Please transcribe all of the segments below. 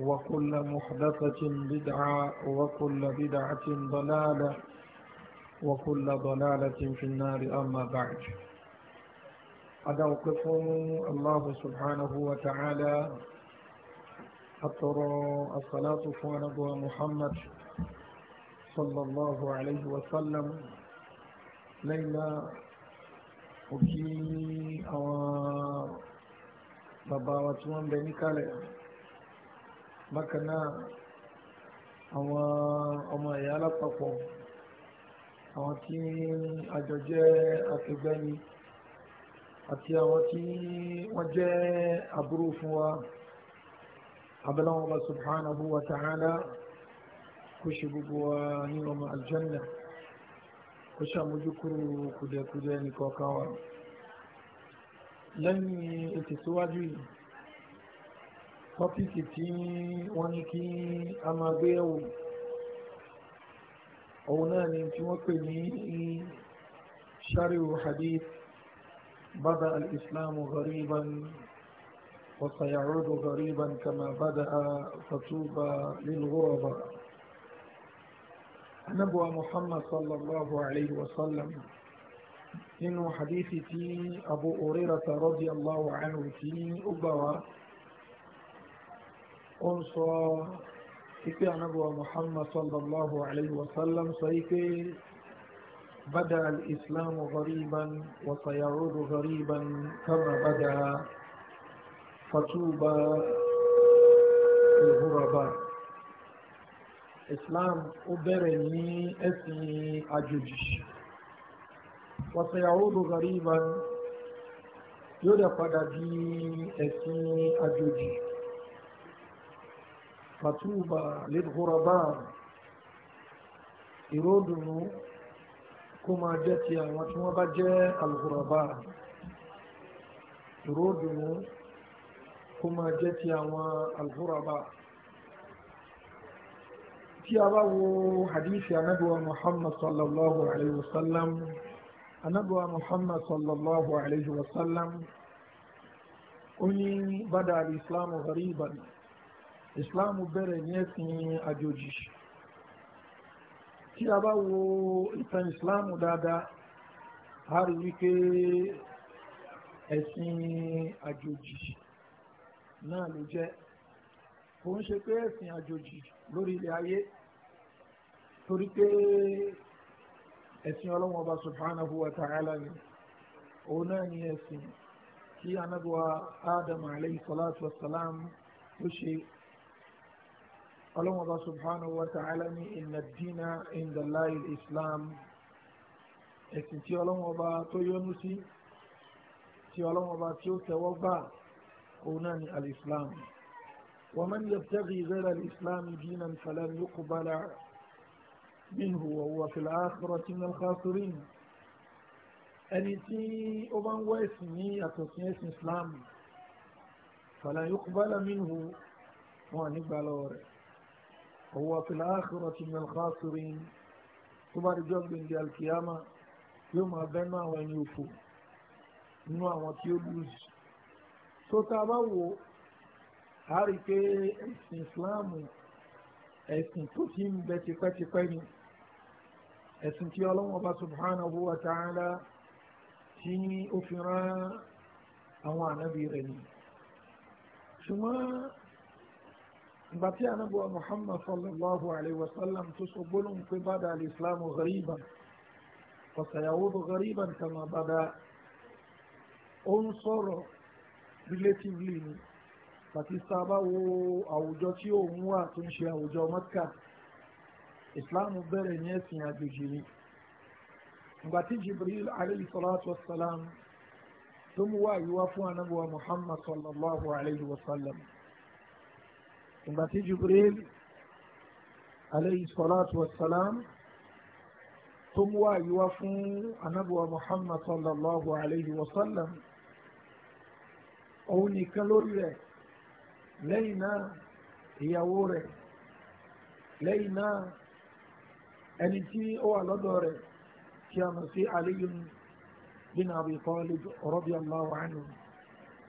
وكل محدثة بدعة وكل بدعة ضلالة وكل ضلالة في النار أما بعد أدوقف الله سبحانه وتعالى أطر الصلاة فوانبوى محمد صلى الله عليه وسلم ليلى وكي أو بابا وتوان بني كالي bákan náà àwọn ọmọ ẹ̀yà alápapọ̀ àwọn tí àjọ jẹ́ akẹgbẹ́ni àti àwọn tí wọ́n jẹ́ àbúrò fún wa abẹ́láwọn ọba subhanahu wa ta'ala kó ṣe gbogbo wa ní ọmọ aljanna kó ṣàmójúkúrò kùdẹ̀kùdẹ̀ nìkọ̀ọ̀kan wa lẹ́yìn ètò síwájú yìí tọ́pìkì tí wọ́n ní kí a máa gbé ẹ̀wò òun náà ni tí wọ́n pè ní shari'u hadith bada al-islamu ghariban wa sayaudu ghariban kama bada fatuba lil-ghuraba anabuwa muhammad sallallahu alayhi wa nínú hadithi tí abu hurairah radiyallahu anhu tí ó gbà wá ó ń sọ ipe anabuwa muhammad sallallahu alayhi wa sallam sọ ipe bada al-islam ghariban wa sayarudu ghariban kama bada fatuba ìhúrọ̀bà islam ó bẹ̀rẹ̀ ní ẹ̀sìn àjòjì wa sayarudu ghariban yóò dẹ̀ padà di ẹ̀sìn àjòjì fatuba lilghuraba ìródùnú kó máa jẹ́ ti àwọn tí wọ́n bá jẹ́ alghuraba ìródùnú kó máa jẹ́ ti àwọn alghuraba tí a bá wo hadithi anabiwa muhammad sallallahu alayhi wa sallam anabiwa muhammad sallallahu alayhi wa sallam ó ní bada al-islamu ghariban islam bẹ̀rẹ̀ ní ẹ̀sìn àjòjì tí a bá wo ìtàn islam dáadáa a rí wípé ẹ̀sìn àjòjì náà ló jẹ́ kò ń ṣe pé ẹ̀sìn àjòjì lórí ilẹ̀ ayé torí pé ẹ̀sìn ọlọ́wọ́n ọba subhanahu wa ta'ala ni òun náà ni ẹ̀sìn tí anabuwa adam alayhi salatu wa salam ló ṣe ọlọ́run ọba subhanahu wa ta'ala ní inna dina inda Allahi islam ẹ̀sìn tí ọlọ́run ọba tó yọ́nú sí tí ọlọ́run ọba tí ó tẹ́wọ́ gbà òun náà ní al-islam wa man yabtaghi ghayra al-islam dinan falan yuqbala minhu wa huwa fil akhirati minal khasirin ẹni tí ó bá ń wá ẹ̀sìn ní àtọ̀sìn ẹ̀sìn islam falan yuqbala minhu wọn nígbà lọ́wọ́ rẹ̀. هو في الآخرة من الخاسرين ثم رجال من دي القيامة يوم أبنى وين يوفو نوع وتيولوز so tá a bá wo a rí i pé ẹ̀sìn ìsìláàmù ẹ̀sìn tó ti ń bẹ tipẹ́tipẹ́ ni ẹ̀sìn tí ọlọ́wọ́n bá subhanahu wa ta'ala tí ó fi rán àwọn ànábì rẹ̀ ni ṣùgbọ́n باتي أنا محمد صلى الله عليه وسلم تسبل في بدا الإسلام غريبا وسيعود غريبا كما بدا أنصر بلتبلين باتي سابا أو جوتي أو موا تنشي أو جو مكة إسلام بيرن يسيا جيني باتي جبريل عليه الصلاة والسلام ثم وا يوافو أنا أبو محمد صلى الله عليه وسلم ìgbà tí Jibril aleyhi salatu wa salam tó mú wáyé wá fún anábùwà Muhammad sallallahu alayhi wa sallam òun nìkan lórí rẹ̀ lẹ́yìn náà ìyàwó rẹ̀ lẹ́yìn náà ẹni tí ó wà lọ́dọ̀ rẹ̀ kí a mọ̀ sí aliyun bin abi talib radiyallahu anhu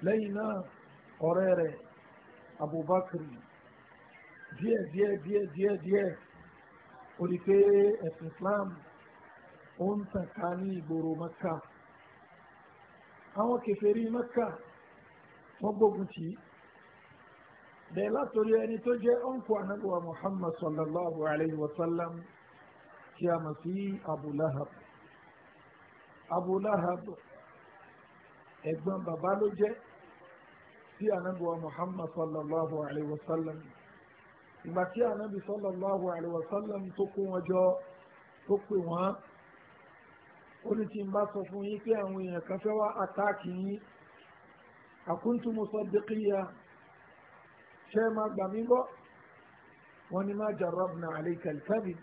lẹ́yìn náà ọ̀rẹ́ rẹ̀ abubakar díẹ̀ díẹ̀ díẹ̀ díẹ̀ díẹ̀ ó di pé ẹ̀sìn Islam ó ń tàn ká ní ìgboro Mẹ́kà àwọn kèfèrí Mẹ́kà wọ́n gbógun tì í bẹ́ẹ̀ látòrí ẹni tó jẹ́ ọ̀nkù anábùwà Muhammad sallallahu alayhi wa sallam tí a mọ̀ sí Abu Lahab Abu Lahab ẹ̀gbọ́n bàbá ló jẹ́ sí anábùwà Muhammad sallallahu alayhi wa sallam ìgbà tí ànábì sallallahu alaihi wasallam tó kó wọn jọ tó pè wọ́n ó ní tí n bá sọ fún yín pé àwọn èèyàn kan fẹ́ wá àtáàkì yín àkúntù musaddiqiya ṣe é máa gbà mí gbọ́ wọ́n ní má jarrabna alayka al-kadhib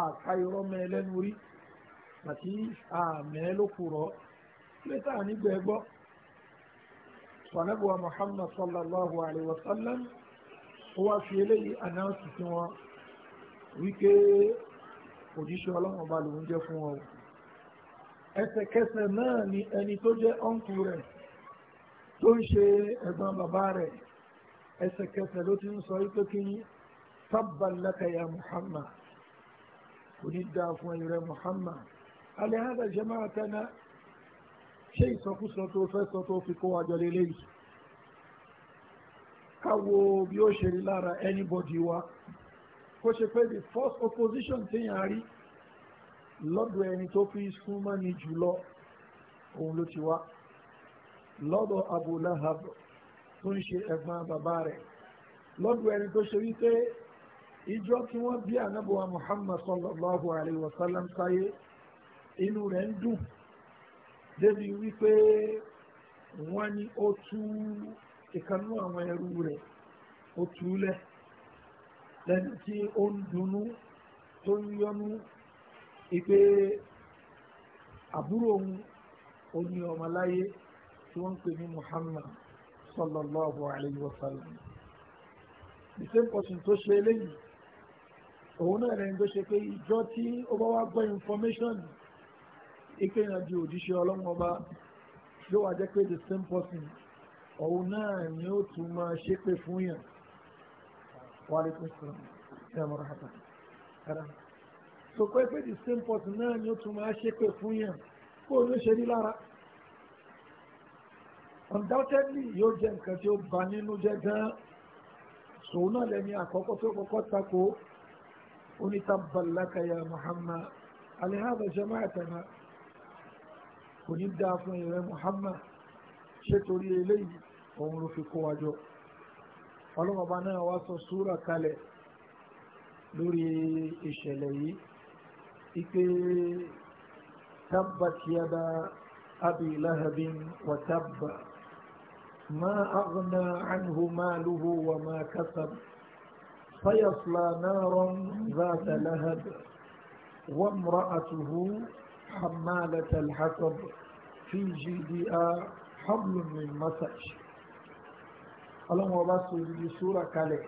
àkàyọ̀rọ̀ mẹ́lẹ́nu rí àti àmẹ́lòkùrọ̀ lẹ́tà nígbà ẹgbọ́ sọ̀nàbùwà muhammad sallallahu alaihi wasallam ó wá fi eléyìí anáǹsì sí wọn wípé òjíṣẹ́ ọlọ́run ọba lòún jẹ́ fún wọn o ẹsẹ̀kẹsẹ̀ náà ni ẹni tó jẹ́ ọ̀nkù rẹ̀ tó ń ṣe ẹ̀gbọ́n bàbá rẹ̀ ẹsẹ̀kẹsẹ̀ ló ti ń sọ wípé kí ni sábàlákàyà Muhammad onídàá fún ẹ̀yìn rẹ̀ Muhammad alẹ́ hàn dàjẹ́ máa tẹ́ná ṣé ìsọkúsọ tó fẹ́ sọ tó fi kó wájọ lélẹ́yìí káwo bí ó ṣe rí lára anybody wa kó ṣe pé the first opposition téèyàn rí lọ́dọ̀ ẹni tó fi súnmọ́ ni jùlọ òun ló ti wá lọ́dọ̀ Abu Lahab tó ń ṣe ẹ̀gbọ́n bàbá rẹ̀ lọ́dọ̀ ẹni tó ṣe wípé ìjọ tí wọ́n bí ànábọ̀wá Muhammad sallallahu alayhi wa sallam sáyé inú rẹ̀ ń dùn débi wípé wọ́n ní ó tú ìkanú àwọn ẹrú rẹ̀ ó túlẹ̀ lẹ́nu tí ó ń dunnú tó ń yọnú ìpè àbúrò òun ó ní ọmọ láyé tí wọ́n ń pè ní Muhammad sallallahu alayhi wa sallam the same person tó ṣe eléyìí òun náà rẹ̀ ń tó ṣe pé ìjọ tí ó bá wá gbọ́ information ìpè ìrìnàjò òjíṣẹ́ ọlọ́mọba yóò wá jẹ́ pé the same person òun náà ni ó tún máa ṣépè fún yàn wàlẹ́ kò sí ṣe àmọ́ rahata rárá so pé pé the same person náà ni ó tún máa ṣépè fún yàn kó ló ṣe ní lára undoubtedly yóò jẹ́ nǹkan tí ó bà nínú jẹ́ gan-an sòun náà lẹ́ni àkọ́kọ́ tó kọ́kọ́ tako onítàbàlákà ya Muhammad alihaba jama'atana kò ní dáa fún ìrẹ Muhammad ṣe torí eléyìí òun ló fi kó wa jọ ọlọ́mọba náà wá sọ súrà kalẹ̀ lórí ìṣẹ̀lẹ̀ yìí ipe tabbat yada abi lahabin wa tabba ma aghna anhu maluhu wa ma kasab sayasla naran zata lahab wa imra'atuhu حمالة الحطب في جيدها حبل من مسج ọlọ́run ọba sọ ìdíje ṣúra kalẹ̀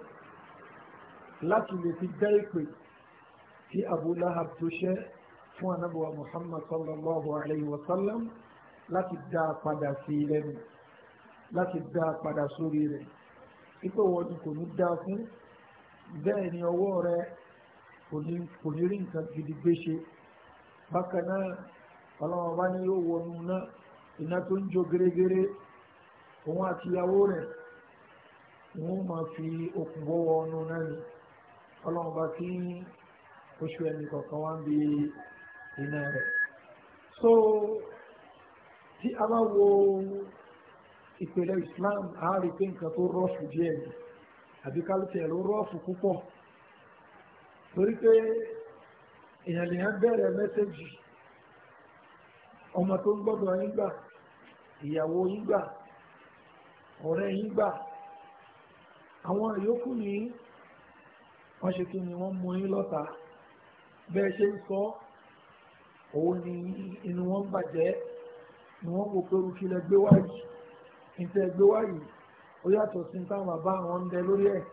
láti lè fi dá ìpè tí Abu Lahab tó ṣẹ́ fún anábọ̀wá Muhammad sallallahu alayhi wa sallam láti dá a padà sí lẹ́nu láti dá a padà sórí rẹ̀ ipò wọn ni kò ní dá fún bẹ́ẹ̀ ni ọwọ́ rẹ̀ kò ní rí nǹkan gidi gbé ṣe bákan náà ọlọ́run ọba ni yóò wọnú náà iná tó ń jó gérégéré òun àti ìyàwó rẹ̀ wọ́n máa fi okùn bọ́wọ́ ọ̀nà náà ni ọlọ́run bá kí oṣù ẹni kọ̀ọ̀kan wá ń bi iná rẹ̀. so tí a bá wo ìpìlẹ̀ Islam a rí pé nǹkan tó rọ́ọ̀fù díẹ̀ ni àbí kálùtì ẹ̀ ló rọ́ọ̀fù púpọ̀ torí pé èèyàn lè hàn bẹ̀rẹ̀ mẹ́sẹ̀gì ọmọ tó ń gbọ́dọ̀ yín gbà ìyàwó yín gbà ọ̀rẹ́ yín gbà àwọn yòókù ní wọ́n ṣe kí ni wọ́n mú yín lọ́ta bẹ́ẹ̀ ṣe ń sọ òun ni inú wọn bàjẹ́ ni wọ́n kò pé rúkìlẹ̀ gbé wáyìí ìtẹ́ gbé wáyìí ó yàtọ̀ sí táwọn bàbá àwọn ń bẹ lórí ẹ̀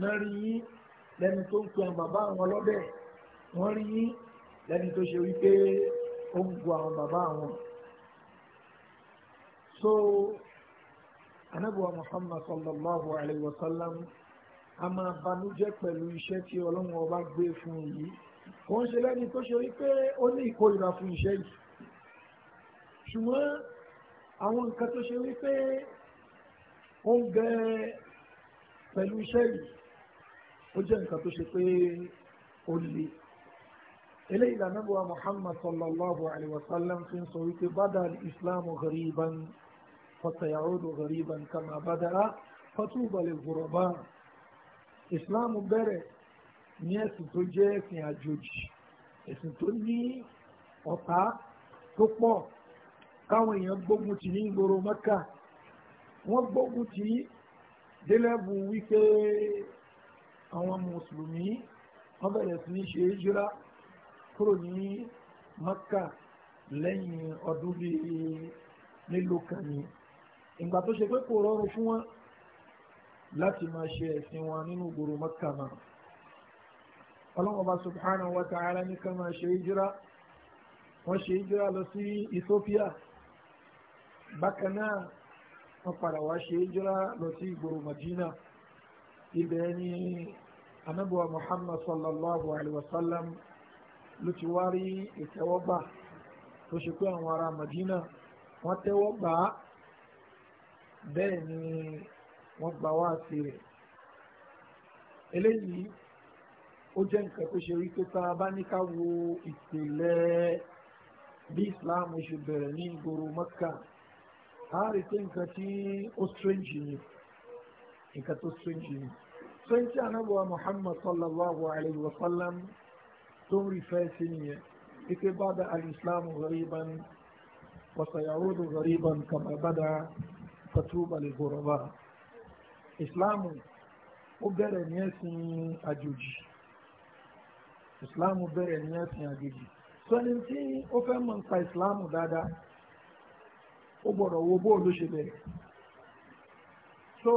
náà rí yín lẹ́ni tó ń pe àwọn bàbá àwọn lọ́dẹ̀ wọ́n rí yín lẹ́ni tó ṣe wípé ó ń gu àwọn bàbá àwọn anabuwa muhammad sallallahu alayhi wa sallam a máa banújẹ́ pẹ̀lú iṣẹ́ tí ọlọ́run ọba gbé fún yìí kò ń ṣe lẹ́ni tó ṣe wípé ó ní ìkórìíra fún iṣẹ́ yìí ṣùgbọ́n àwọn nǹkan tó ṣe wípé ó ń gẹ pẹ̀lú iṣẹ́ yìí ó jẹ́ nǹkan tó ṣe pé ó le eléyìí lànà muhammad sallallahu alayhi wa sallam fi ń sọ wípé bada al-islam ghariban. فسيعود غريبا كما بدأ فطوبى للغرباء ìsìláàmù bẹ̀rẹ̀ ní ẹ̀sìn tó jẹ́ ẹ̀sìn àjòjì ẹ̀sìn tó ní ọ̀tá tó pọ̀ káwọn èèyàn gbógun tì ní ìgboro mẹ́kà wọ́n gbógun tì í délẹ́bù wípé àwọn mùsùlùmí wọ́n bẹ̀rẹ̀ sí ní ṣe hijira kúrò ní mẹ́kà lẹ́yìn ọdún bíi mélòó kan yìí ìgbà tó ṣe pé kò rọrùn fún wọn láti máa ṣe ẹ̀sìn wọn nínú ìgboro Mẹ́kà náà ọlọ́run ọba subhanahu wa ta'ala ní ká máa ṣe hijira wọ́n ṣe hijira lọ sí Ethiopia bákan náà wọ́n padà wá ṣe hijira lọ sí ìgboro Madina ibẹ̀ ni anabuwa Muhammad sallallahu alaihi wa sallam ló ti wá rí ìtẹ́wọ́gbà tó ṣe pé àwọn ará Madina wọ́n tẹ́wọ́ á bẹ́ẹ̀ ni wọ́n gbà wá sí rẹ̀ eléyìí ó jẹ́ nǹkan tó ṣe wípé tá a bá ní ká wo ìpìlẹ̀ bí islam ṣe bẹ̀rẹ̀ ní ìgboro mọ́kà a rí pé nǹkan tí ó strange ni nǹkan tó strange ni strange anábọ̀wá muhammad sallallahu alayhi wa sallam tó ń rí sí nìyẹn wípé bada al-islam ghariban wa sayaudu ghariban kama bada fatuba lè gbọ̀rọ̀bà ìsìláàmù ó bẹ̀rẹ̀ ní ẹ̀sìn àjòjì ìsìláàmù bẹ̀rẹ̀ ní ẹ̀sìn àjòjì sọni tí ó fẹ́ mọ̀ nípa ìsìláàmù dáadáa ó gbọ́dọ̀ wo bó ṣe bẹ̀rẹ̀ so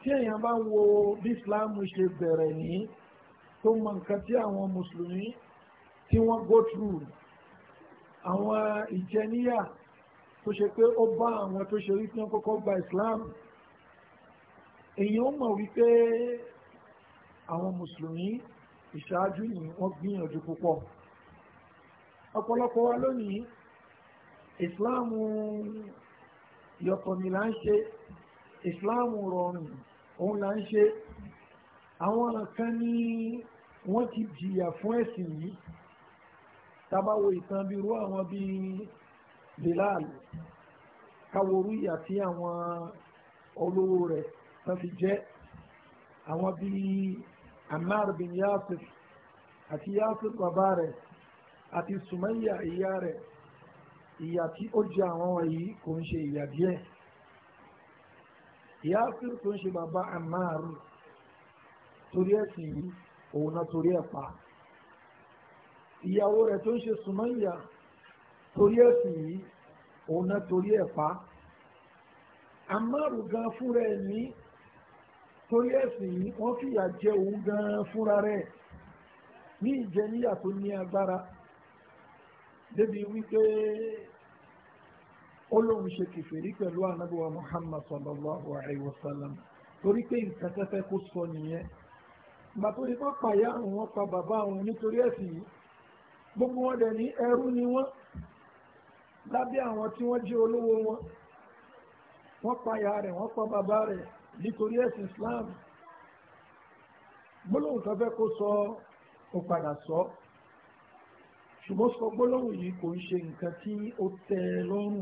tí èèyàn bá wo bí ìsìláàmù ṣe bẹ̀rẹ̀ ní tó mọ̀ nǹkan tí àwọn mùsùlùmí tí wọ́n go through àwọn ìjẹníyà tó ṣe pé ó bá àwọn tó ṣe rí tí wọ́n kọ́kọ́ gba islam èyí ó mọ̀ wípé àwọn mùsùlùmí ìṣáájú ni wọ́n gbìyànjú púpọ̀ ọ̀pọ̀lọpọ̀ wa lónìí islam yọ̀tọ̀ni là ń ṣe islam rọrùn òun là ń ṣe àwọn kan ní wọ́n ti jìyà fún ẹ̀sìn yìí tá ìtàn bí irú àwọn bíi Bilal kaworu ìyà tí àwọn olówó rẹ̀ tán fi jẹ́ àwọn bíi Ammar bin Yasir àti Yasir bàbá rẹ̀ àti Sumayya ìyá rẹ̀ ìyà tí ó jẹ àwọn wọ̀nyí kò ń ṣe ìyà díẹ̀ Yasir tó ń ṣe bàbá Ammar torí ẹ̀sìn yìí òun náà torí ẹ̀ pa ìyàwó rẹ̀ tó ń ṣe Sumayya. torí ẹ̀sùn yìí òun náà torí ẹ̀ pa amáàrù gan fúnra ẹ̀ ní torí ẹ̀sìn yìí wọ́n fìyà jẹ òun gan fúnra rẹ̀ ní ìjẹniyà tó ní agbára débi wípé ó lóun ṣe kìfèrí pẹ̀lú anábíwá muhammad sallallahu alayhi wa sallam torí pé nǹkan tẹ́fẹ́ kó sọ nìyẹn ìgbà tó ní wọ́n pa ìyá àwọn wọn pa bàbá àwọn nítorí ẹ̀sìn yìí gbogbo wọn dẹ̀ ní ẹrú ni wọ́n lábẹ́ àwọn tí wọ́n jẹ́ olówó wọn wọ́n pa ìyá rẹ̀ wọ́n pa bàbá rẹ̀ nítorí ẹ̀sìn Islam gbólóhùn tó fẹ́ kó sọ ó padà sọ ṣùgbọ́n sọ gbólóhùn yìí kò ń ṣe nǹkan tí ó tẹ́ ẹ lọ́rùn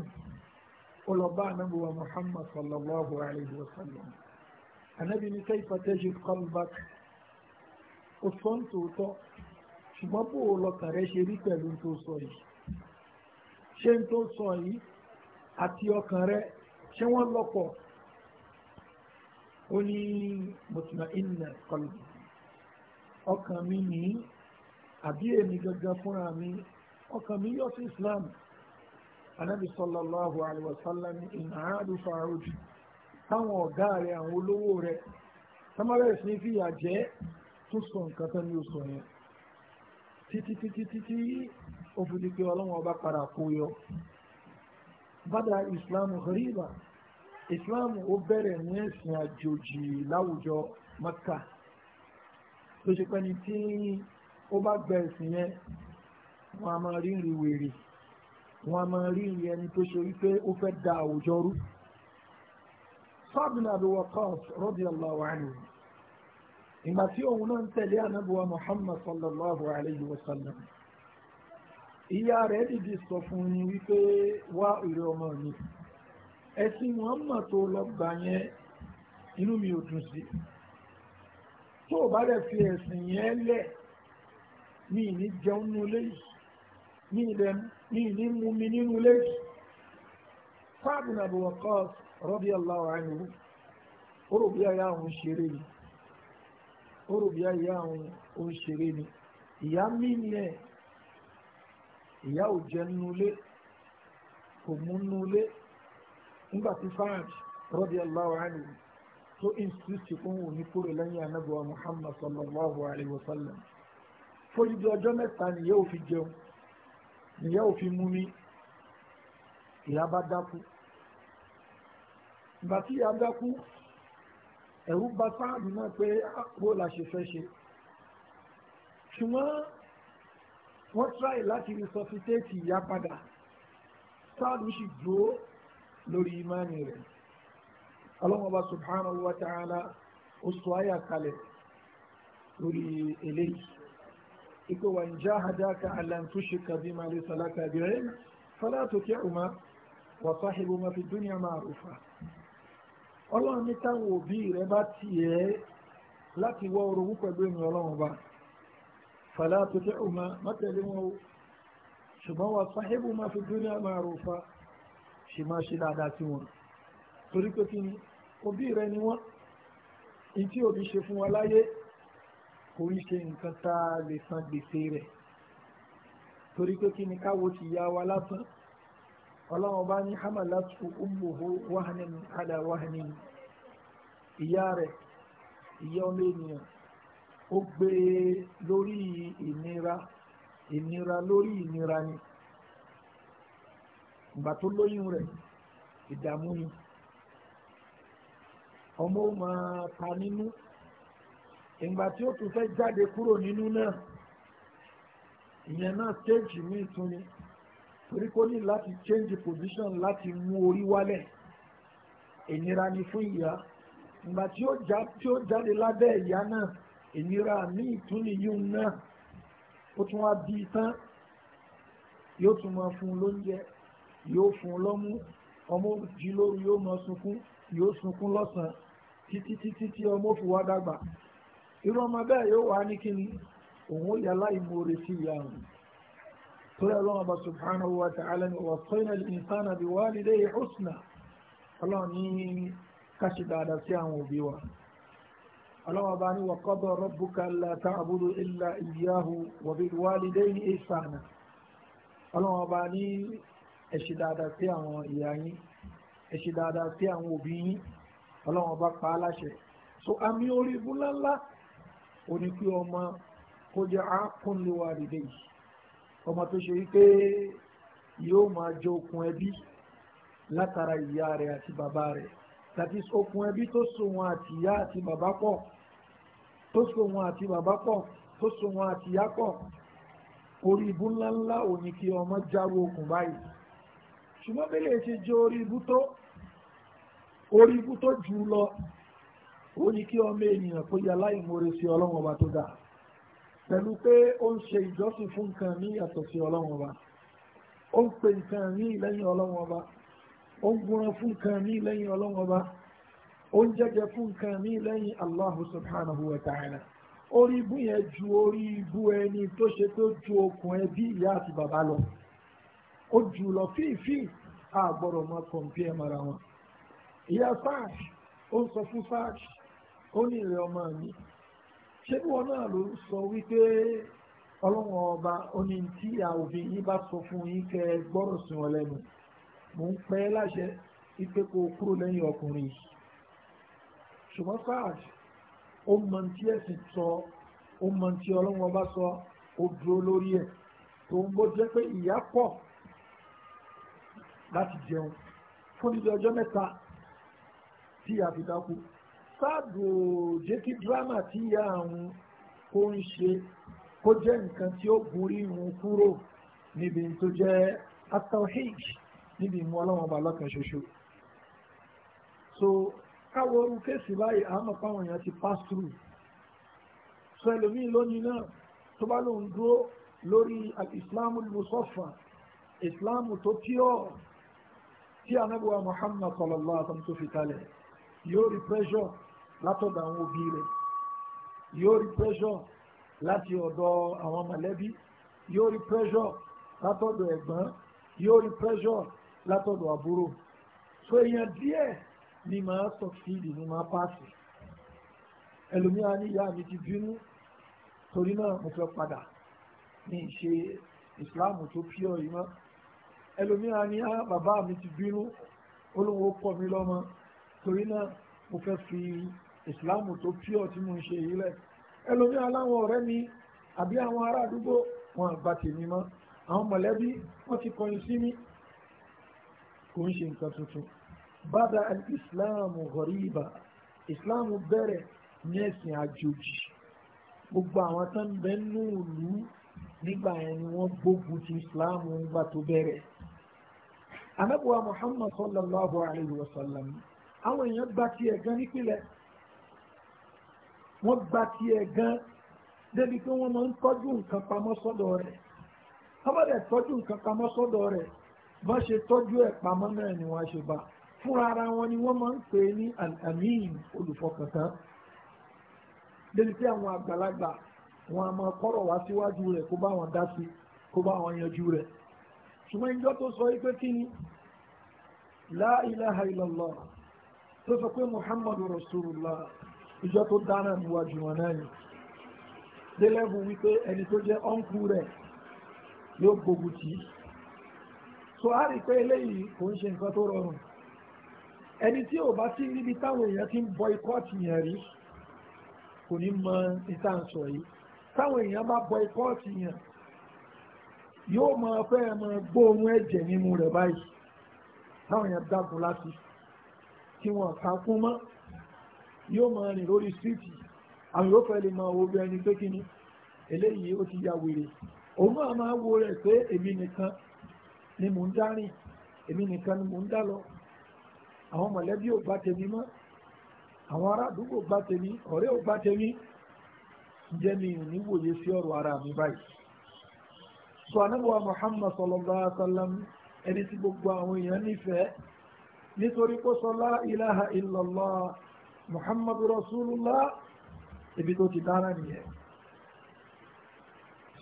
ó lọ bá anábì wa Muhammad sallallahu alayhi wa sallam anábì ní kayfa tajid qalbak ó sọ ń tòótọ́ ṣùgbọ́n bó o lọ kàrẹ́ ṣe rí pẹ̀lú tó sọ yìí. ṣé n tó sọ yìí àti ọkàn rẹ ṣé wọ́n lọpọ ó ní mutma'inna qalbi ọkàn mi ní àbí èmi gangan fúnra mi ọkàn mi yọ sí islam anabi sallallahu alayhi wa sallam in aadu faarudi táwọn ọ̀gá rẹ àwọn olówó rẹ tamarẹ̀ sí fìyà jẹ tó sọ nǹkan tán ní oṣù yẹn. títí títí títí ó fi di pé ọlọ́wọ́n ọba padà kó yọ. bàdà ìsìláàmù ghariba ìsìláàmù ó bẹ̀rẹ̀ ní ẹ̀sìn àjòjì láwùjọ mẹ́kà tó ṣe pẹ́ni tí ó bá gba ẹ̀sìn yẹn wọ́n a máa rí ìrìn wèrè wọ́n a máa rí ìrìn ẹni tó ṣe wípé ó fẹ́ da àwùjọ rú. Sa'd bin Abi Waqqas radiyallahu anhu ìgbà tí òun náà ń tẹ̀lé anábùwà muhammad sallallahu alayhi wa sallam ìyá rẹ̀ dìde sọ fún ni wípé wá ìrẹ́ ọmọ mi ẹ̀sìn muhammad tó lọ gbà yẹn inú mi ò dùn sí tó o bá dẹ̀ fi ẹ̀sìn yẹn lẹ̀ mi ní jẹun nínú ilé yìí mi ní mú mi nínú ilé yìí sáàbùn àbúwọ̀kọ́ rọ́bì aláwọ̀ àìníwò ó rò bí ayá òun ṣeré yìí ó rò bí ìyá àwọn òun ṣeré ni ìyá mímì ẹ̀ ìyá ò jẹ́ nínú ilé kò mú nínú ilé nígbà tí Fahad radiyallahu anhu tó insist fún òun ní kúrò lẹ́yìn anábìwá Muhammad sallallahu alayhi wa sallam fojúdi ọjọ́ mẹ́ta nìyẹ́ ò fi jẹun nìyẹ́ ò fi mú mi ìyá bá dákú ìgbà tí ìyá dákú ẹ̀rú bá sáàdù náà pé àpò ah, la ṣe fẹ́ ṣe ṣùgbọ́n wọ́n tíráì láti resuscitate ìyá padà sáàdù sì dúró lórí ìmánì rẹ̀ ọlọ́mọba subhanahu wa ta'ala ó sọ àyà kalẹ̀ lórí eléyìí iko wa jahadaka allan tushrika bima laysa laka bihi fala tuti'uma wa sahibu ma fi dunya ma'rufa ọlọ́run ní táwọn òbí rẹ bá tiẹ̀ láti wá orogún pẹ̀lú èmi ọlọ́run bá fàlà àtúntẹ̀ ọmọ mọ́tẹ̀lé wọn o ṣùgbọ́n wà sáhébù máa fi dúnìá máa rò fa ṣì máa ṣe dáadáa sí wọn torí pé kí ni òbí rẹ ni wọn ìtí òbí ṣe fún wa láyé kò ń ṣe nǹkan tá a lè san gbèsè rẹ̀ torí pé kí ni káwo ti yá wa lásán ọlọ́run ọba ní hamalatu ummuhu wahanin ala wahanin ìyá rẹ̀ ìyá ọmọ ènìyàn ó gbé lórí ìnira ìnira lórí ìnira ni ìgbà tó lóyún rẹ̀ ìdààmú ni ọmọ ó máa ta nínú ìgbà tí ó tún fẹ́ jáde kúrò nínú náà ìyẹn náà stéèjì míì tún ni torí kó ní láti change position láti mú orí wálẹ̀ ìnira ni fún ìyá ìgbà tí ó jáde lábẹ́ ìyá náà ìnira ní ìtúnìyún náà ó tún wá bí tán yóò tún máa fún un lóúnjẹ yóò fún un lọ́mú ọmọ jí lóru yóò máa sunkún yóò sunkún lọ́sàn-án títí títí tí ọmọ fi wá dàgbà irú ọmọ bẹ́ẹ̀ yóò wá ní kíni òun ó yà láì mú oore sí ìyá òun torí ọlọ́run ọba subhanahu wa ta'ala ni wà sọ́yìn al-insana bi walidayhi husna ọlọ́run ní káṣí dáadáa sí àwọn òbí wa ọlọ́run ọba ní wa qada rabbuka alla ta'budu illa iyyahu wa bil walidayni ihsana ọlọ́run ọba ní ẹ̀ṣì dáadáa sí àwọn ìyá yín ẹ̀ṣì dáadáa sí àwọn òbí yín ọlọ́run ọba pa á láṣẹ so àmì orí ibú oníkú ọmọ kó jẹ́ àákùnléwà dìde yìí ọmọ tó ṣe wípé yóò máa jẹ okùn ẹbí látara ìyá rẹ̀ àti bàbá rẹ̀ tàbí okùn ẹbí tó so wọn àti ìyá àti bàbá pọ̀ tó so wọn àti bàbá pọ̀ tó so wọn àti ìyá pọ̀ orí ibú ńláńlá ò ní kí ọmọ jáwé okùn báyìí ṣùgbọ́n bẹ́lẹ̀ ṣe jẹ́ orí ibú tó orí ibú tó jù lọ ó ní kí ọmọ ènìyàn kó yẹ aláìmoore sí ọlọ́wọ́n ọba tó dáa pẹ̀lú pé ó ń ṣe ìjọsìn fún nǹkan ní yàtọ̀ sí ọlọ́run ọba ó ń pe nǹkan ní lẹ́yìn ọlọ́run ọba ó ń gúnran fún nǹkan ní lẹ́yìn ọlọ́run ọba ó ń jẹjẹ fún nǹkan ní lẹ́yìn Allahu subhanahu wa ta'ala orí ibú yẹn ju orí ibú ẹni tó ṣe tó ju okùn ẹbí ìyá àti bàbá lọ ó jù lọ fíìfíì a gbọ́dọ̀ máa kọ̀m̀pí ẹ̀ mara wọn ìyá sáàj ó ń sọ fún sáàj ó ní ìrẹ̀ ọmọ mi ṣé bí wọn náà ló sọ wípé ọlọ́wọ́n ọba oní tí àwòfin yín bá sọ fún yín kẹ gbọ́rọ̀ sí wọn lẹ́nu mò ń pẹ́ láṣẹ ipe kó kúrò lẹ́yìn ọkùnrin yìí ṣùgbọ́n Saad ó mọ tí ẹ̀sìn sọ ó mọ tí ọlọ́wọ́n ọba sọ ó dúró lórí ẹ̀ tó ń bó jẹ́ pé ìyá pọ̀ láti jẹun fún ìdí ọjọ́ mẹ́ta tí ìyá fi dákú sáàdù ò jẹ́ kí dírámà tí ìyá àwọn kó ń ṣe kó jẹ́ nǹkan tí ó borí wọn kúrò níbi tó jẹ́ atawhid níbi ìmú ọlọ́wọ́n bá lọ́kàn ṣoṣo. so káwọ orú kéèsì báyìí àmọ́ fáwọn èèyàn ti pass through so ẹlòmíín lónìí náà tó bá lòun dúró lórí ìsìláàmù lùsọ́fà ìsìláàmù tó pure tí anábùwà Muhammad sallallahu alaihi wa sallam tó fi kalẹ̀ yóò rí pressure látọ̀dọ̀ àwọn òbí rẹ̀ yóò rí pressure láti ọ̀dọ̀ àwọn mọ̀lẹ́bí yóò rí pressure látọ̀dọ̀ ẹ̀gbọ́n yóò rí pressure látọ̀dọ̀ àbúrò so èèyàn díẹ̀ ni màá sọ fíìlì ni màá pàṣẹ ẹlòmíà ní ìyá mi ti bínú torí náà mo fẹ́ padà ní ìṣe ìsìláàmù tó píọ̀ yìí mọ́ ẹlòmíà ní ah, bàbá mi ti bínú olówó kọ́ mi lọ́mọ torí náà mo fẹ́ fi ìsìláàmù tó pure tí mo ń ṣe yìí lẹ̀ ẹlòmíà aláwọn ọ̀rẹ́ mi àbí àwọn ará àdúgbò wọn àgbà tèmi mọ́ àwọn mọ̀lẹ́bí wọ́n ti kọ̀yìn sí mi kò ń ṣe nǹkan tuntun bàdà ìsìláàmù ghariba ìsìláàmù bẹ̀rẹ̀ ní ẹ̀sìn àjòjì gbogbo àwọn tó ń bẹ nínú ìlú nígbà yẹn ni wọ́n gbógun ti ìsìláàmù nígbà tó bẹ̀rẹ̀ anábùwà muhammad sallallahu alayhi wa sallam àwọn èèyàn gbà tiẹ̀ gan nípìnlẹ̀ wọ́n gba tiẹ̀ gan débi pé wọ́n máa ń tọ́jú nǹkan pamọ́ sọ́dọ̀ rẹ̀ tọ́bọ̀dẹ̀ tọ́jú nǹkan pamọ́ sọ́dọ̀ rẹ̀ bọ́n ṣe tọ́jú ẹ̀ pamọ́ náà ni wọ́n ṣe bá fúnra ara wọn ni wọ́n máa ń pè é ní al-amin olùfọkàntán débi pé àwọn àgbàlagbà wọn a máa kọ́rọ̀ wá síwájú rẹ̀ kó bá wọn dá sí kó bá wọn yanjú rẹ̀ ṣùgbọ́n ìjọ tó sọ wípé kí ni la ilaha tó sọ pé muhammadu rasulullah ìjọ tó dáná níwájú wọn náà ni délẹ́bù wípé ẹni tó jẹ́ ọ́nkú rẹ̀ yóò gbógun tì í so a rí pé eléyìí kò ń ṣe nǹkan tó rọrùn ẹni tí ò bá ti níbi táwọn èèyàn ti ń boycott yẹn rí kò ní mọ ìtànsọ yìí táwọn èèyàn bá boycott yẹn yóò máa fẹ́ máa gbóòórùn ẹ̀jẹ̀ nínú rẹ̀ báyìí táwọn èèyàn dágun láti kí wọ́n kà kún mọ́ yóò máa rìn lórí síìtì a yóò fẹ́ máa wo bí ẹni pé kí ni eléyìí ó ti ya wèrè òun náà máa wo rẹ̀ pé èmi ni mò ń dá rìn ni mò ń dá lọ àwọn mọ̀lẹ́bí ò bá tèmi mọ́ àwọn ará àdúgbò bá tèmi ọ̀rẹ́ ò bá tèmi jẹ́ mi ò ní wòye sí ara mi báyìí. sọ anábọ̀wá Muhammad sallallahu alaihi ẹni tí gbogbo àwọn èèyàn nífẹ̀ẹ́ nítorí ilaha muhammadu rasulullah ibi tó ti dára nìyẹn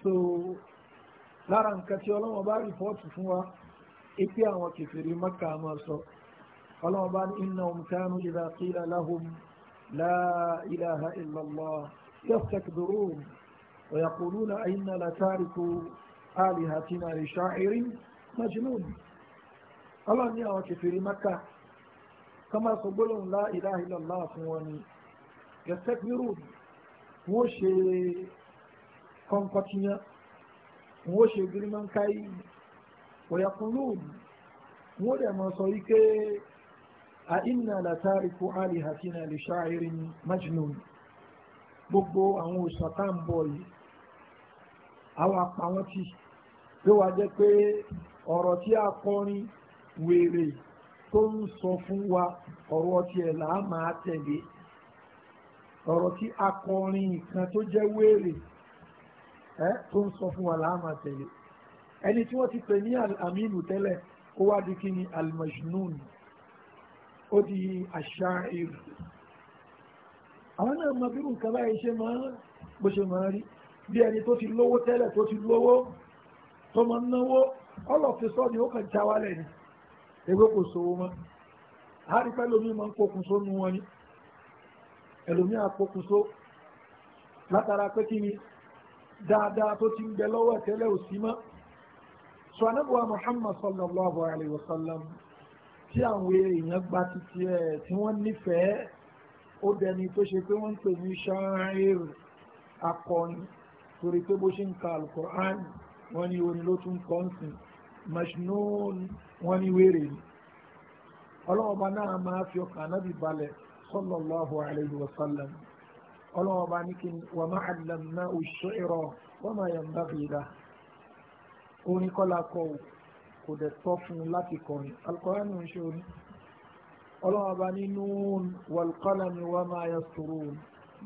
so lára nǹkan tí ọlọ́wọ́n bá rìpọ́ọ̀tù fún wa ipe àwọn kẹfìrí maka máa sọ ọlọ́wọ́n bá ní innahum kanu idha qila lahum la ilaha illallah yastakbirun wa yaquluna inna latariku alihatina li sha'irin majnun ọlọ́wọ́n ní àwọn kẹfìrí maka kọ́má sọ gbólóhùn la ilaha illallah fún wọn ni yẹtẹ́kìrù wọ́n ṣe kọ́ńkọ́tìyàn wọ́n ṣe gírímọ́ńkáyì wọ̀yàkùnlùm wọ́n dẹ̀ mọ̀ sọ wípé a inna la tariku alihatina li sha'irin majnun gbogbo àwọn òṣàtà ń bọ̀ yìí àwọn àpàwọn ti tó wá jẹ́ pé ọ̀rọ̀ tí a kọrin wèrè yìí tó ń sọ fún wa ọ̀rọ̀ tiẹ̀ là á máa tẹ̀lé ọ̀rọ̀ tí akọrin kan tó jẹ́ wéèrè ẹ́ tó ń sọ fún wa là á máa tẹ̀lé ẹni tí wọ́n ti pè ní aminu tẹ́lẹ̀ ó wá di kí ni almajnun ó di aṣááìr àwọn náà mọ bí nǹkan báyìí ṣe máa bó ṣe máa rí bí ẹni tó ti lówó tẹ́lẹ̀ tó ti lówó tó máa náwó ọlọ́ọ̀fẹ́ ni ó kàn já wálẹ̀ ni ẹgbẹ́ kò sówó mọ́ àárí pé ẹlòmíì máa ń pokùnso nu wọn ni ẹlòmíì àpokùnso látara pé kí ni dáadáa tó ti ń bẹ lọ́wọ́ ẹ̀tẹ́lẹ̀ ò sí mọ́ sọ anábùwà Muhammad sallallahu alayhi wa sallam tí àwọn èèyàn gba títí ẹ̀ tí wọ́n nífẹ̀ẹ́ ó dẹni tó ṣe pé wọ́n ń pè ní ṣááírù akọni torí pé bó ṣe ń ka alukur'an wọ́n ní orin ló tún kọ́ ń sìn majnun wọn ni wéèrè ni ọlọ́ọ̀ba náà máa fi ọkàn anábì balẹ̀ sallallahu alayhi wa sallam ọlọ́ọ̀ba ní kí wa ma allamnahu ash-shi'ra wa ma yanbaghi lahu orin kọ́lá kọ́ ò kò dẹ̀ tọ́ fún un láti kọrin alukọ́ránì ń ṣe orin ọlọ́ọ̀ba ní nun wal qalami wa ma yasturun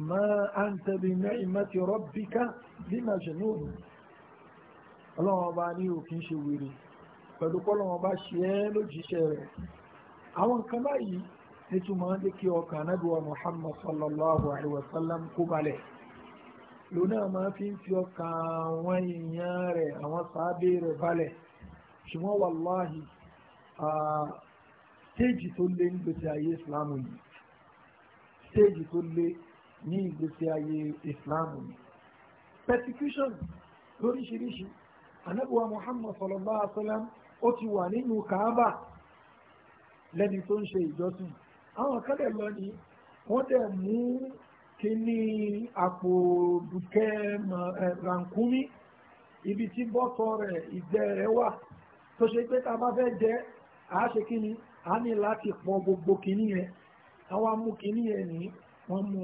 ma anta bi ni'mati rabbika bi majnun ọlọ́ọ̀ba ní òkín ṣe wèrè pẹ̀lú pọ́lọ́wọ́n bá ṣe ẹ́ lójíṣẹ́ rẹ̀ àwọn nǹkan báyìí nítumọ̀ ń dé kí ọkàn anábìwá Muhammad sallallahu alayhi wa sallam kó balẹ̀ lónà máa fi ń fi ọkàn àwọn èèyàn rẹ̀ àwọn sáábé rẹ̀ balẹ̀ ṣùgbọ́n wàláhì stéèjì tó lé ní gbèsè ayé Islam yìí stéèjì tó lé ní ìgbésí ayé Islam yìí persecution lóríṣiríṣi anábìwá Muhammad sallallahu alayhi wa sallam ó ti wà nínú kàábà lẹ́ni tó ń ṣe ìjọsìn àwọn kan dẹ̀ lọ ni wọ́n dẹ̀ mú kíní àpò dùkẹ́ rànkúmí ibi tí bọ́tọ̀ rẹ̀ ìgbẹ́ rẹ̀ wà tó ṣe pé tá a bá fẹ́ jẹ àá ṣe kíni a ní láti pọ̀ gbogbo kíní yẹn àwa mú kíní yẹn ní wọ́n mú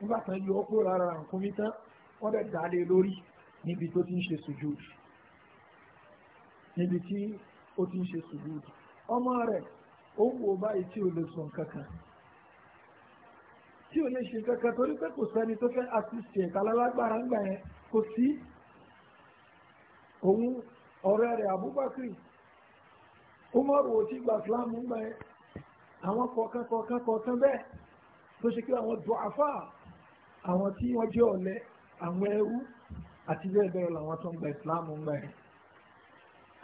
nígbà tán yọ kó rárá rànkúmí tán wọ́n dẹ̀ dálé lórí níbi tó ti ń ṣe sùjúdù níbi tí ó ti ń ṣe sùjúdù ọmọ rẹ̀ ó ń wo báyìí tí ò lè sọ kankan tí ò lè ṣe kankan torí pé kò sẹ́ni tó fẹ́ àtúnṣe ẹ̀ka ńgbà yẹn kò sí òun ọ̀rẹ́ rẹ̀ Abubakar Umaru ò ti gba Islam ńgbà yẹn àwọn kọ̀ọ̀kan kọ̀ọ̀kan kọ̀ọ̀kan bẹ́ẹ̀ tó ṣe kí àwọn àwọn tí wọ́n jẹ́ àwọn ẹrú àti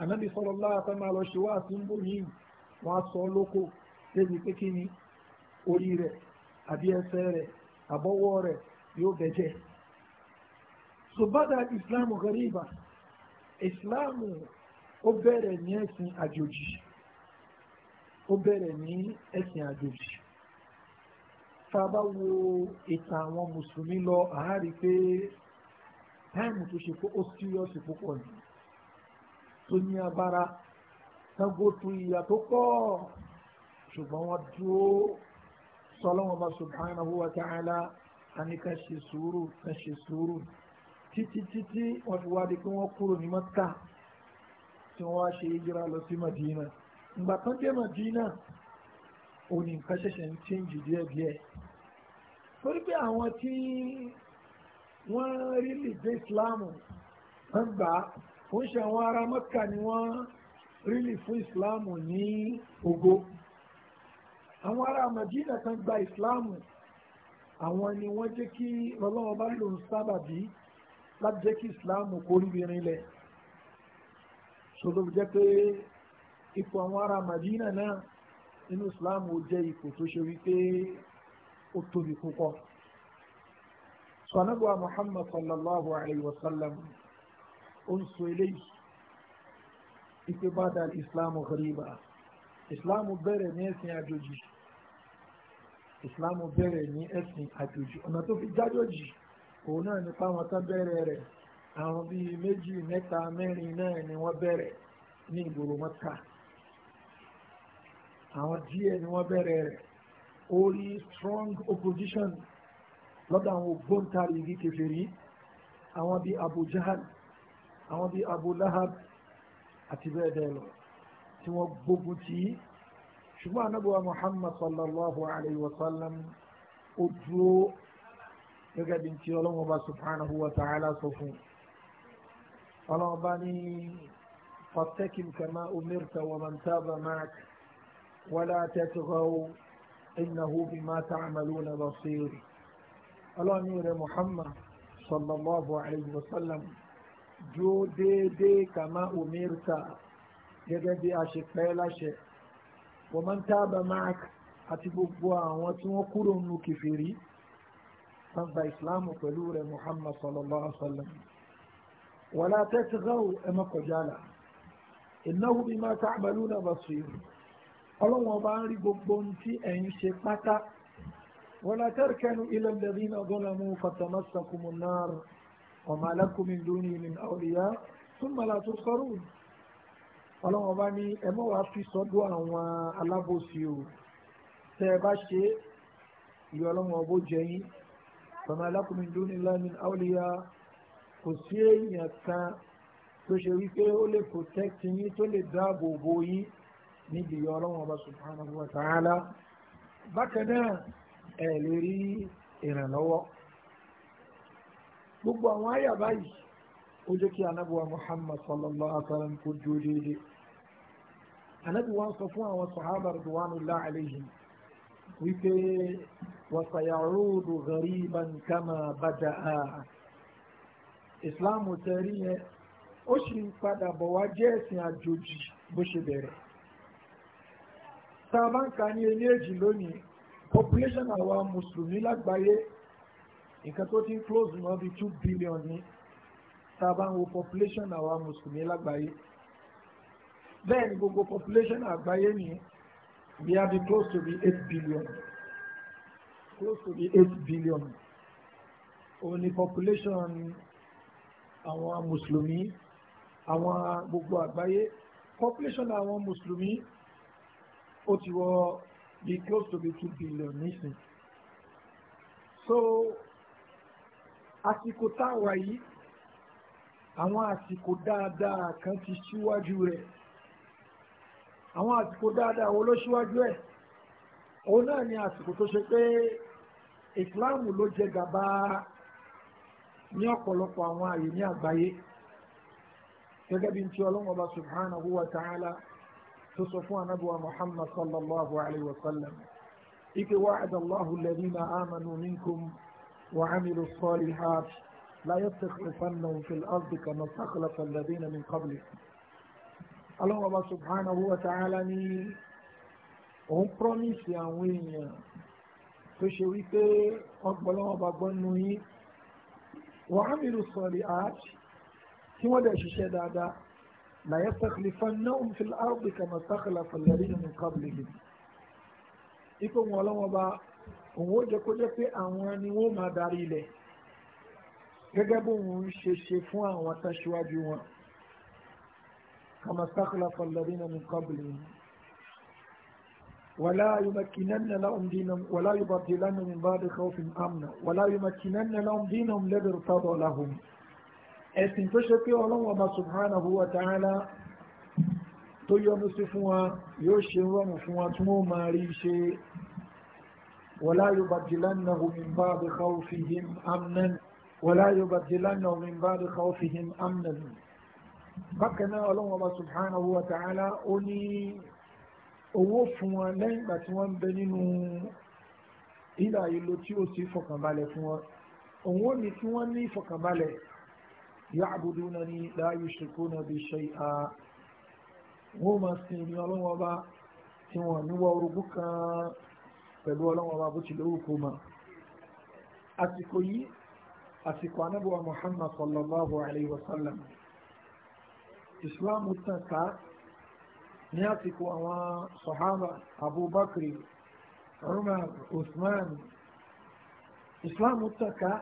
ànábì sọ̀rọ̀ lára fẹ́ máa lọ ṣe wá àti ń bò yìí wọ́n á sọ lóko débi pé kí ni orí rẹ̀ àbí ẹsẹ̀ rẹ̀ àbọ̀wọ́ rẹ̀ yóò bẹ̀jẹ̀. sùbádà ìsìláàmù gariba ìsìláàmù ó bẹ̀rẹ̀ ní ẹ̀sìn àjòjì ó bẹ̀rẹ̀ ní ẹ̀sìn àjòjì tá a bá wo ìtàn àwọn mùsùlùmí lọ àárí pé táìmù tó ṣe kó ó síríọ́sì púpọ̀ nìyí tó ní abara tágbó tu ìyà tó pọ̀ ṣùgbọ́n wọ́n dúró sọlọ́wọ́n bá subhanahu wa ta'ala àní ká ṣe sùúrù ká ṣe sùúrù títí títí wọ́n fi wá di pé wọ́n kúrò ní mọ́tà tí wọ́n wá ṣe ìjìra lọ sí madina ìgbà tán dé madina ò nǹkan ṣẹ̀ṣẹ̀ ń chẹ́ǹjì díẹ̀díẹ̀ torí pé àwọn tí wọ́n rí lè dé ìsìláàmù wọ́n gbà á kò ń ṣe àwọn ará mọ́kà ni wọ́n rílì fún ìsìláàmù ní ògo àwọn ará Madina kan gba ìsìláàmù àwọn ni wọ́n jẹ́ kí ọlọ́wọ́n bá lòun sábàbí láti jẹ́ kí ìsìláàmù kó rí irin lẹ̀ ṣòro jẹ́ pé ipò àwọn ará Madina náà nínú ìsìláàmù ó jẹ́ ipò tó ṣe wípé ó tóbi púpọ̀ sọ̀nàbọ̀ Muhammad sallallahu alayhi wa sallam ó ń sọ eléyìí ipe bá dà ìsìláàmù ghariba ìsìláàmù bẹ̀rẹ̀ ní ẹ̀sìn àjòjì ìsìláàmù bẹ̀rẹ̀ ní ẹ̀sìn àjòjì ọ̀nà tó fi jájòjì òun náà ní páwọn tán bẹ̀rẹ̀ rẹ̀ àwọn bíi méjì mẹ́ta mẹ́rin náà ni wọ́n bẹ̀rẹ̀ ní ìgboro mọ́ta àwọn díẹ̀ ni wọ́n bẹ̀rẹ̀ rẹ̀ ó rí strong opposition lọ́dọ̀ àwọn ògbóǹtarìgì kèfèrí àwọn bíi Abu Jahal àwọn bíi Abu Lahab àti bẹ́ẹ̀ bẹ́ẹ̀ lọ tí wọ́n gbógun tì í ṣùgbọ́n anábọ̀wá Muhammad sallallahu alayhi wa sallam ó dúró gẹ́gẹ́ bí ti ọlọ́wọ́n bá subhanahu wa ta'ala sọ fún ọlọ́wọ́n bá ní fastakim kama umirta wa man taba ma'ak wala tatghaw innahu bima ta'maluna basir ọlọ́wọ́n ní rẹ̀ Muhammad sallallahu alayhi wa sallam dúró déédéé kàmá omirta gẹ́gẹ́ bí a ṣe pẹ́ láṣẹ wọ́n máa ń tábà mark àti gbogbo àwọn tí wọ́n kúrò nù kìfìrí wọ́n gba ìsìláàmù pẹ̀lú rẹ̀ muhammad sallallahu alaihi wa sallam wọ́n lá tẹ́tí gáwó ẹ má kọjá là innahu bima ta'maluna basir ọlọ́wọ́n bá ń rí gbogbo ohun tí ẹ̀yin ṣe pátá wọ́n lá tẹ́rìkẹ́nu ila alladhina zalamu fatamassakumun nar. وما لكم من دونه من أولياء ثم لا تنصرون ọlọ́run ọba ní ẹ mọ̀ wá fi sọ́dọ̀ àwọn alábòsí o tẹ́ ẹ bá ṣe ìyá ọlọ́run ọbọ̀ jẹ́yìn فما لكم من دون الله من أولياء kò sí èèyàn kan tó ṣe wípé ó lè protect yín tó lè dáàbò bò yín níbi ìyá ọlọ́run ọba subhanahu wa ta'ala bákan náà ẹ̀ lè rí ìrànlọ́wọ́ gbogbo àwọn àyà báyìí ó jẹ́ kí anábùwà muhammad sallallahu alaihi wa sallam kó jó déédéé anábùwà sọ fún àwọn sàhábà ridwanullahi alaihim wípé wasayarudu ghariban kama bada'a ìsìláàmù tẹ̀rí yẹn ó sì ń padà bọ̀ wá jẹ́ ẹ̀sìn àjòjì bó ṣe bẹ̀rẹ̀ tá a bá ń ka ní eléjì lónìí population àwa mùsùlùmí lágbàáyé nǹkan tó ti ń close mọ́ bíi two billion ní tá a bá ń wo population àwa mùsùlùmí lágbàáyé bẹ́ẹ̀ ni gbogbo population àgbáyé ní bí a be close to be eight billion close to be eight billion òun ni population àwọn mùsùlùmí àwọn gbogbo àgbáyé population àwọn mùsùlùmí ó ti wọ bí close to be two billion nísìnyí so àsìkò táwa yìí àwọn àsìkò dáadáa kan ti síwájú rẹ̀ àwọn àsìkò dáadáa wo ló síwájú o òun náà ni àsìkò tó ṣe pé ìsìláàmù ló jẹ gàba ní ọ̀pọ̀lọpọ̀ àwọn àyè ní àgbáyé gẹ́gẹ́ bí ti ta'ala tó sọ fún anábùwà muhammad sallallahu alayhi wa sallam ike وعملوا الصالحات لا يستخلفنهم في الأرض كما استخلف الذين من قبله ọlọ́run ọba subhanahu wa ta'ala ní òun promise àwọn èèyàn tó ṣe wípé ọgbọ̀lọ́wọ́ ọba gbọ́nú yín wọ́n á mìíràn sọ̀rọ̀ àájì tí wọ́n dẹ̀ ṣiṣẹ́ dáadáa la yastakhlifannahum fil ardi kama stakhlafa alladhina min qablihim ipò wọn ọlọ́run ọba òun ó jẹ́ kó jẹ́ pé àwọn ni wọ́n máa darí ilẹ̀ gẹ́gẹ́ bó ń ṣe ṣe fún àwọn aṣáájú wọn kama sakhlafa alladhina min qablihim ولا يمكنن لهم دينهم ولا يبدلن من بعد خوف امنا ولا يمكنن لهم دينهم الذي ارتضى لهم ẹ̀sìn tó ṣe pé ọlọ́run ọba subhanahu wa ta'ala tó yọ́nú sí fún wa yóò ṣe rọrùn fún wa tí wọ́n máa rí ṣe ولا يبدلنه من بعد خوفهم أمنا ولا يبدلنه من بعد خوفهم أمنا بكنا الله سبحانه وتعالى أني أوفوا لين باتوان بنينو ilé ayé ló tí ó sì fọkànbalẹ̀ fún wọn òun ó ní tí wọ́n ní fọkànbalẹ̀ ya'budunani la yushrikuna bi shay'a wọ́n máa sin ní ọlọ́wọ́ bá tí wọ́n níwọ̀ orogún kan pẹ̀lú ọlọ́wọ́n wa bó ti lówó kó ma àsìkò yìí àsìkò anábọ̀wá muhammad sallallahu alayhi wa sallam islam tàn ká ní àsìkò àwọn sahaba abubakar umar usman islam tàn ká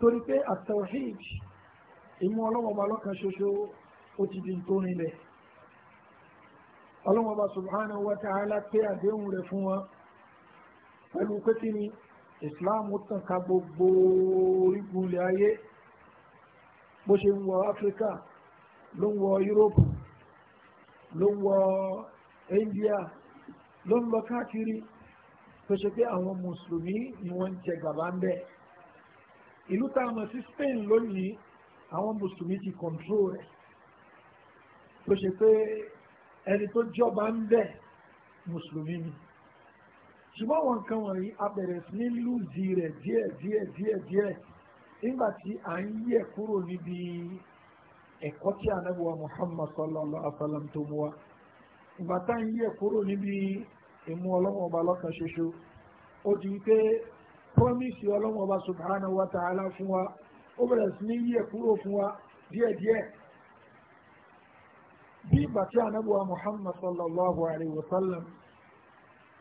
torí pé àtàwíìd ìmú ọlọ́wọ́n ba lọ́kàn ṣoṣo ó ti di tó rinlẹ̀ ọlọ́wọ́n ba subhanahu wa ta'ala pé àdéhùn rẹ̀ fún wọn pẹ̀lú pé ni islam tàn ká gbogbo orígun ilẹ̀ ayé bó ṣe ń wọ áfíríkà ló ń wọ yúróòpù ló ń wọ india ló ń lọ káàkiri tó ṣe pé àwọn mùsùlùmí ni wọ́n ń jẹ gàba ń bẹ̀ ìlú tá a mọ̀ sí spain lónìí àwọn mùsùlùmí ti kọ̀ǹtró rẹ̀ tó ṣe pé ẹni tó jọba ń bẹ̀ mùsùlùmí ni. Muslimi ṣùgbọ́n wọn kan wọ̀nyí abẹ̀rẹ̀ sí ní lùzì rẹ̀ díẹ̀ díẹ̀ díẹ̀ díẹ̀ nígbà tí à ń yẹ kúrò níbi ẹ̀kọ́ tí anábùwà Muhammad sallallahu alaihi wa sallam tó mú wa ìgbà tá à ń yẹ kúrò níbi ìmú ọlọ́wọ́n ọba lọ́kan ṣoṣo ó di wípé promise ọlọ́wọ́n ọba subhanahu wa ta'ala fún wa ó bẹ̀rẹ̀ sí ní yẹ kúrò fún wa díẹ̀ díẹ̀ bí ìgbà tí anábùwà Muhammad sallallahu alaihi wa sallam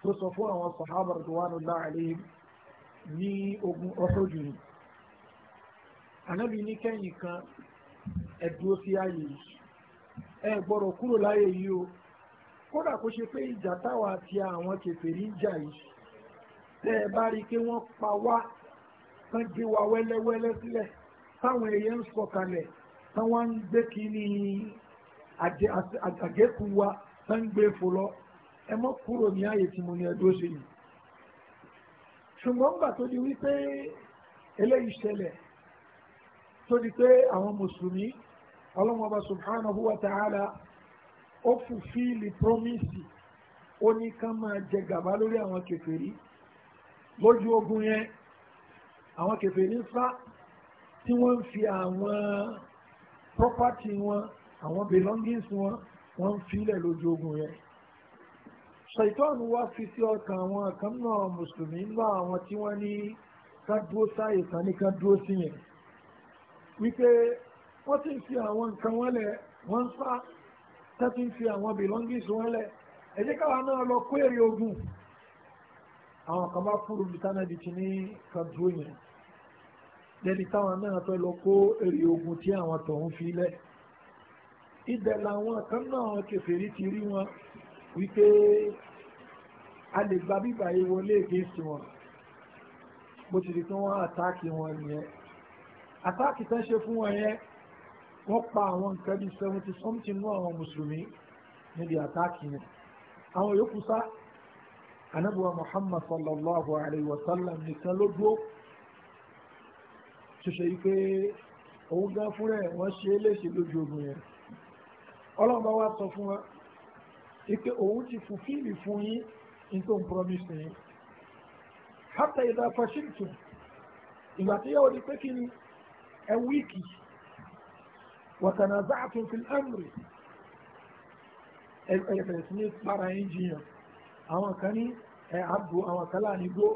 tó sọ fún àwọn sàhábà radwanullahi alayhim ní ogun ọ̀sọ́jù ni ànábì ní kẹ́yìn kan ẹ̀dúró sí ààyè yìí ẹ gbọ́dọ̀ kúrò láàyè yìí o kódà kó ṣe pé ìjà táwa àti àwọn kèfèrí ń jà yìí tẹ́ ẹ bá rí i pé wọ́n pa wá tán gé wa wẹ́lẹ́wẹ́lẹ́ sílẹ̀ táwọn èèyàn ń sọ̀kalẹ̀ tán wá ń gbé kí ni àgékù wa tán ń gbé fò lọ ẹ mọ́ kúrò ní ààyè tí mo ní ẹdúró sí yìí ṣùgbọ́n gbà tó di wípé eléyìí ṣẹlẹ̀ tó di pé àwọn mùsùlùmí ọlọ́mọba subhanahu wa ta'ala ó fùfíìlì promise ó ní ká máa jẹ gàba lórí àwọn kèfèrí lójú ogun yẹn àwọn kèfèrí ń fá tí wọ́n ń fi àwọn property wọn àwọn belongings wọn wọ́n ń filẹ̀ lójú ogun yẹn ṣàìtọ́nù wá fi sí ọkàn àwọn kan náà mùsùlùmí nínú àwọn tí wọ́n ní ká dúró sáyè kan ní ká dúró sí yẹn wípé wọ́n ti ń fi àwọn nǹkan wọn lẹ̀ wọ́n ń sá tá ti ń fi àwọn belongings wọn lẹ̀ ẹ jẹ́ káwa náà lọ kó èrè ogun àwọn kan bá fúru bí tánàdì ti ní ká dúró yẹn lẹ́ni táwọn náà fẹ́ lọ kó èrè ogun tí àwọn tọ̀hún fi lẹ̀ ibẹ̀ làwọn kan náà kẹfẹ́rí ti rí wọn wípé a lè gba bíbà yìí wọlé ègéèsì wọn bó ti di pé wọ́n àtáàkì wọn nìyẹn àtáàkì tán ṣe fún wọn yẹn wọ́n pa àwọn nǹkan bíi seventy something nú àwọn mùsùlùmí níbi àtáàkì yẹn àwọn yòókù sá anabuwa muhammad sallallahu alayhi wa sallam nìkan ló dúró ṣiṣẹ́ yìí pé òun gan fúnra ẹ̀ wọ́n ṣe é léṣe lójú ogun yẹn ọlọ́run bá wá sọ fún wa ike òun ti fùfíìlì fún yín nítorí promise yín hátà ìdá fashiltu ìgbà tí yóò di pé kí ni ẹ wíìkì wàtànà záàtún fil amri ẹ bẹ̀rẹ̀ sí ní para yín jiyàn àwọn kan ní ẹ àbò àwọn kan láàánú gbó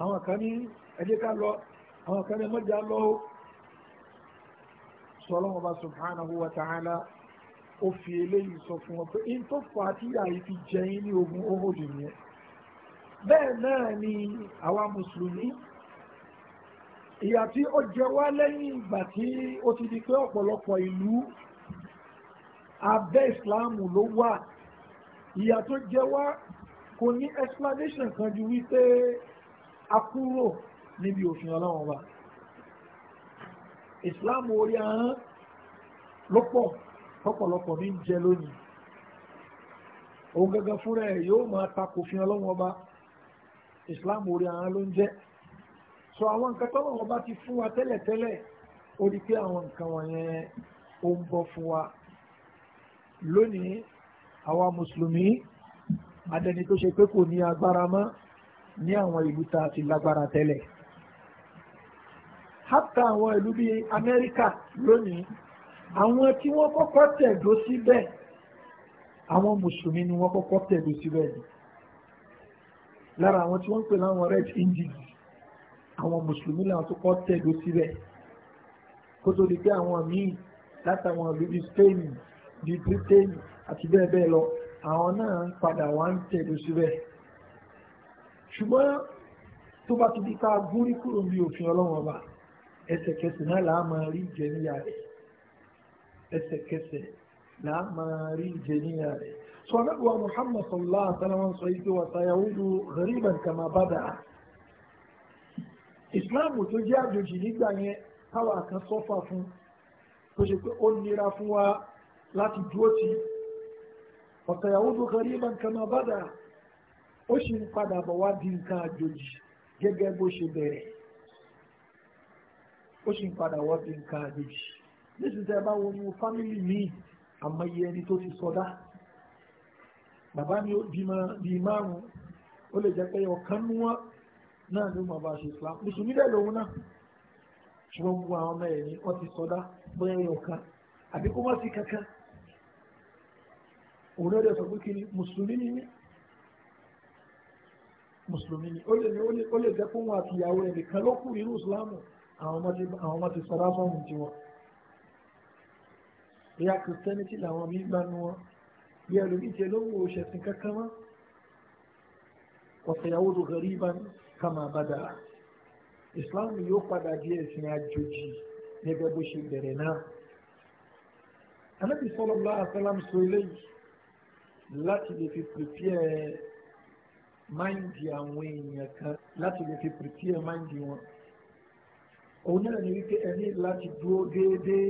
àwọn kan ní ẹ ká lọ àwọn kan ní ẹ mọ́jà lọ́wọ́ subhanahu wa ta'ala ó fi eléyìí sọ fún wọn pé in tó fà tí àyè fi jẹ yín ní ogun ohòdì nìyẹn bẹ́ẹ̀ náà ni àwa mùsùlùmí ìyà tí ó jẹ wá lẹ́yìn ìgbà tí ó ti di pé ọ̀pọ̀lọpọ̀ ìlú abẹ́ ìsìláàmù ló wà ìyà tó jẹ wá kò ní explanation kan ju wípé a kúrò níbi òfin ọlọ́run wa ìsìláàmù orí ahọ́n ló pọ̀ tọ́pọ̀lọpọ̀ ní jẹ lónìí òun gẹ́gẹ́ fúnra ẹ̀ yóò máa takò fi ọlọ́run ọba islam orí àwọn ló ń jẹ́ so àwọn nǹkan tọ́lọ́run ọba ti fún wa tẹ́lẹ̀tẹ́lẹ̀ ó di pé àwọn nǹkan wọ̀nyẹn ó ń bọ́ fún wa lónìí àwa mùsùlùmí adẹni tó ṣe pé kò ní agbára mọ́ ní àwọn ìlú tá ti lágbára tẹ́lẹ̀ hátà àwọn ìlú bíi amẹ́ríkà lónìí àwọn tí wọ́n kọ́kọ́ tẹ̀dó síbẹ̀ àwọn mùsùlùmí ni wọ́n kọ́kọ́ tẹ̀dó síbẹ̀ ni lára àwọn tí wọ́n ń pè láwọn red indies àwọn mùsùlùmí làwọn tó kọ́ tẹ̀dó síbẹ̀ kó tó di pé àwọn míì látàwọn ìlú bíi Spain bíi Britain àti bẹ́ẹ̀ bẹ́ẹ̀ lọ àwọn náà ń padà wá ń tẹ̀dó síbẹ̀ ṣùgbọ́n tó bá ti di ká gúrí kúrò bí òfin ọlọ́wọ́n ọba ẹsẹ̀kẹsẹ̀ náà làá máa rí ìjẹniyà rẹ̀ ẹsẹ̀kẹsẹ̀ là máa rí ìjẹniyà rẹ̀. sọ anábùwà muhammad sallallahu alaihi wa sallam sọ yìí pé wàtá yahudu ghariban kama bada islam tó jẹ́ àjòjì nígbà yẹn káwa kan sọ́fà fún tó ṣe pé ó nira fún wa láti dúró tì wàtá yahudu ghariban kama bada ó sì ń padà bọ̀ wá di nǹkan àjòjì gẹ́gẹ́ bó ṣe bẹ̀rẹ̀ ó sì ń padà wá di nǹkan àjòjì nísìnyí tẹ́ ẹ bá wọnú fámìlì míì àmọye ẹni tó ti sọdá bàbá mi bímọ bíi márùn ó lè jẹ́ pé ọ̀kan nú wọn náà ni mo bá ṣe islam mùsùlùmí dẹ̀ lòun náà ṣùgbọ́n gbogbo àwọn ọmọ ẹ̀yìn wọ́n ti sọdá bóyá ẹ̀yìn ọ̀kan àbí kó má sí kankan òun náà dẹ̀ sọ pé kí ni mùsùlùmí ni mí mùsùlùmí ni ó lè ní ó lè jẹ́ pé òun àti ìyàwó ẹ̀ nìkan ló kù nínú ìsìlámù àwọn ọmọ ti sọdá fọ́ọ̀mù tiwọn bóyá christianity làwọn mi gbanu wọn bí ẹlòmíjẹ ló ń wo ṣẹ̀sìn kankan wọn ọ̀sẹ̀ ìyàwó ló gẹ̀rí bá kàmá bàdà islam yóò padà di ẹ̀sìn àjòjì gẹ́gẹ́ bó ṣe bẹ̀rẹ̀ náà anabi sallallahu alaihi wasallam sọ eléyìí láti lè fi prepare máìndì àwọn èèyàn kan láti lè fi prepare máìndì wọn òun náà ní wípé ẹni láti dúró déédéé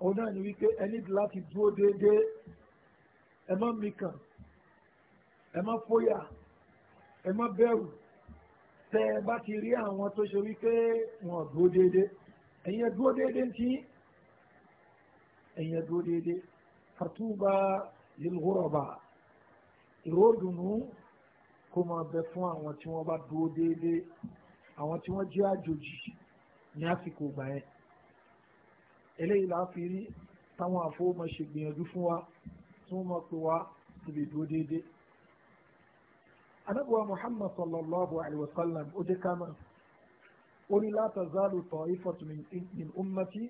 òun náà ni wípé ẹ nídìí láti dúró déédéé ẹ má mikàn ẹ má fóyà ẹ má bẹ̀rù tẹ ẹ bá ti rí àwọn tó ṣe wípé wọn dúró déédéé ẹ̀yin ẹ dúró déédéé ń tí ẹ̀yin ẹ dúró déédéé fatuba lilghuraba ìròdùnú kó máa bẹ fún àwọn tí wọ́n bá dúró déédéé àwọn tí wọ́n jẹ́ àjòjì ní àsìkò ìgbà yẹn eléyìí là á fi rí táwọn àfọwọ́mọ ṣe gbìyànjú fún wa tí wọ́n máa pè wá síbi ìdúró déédéé. anábùwà muhammad sallallahu alayhi wa sallam ó jẹ́ ká mọ̀ ó ní la tazalu ta'ifatu min ummati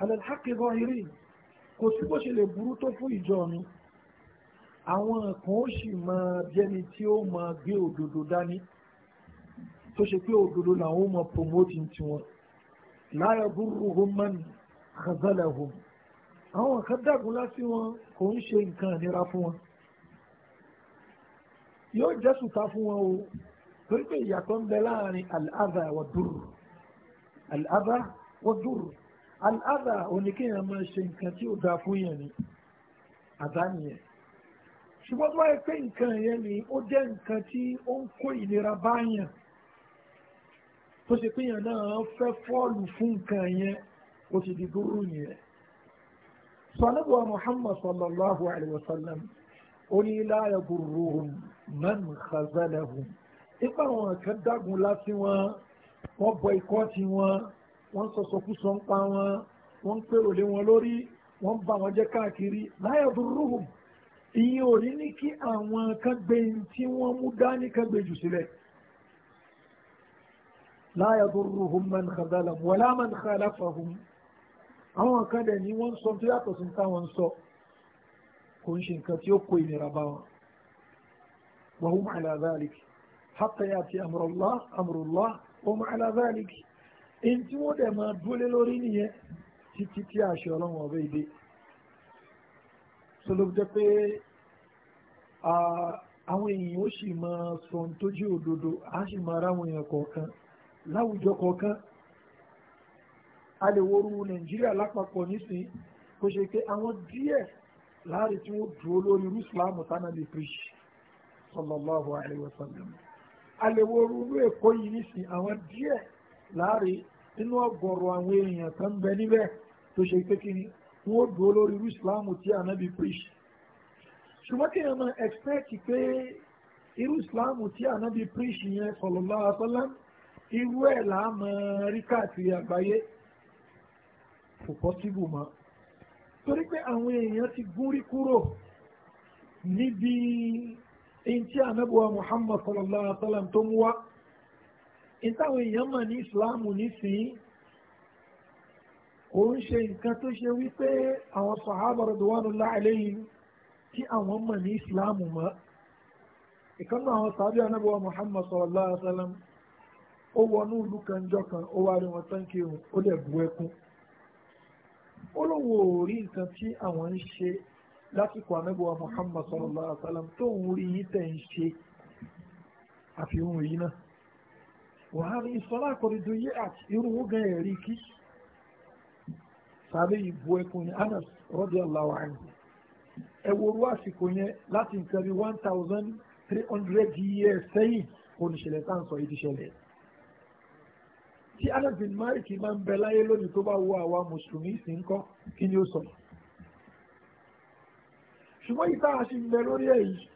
ala al-haqqi zahirin kò sí bó ṣe lè burú tó fún ìjọ mi àwọn kan ó sì máa bí tí ó máa gbé òdodo dání tó ṣe pé òdodo làwọn ó máa promoting tiwọn la yadurruhum man khazalahum àwọn kan dàgún láti wọn kò ń ṣe nǹkan ìnira fún wọn yóò jẹ́ sùtá fún wọn o torí pé ìyàtọ̀ ń bẹ láàrin al-adha wa dur al-adha wa dur al-adha oníkéèyàn máa ṣe nǹkan tí ó dáa fún yẹn ni àdánìyẹn ṣùgbọ́n tó wáyé pé nǹkan yẹn ni ó jẹ́ nǹkan tí ó ń kó ìnira báyàn tó ṣe pé yẹn náà fẹ́ fọ́ọ̀lù fún nǹkan yẹn ó ti di gúrú nìyẹn sanabuwa muhammad sallallahu alayhi wa sallam ó ní láyà gurruhum man khazalahum ipa àwọn kan dágun láti wọn wọ́n bọ ikọ́ ti wọn wọ́n sọ̀sọ̀kúsọ ń pa wọn wọ́n ń pèrò wọn lórí wọ́n bá wọn jẹ́ káàkiri láyà dúrúhùn ìyẹn ò ní ní kí àwọn kan tí wọ́n mú dání kan gbé láyà dúrúhùn man khazalahum wala man khalafahum àwọn kan dẹ̀ ni wọ́n ń sọ tó yàtọ̀ sí táwọn ń sọ kò ń ṣe nǹkan tí ó kó ìnira bá wọn wa hum ala dhalik hatta ya'ti amrullah amrullah wa hum ala dhalik èyí tí wọ́n dẹ̀ máa dúlé lórí nìyẹn títí tí àṣẹ ọlọ́run ọ̀bẹ ìdè sọlọ́ jẹ́ pé àwọn èèyàn ó sì máa sọ tó jẹ́ òdodo á sì máa ráwọn èèyàn kọ̀ọ̀kan láwùjọ kọ̀ọ̀kan a lè wo orú nàìjíríà lápapọ̀ nísìn kó ṣe pé àwọn díẹ̀ láàrin tí wọ́n dúró lórí irú islam tánà lè preach sallallahu alayhi wa sallam a lè wo orú irú èkó yìí nísìn àwọn díẹ̀ láàrin nínú ọgọ̀rọ̀ àwọn èèyàn tó ń bẹ níbẹ̀ tó ṣe pé kí wọ́n dúró lórí irú islam tí ànábì preach ṣùgbọ́n kí èèyàn máa pé irú islam tí ànábì preach yẹn sallallahu alayhi irú ẹ̀ làá máa rí káàkiri àgbáyé kò pọ́síbù mọ́ torí pé àwọn èèyàn ti gúnrí kúrò níbi eŋti anabuwa muhammad sallallahu alaihi wa sallam tó mú wá ìtàwọn èèyàn mọ̀ ní ìsìláàmù nísìnyí kò ń ṣe nǹkan tó ṣe wípé àwọn sàhábà radwanullahi alayhim tí àwọn mọ̀ ní ìsìláàmù mọ́ ìkànnì àwọn sàbí anábọ̀wá muhammad sallallahu alaihi wa sallam ó wọnú ìlú kan jọ kan ó wá rí wọn tán ó lè bu ẹkún ó lóun ò rí nǹkan tí àwọn ń ṣe lásìkò anábọ̀wá Muhammad sallallahu alaihi wa sallam tóun rí yín tẹ̀ ń ṣe àfihàn yìí náà wàhálà ìsọlá àkọrìdò yé àti irú wọn gan ẹ̀rí kí sàbẹ̀ ìbú ẹkùn ní Anas radiyallahu anhu ẹ worú àsìkò yẹn láti nǹkan bí one thousand three hundred years sẹ́yìn oníṣẹ̀lẹ̀ tá ń sọ yìí yẹn tí Anas bin Malik máa ń bẹ láyé lónìí tó bá wo àwa mùsùlùmí sì ń kọ́ kí ni ó sọ. ṣùgbọ́n ìta àṣì ń bẹ lórí ẹ̀ yìí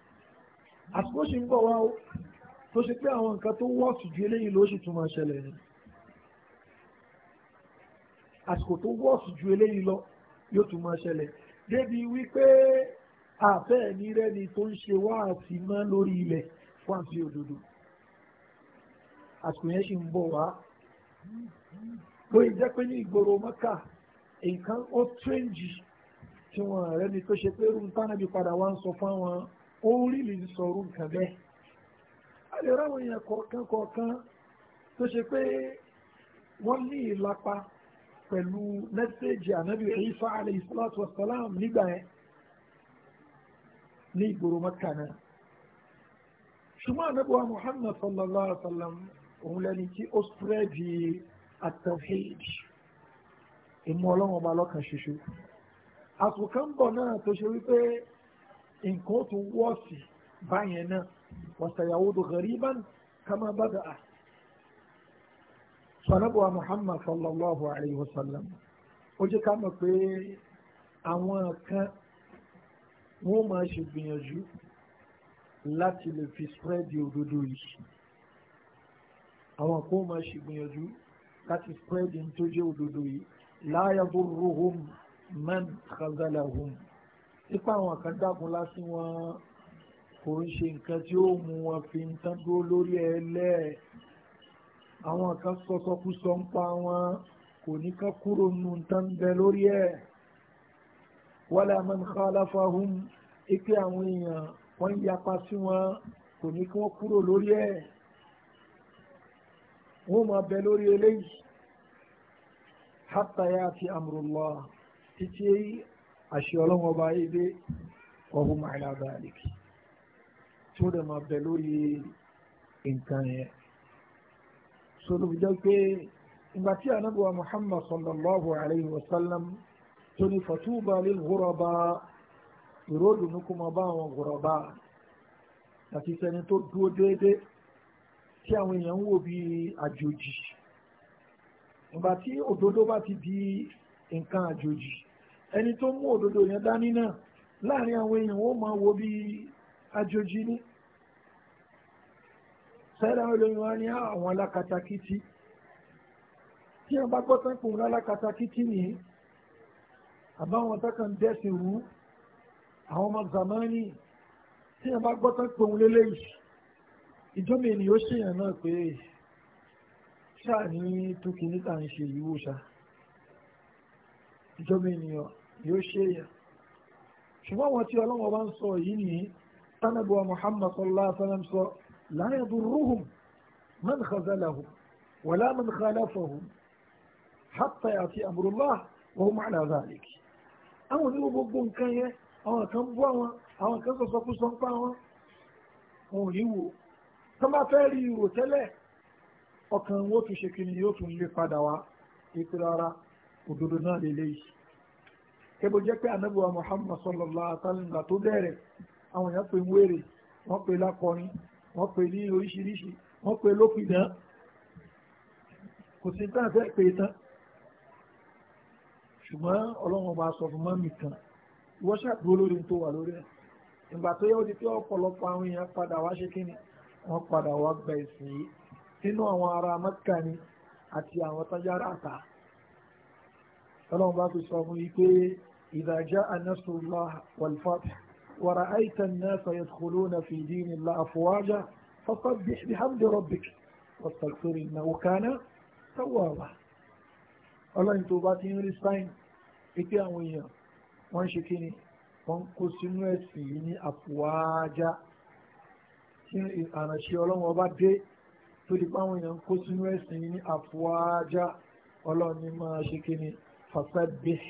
àsìkò ṣì ń bọ̀ wá o tó ṣe pé àwọn nǹkan tó wọ́ọ̀sì ju eléyìí ló sì tún máa ṣẹlẹ̀ ni àsìkò tó wọ́ọ̀sì ju eléyìí lọ yóò tún máa ṣẹlẹ̀ débi wípé àfẹ́ ní rẹ́ni tó ń ṣe wá àti mọ́ lórí ilẹ̀ fún àfi òdodo àsìkò yẹn sì ń bọ̀ wá bó ìjẹ́ pé ní ìgboro mọ́kà nǹkan ó tẹ́ǹjì tí wọ́n rẹ̀ ni tó ṣe pé irú fún àwọn sọ̀rọ̀ nǹkan bẹ́ẹ̀. a lè ráwọn èèyàn kọ̀ọ̀kan kọ̀ọ̀kan tó ṣe pé wọ́n ní ìlapa pẹ̀lú mẹ́sẹ̀gì ànábì Ìsá salatu wassalam nígbà yẹn ní ìgboro mọ́kà náà. ṣùgbọ́n ànábì sallallahu òun lẹni tí ó spreadi at-tawhid ìmú ọlọ́run ọba lọ́kàn ṣoṣo àsùnkàn bọ̀ náà tó ṣe wípé nǹkan ó tún wọ́ọ̀sì báyẹn náà wa sayaudu ghariban kama bada'a sanabuwa muhammad sallallahu alayhi wa sallam ó jẹ́ ká mọ̀ pé àwọn kan wọ́n máa ṣe gbìyànjú láti lè fi spreadi òdodo yìí àwọn kó máa ṣègbìyànjú láti spreadin tó jẹ́ òdodo yìí la yadurruhum man khazalahum nípa àwọn kan dákun lásì wọn kò ń ṣe nǹkan tí ó mú wọn fi ń tán dúró lórí ẹ lẹ́ẹ̀ àwọn kan sọsọkúsọ ń pa wọn kò ní ká kúrò nù tán bẹ lórí ẹ wala man khalafahum ike àwọn èèyàn wọ́n yapa sí wọn kò ní kí wọ́n kúrò lórí ẹ̀ wọ́n máa bẹ lórí eléyìí hatta ya'ti amrullah títí àṣẹ ọlọ́wọ́n ọba ilé ọ̀hún ala dhalik tí ó dẹ̀ máa bẹ lórí nǹkan yẹn. sọlọ́ fi jẹ́ pé ìgbà tí anábùwà muhammad sallallahu alayhi wa sallam tó ní fatuba lil ghuraba ìró dùnú máa bá àwọn ghuraba àti sẹni tó dúró déédéé tí àwọn èèyàn ń wò bí àjòjì ìgbà tí òdodo bá ti di nǹkan àjòjì ẹni tó mú òdodo yẹn dání náà láàrin àwọn èèyàn ó máa wo bí àjòjì ní sẹ́dá olóyún wa ní àwọn alákatakítí tí wọ́n bá gbọ́ tán pò ń alákatakítí nìyí àbáwọn tọ́kàn dẹ́sìn rú àwọn ọmọ zamani tí wọ́n bá gbọ́ tán pò ń lélẹ́yìí ìjọba ènìyàn ó ṣèyàn náà pé ṣáà ní tó kìíní tà ń ṣe ìwò ṣá ìjọba ènìyàn yóò ṣèyàn ṣùgbọ́n àwọn tí ọlọ́wọ́ bá ń sọ yìí nìyí tánàbùwà Muhammad sallallahu alaihi wa sallam sọ la yadurruhum man khazalahum wala man khalafahum hatta yati amrullah wa hum ala dhalik àwọn oníwò gbogbo nǹkan yẹn àwọn kan bú àwọn àwọn kan sọsọkú sọ ń pa wọn wọn ní wò tó bá fẹ́ rí ìrò tẹ́lẹ̀ ọkàn wo tún ṣe kíni yóò tún lè padà wá ipe rárá òdodo náà lè léyìí kébò jẹ́ pé anábùwà Muhammad sallallahu alaihi wasallam tó bẹ̀rẹ̀ àwọn èèyàn pè ń wèrè wọ́n pè lákọrin wọ́n pè ní oríṣiríṣi wọ́n pè lópinà kò sí tán fẹ́ pè tán ṣùgbọ́n ọlọ́run ọba sọ fún mọ́mì kan ìwọ́ṣà dúró lórí tó wà lórí ẹ̀ ìgbà tó yẹ ó di pé ọ̀pọ̀lọpọ̀ àwọn èèyàn padà wá ṣe kíni wọ́n padà wá gba ẹ̀sìn yìí nínú àwọn ará mẹ́kà ni àti àwọn tájára àtà ọlọ́run bá fi sọ fún yìí pé idha jaa nasrullah wal fath wa ra'ayta an-nasa yadkhuluna fi dinillahi afwaja fasabbih bihamdi rabbik wastaghfir innahu kana tawwaba ọlọ́run tó bá ti ń rí sáìn pé àwọn èèyàn wọ́n ń ṣe kí wọ́n kó sínú ẹ̀sìn yìí ní àfọwájá tí àránṣẹ́ ọlọ́run ọba dé tó di pé àwọn èèyàn kó sínú ẹ̀sìn ní àfọwájá ọlọ́run ní máa ṣe kí ni fasabbih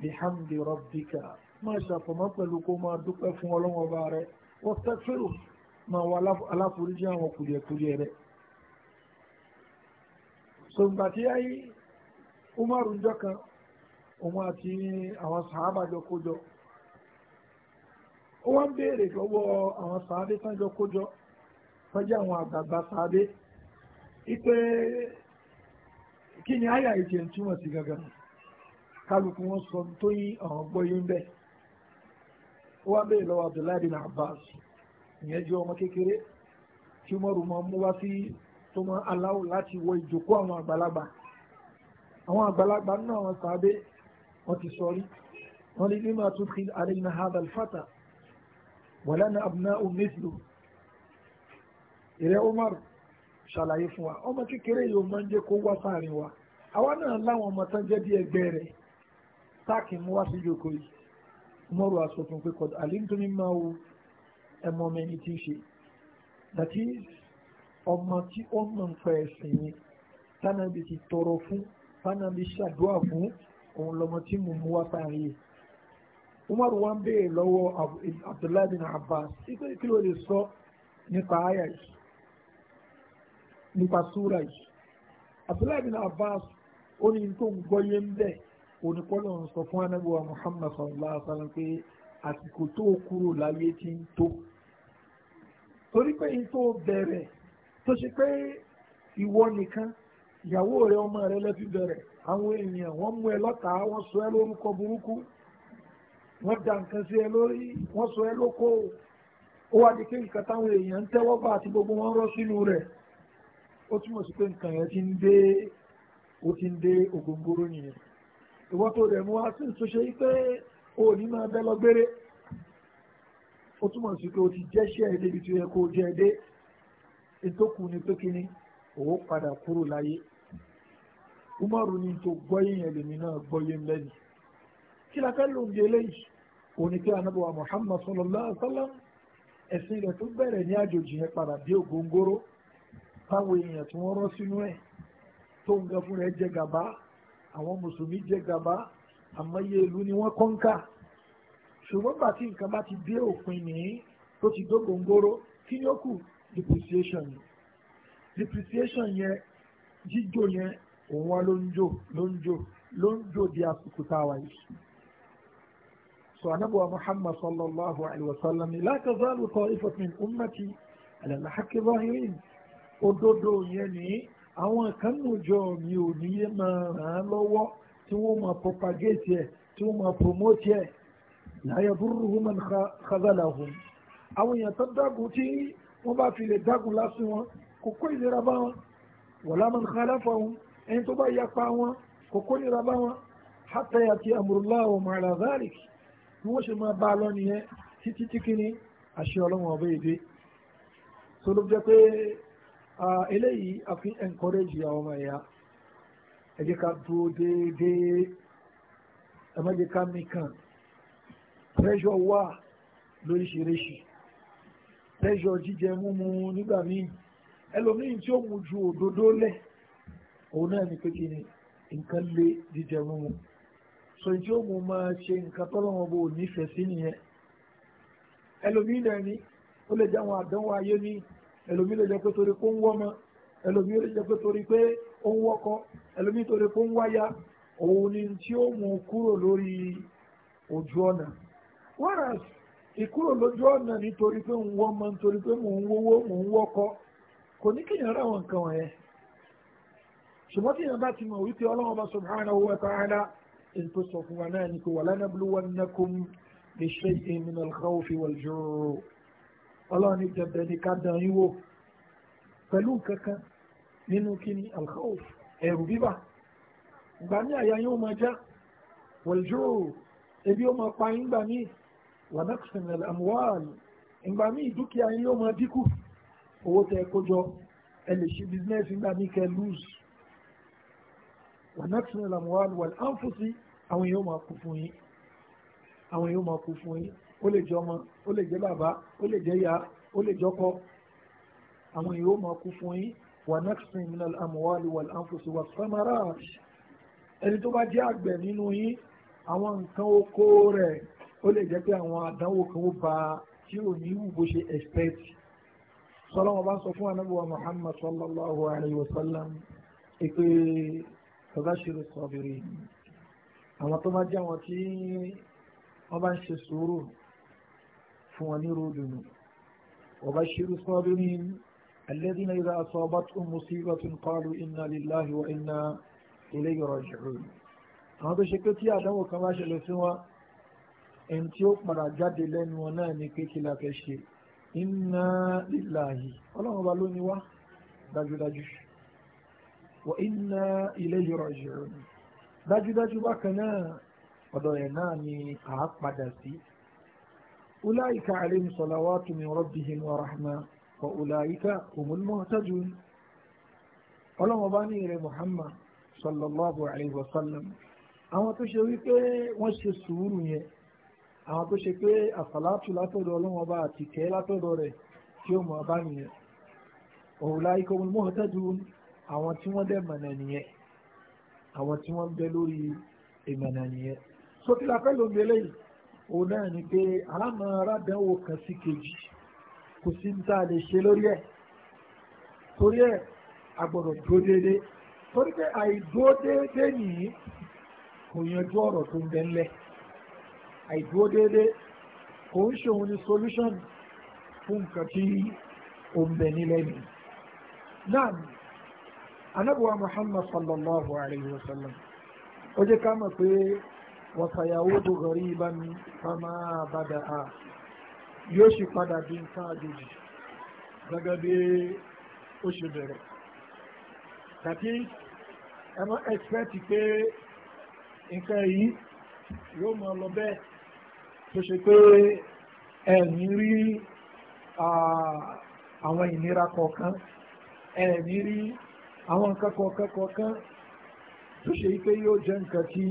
bihamdi rabbika máa ṣàfọ̀mọ́ pẹ̀lú kó máa dúpẹ́ fún ọlọ́run ọba rẹ wastaghfiru máa wọ aláforíjì àwọn kùdìẹ̀kùdìẹ̀ rẹ. sọ̀gbàtí ayé umaru jọ kan òun àti àwọn sàhábà kó jọ ó wá ń béèrè lọ́wọ́ àwọn sàábé tánjọ kójọ tọ́jú àwọn àgbààgbà sàábé ipe kí ni àyà ìjẹ ń túmọ̀ sí gangan kálukú wọn sọ tó yí àwọn gbọ́yé ń bẹ̀ ó wá béèrè lọ́wọ́ Abdullahi bin Abbas ìyẹn jẹ́ ọmọ kékeré tí Umaru máa mú wá sí tó máa aláwò láti wọ ìjòkó àwọn àgbàlagbà àwọn àgbàlagbà náà wọn wọn ti sọ rí wọn ní mímọ tún fi àdéhùn hadal fata wọ̀lẹ́nà abúná omíṣlò ìrẹ́ Umar ṣàlàyé fún wa ọmọ kékeré yìí ó máa ń jẹ́ kó wá sáàrin wa àwa náà láwọn ọmọ tán jẹ́ bí ẹgbẹ́ rẹ̀ táàkì mú wá sí ìjókòó yìí Umar wa sọ fún pé kọ́ àlíntúmí máa wo ẹmọ ọmọ ẹni tí ń ṣe that is ọmọ tí ó mọ̀ ń fẹ́ ẹ̀sìn ni tánàbí ti tọrọ fún tánàbí ṣàdúrà fún òun lọmọ tí mo mú wá sáàrin yìí umar wa ń béèrè lọ́wọ́ abdullahi bin abbas ipe kí ló lè sọ nípa àyà yìí nípa súra yìí abdullahi bin abbas ó ní tó ń gbọ́yé ń bẹ̀ onípọ́lọ̀ ń sọ fún anábíwá muhammad sallallahu alaihi wa sallam pé àsìkò tó kúrò láyé ti ń tó torí pé n tó bẹ̀rẹ̀ tó ṣe pé ìwọ nìkan ìyàwó rẹ ọmọ rẹ lẹ́fi bẹ̀rẹ̀ àwọn èèyàn wọ́n mú ẹ lọ́tàá wọ́n sọ ẹ lórúkọ burúkú wọ́n da nǹkan sí ẹ lórí wọ́n sọ ẹ lóko ó wá di pé nǹkan táwọn èèyàn ń tẹ́wọ́ bá àti gbogbo wọn rọ́ sínú rẹ̀ ó túmọ̀ sí pé nǹkan yẹn ti ń dé ó ti ń dé ògógóró nìyẹn ìwọ́n tó rẹ̀ mú wá sí ìtúnṣe yìí pé o ò ní máa bẹ́ lọ gbére ó túmọ̀ sí pé o ti jẹ́ṣẹ́ ẹ débi tí ó yẹ kó o jẹ́ ẹ dé ètòkù ni pé kíní òwò padà kúrò láyé umaru ni tó gbọ́yé yẹn lèmi náà gbọ́yé lẹ́nu kí la fẹ́ lò ń di eléyìí òun ni pé anábọ̀wá Muhammad sallallahu alaihi wa sallam ẹ̀sìn rẹ̀ tó bẹ̀rẹ̀ ní àjòjì yẹn padà dé ògóńgóró táwọn èèyàn tí wọ́n rán sínú ẹ̀ tó ń ga fún rẹ̀ jẹ gàba àwọn mùsùlùmí jẹ gàba àmọ́yé ìlú ni wọ́n kọ́ńkà ṣùgbọ́n gbà tí nǹkan bá ti dé òpin nìyí tó ti dó gòǹgòrò kí ni ó kù depreciation yẹn depreciation yẹn jíjó yẹn òun wá ló ń jò ló ń jò ló ń jò di àsìkò tá a wà yìí so anabuwa muhammad sallallahu alaihi wasallam ni la tazalu ta'ifat min ummati ala al-haqqi zahirin òdodo yẹn ni àwọn kan nù jọ mi ò ní yé máa ràn án lọ́wọ́ tí wọ́n máa propagate ẹ̀ tí wọ́n máa promote ẹ̀ la yadurruhum man khazalahum àwọn èèyàn tó dágùn tí wọ́n bá fi lè dágùn lásán wọn kò kó ìlera bá wọn wala man khalafahum ẹni tó bá yapa wọn kò kó ìlera bá wọn hatta yati ma'ala dhalik bí wọ́n ṣe máa bá a lọ nìyẹn títí tí kí ni àṣẹ ọlọ́run ọ̀bẹ èdè tó ló jẹ́ pé eléyìí a fi encourage àwọn ọmọ ẹ̀yà ẹ ká dúró déédéé ẹ ká mi kàn pressure wà lóríṣiríṣi pressure jíjẹ múmu nígbà míì ẹlòmíì tí ó mu ju òdodo lẹ̀ òun náà ni pé kí ni nǹkan lé jíjẹ múmu so tí ó mú máa ṣe nǹkan tọ́lọ́wọ́n bò nífẹ̀ẹ́ sí nìyẹn ẹlòmíì náà ni ó lè jẹ́ àwọn àdánwò ayé ní ẹlòmíì lè jẹ́ pé torí kó ń wọ́mọ ẹlòmíì lè jẹ́ pé torí pé ó ń wọ́kọ ẹlòmíì torí kó ń wáyà òun ni tí ó mú kúrò lórí ojú ọ̀nà whereas ìkúrò lójú ọ̀nà nítorí pé ń wọ́mọ nítorí pé mò ń wówó mò ń wọ́kọ kò ní kéèyàn ráwọn nǹkan wọ̀nyẹn ṣùgbọ́n tí èèyàn bá ti mọ̀ wípé Ọlọ́run Subhanahu wa ta'ala ètò sọ fún wa náà ni pé walanabluwannakum bi shay'in minal khawfi wal juu' ọlọ́run ní dandan ní ká dán yín wò pẹ̀lú kankan nínú kíni alkhawf ẹ̀rù bíbà ìgbà ní àyà yóò máa já wal juu' ebi ó máa pa yín gbà míì wa naqsin ìgbà míì dúkìá yín yóò máa dínkù owó tẹ kó jọ ẹ lè ṣe bísínẹ́sì ńgbà míì kẹ lose wa naqsin minal amwal àwọn yóò máa kú fún yín àwọn yóò máa kú fún yín ó lè jẹ́ ọmọ ó lè jẹ́ bàbá ó lè jẹ́ ìyá ó lè jọ́kọ́ àwọn yóò máa kú fún yín wà naqsin minal amwali wal anfusi was samarat ẹni tó bá jẹ́ àgbẹ̀ nínú yín àwọn nǹkan oko rẹ̀ ó lè jẹ́ pé àwọn àdánwò kan ó ba tí ò ní wù bó ṣe expect sọlọ́wọ́n bá sọ fún anábíwá Muhammad sallallahu alayhi wa sallam ìpè tọ́gá ṣe rẹ̀ sọ̀bìrì yìí àwọn tó bá jẹ́ àwọn tí wọ́n bá ń ṣe sùúrù fún wọn ní ròdùnú وبشر الصابرين الذين إذا أصابتهم مصيبة قالوا إنا لله وإنا إليه راجعون àwọn tó ṣe pé tí àdánwò kan bá ṣẹlẹ̀ sí wọn ẹni tí ó padà jáde lẹ́nu wọn náà ni pé kí ṣe inna lillahi ọlọ́run ọba ló wá dájúdájú wa inna ilayhi raji'un dájúdájú bákan náà ọ̀dọ̀ ẹ̀ náà ni à á padà sí. ulaika alayhim salawatu min rabbihim wa rahma wa ulaika humul muhtajun. ọlọ́wọ́n bá ní ìrẹ̀ Muhammad sallallahu alayhi wa sallam àwọn tó ṣe wípé wọ́n ṣe sùúrù yẹn àwọn tó ṣe pé àfàlátù látọ̀dọ̀ ọlọ́wọ́n bá àti kẹ́ látọ̀dọ̀ rẹ̀ tí ó mọ̀ bá nìyẹn. wa ulaika humul muhtadun àwọn tí wọ́n dẹ̀ mọ̀nà nìyẹn àwọn tí wọ́n ń bẹ lórí ìmọ̀nà nìyẹn sókè la fẹ́ ló ń bẹ lẹ́yìn òun náà ni pé alámọ̀ arábẹ́wò kan sí kejì kò sí ń tá a lè ṣe lórí ẹ̀ torí ẹ̀ a gbọ́dọ̀ dúró déédé torí pé àìdúró déédé nìyí kò yanjú ọ̀rọ̀ tó ń bẹ ńlẹ̀ àìdúró déédé kò ń ṣe òun ni solution fún nǹkan tí ó ń bẹ nílẹ̀ nìyí náà anabuwa muhammad sallallahu alayhi wa sallam ó jẹ́ ká mọ̀ pé wasayawudu ghariban fama bada'a yóò ṣì padà di nǹkan àjòjì gẹ́gẹ́ bí ó ṣe bẹ̀rẹ̀ tàbí ẹ mọ́ ẹ̀sìpẹ́tì pé nǹkan yìí yóò mọ̀ lọ bẹ́ẹ̀ tó ṣe pé ẹ rí àwọn ìnira kọ̀ọ̀kan ẹ rí àwọn kẹ́kọ̀ọ́ kẹ́kọ̀ọ́ kan tó ṣe pé yóò jẹ́ nǹkan tí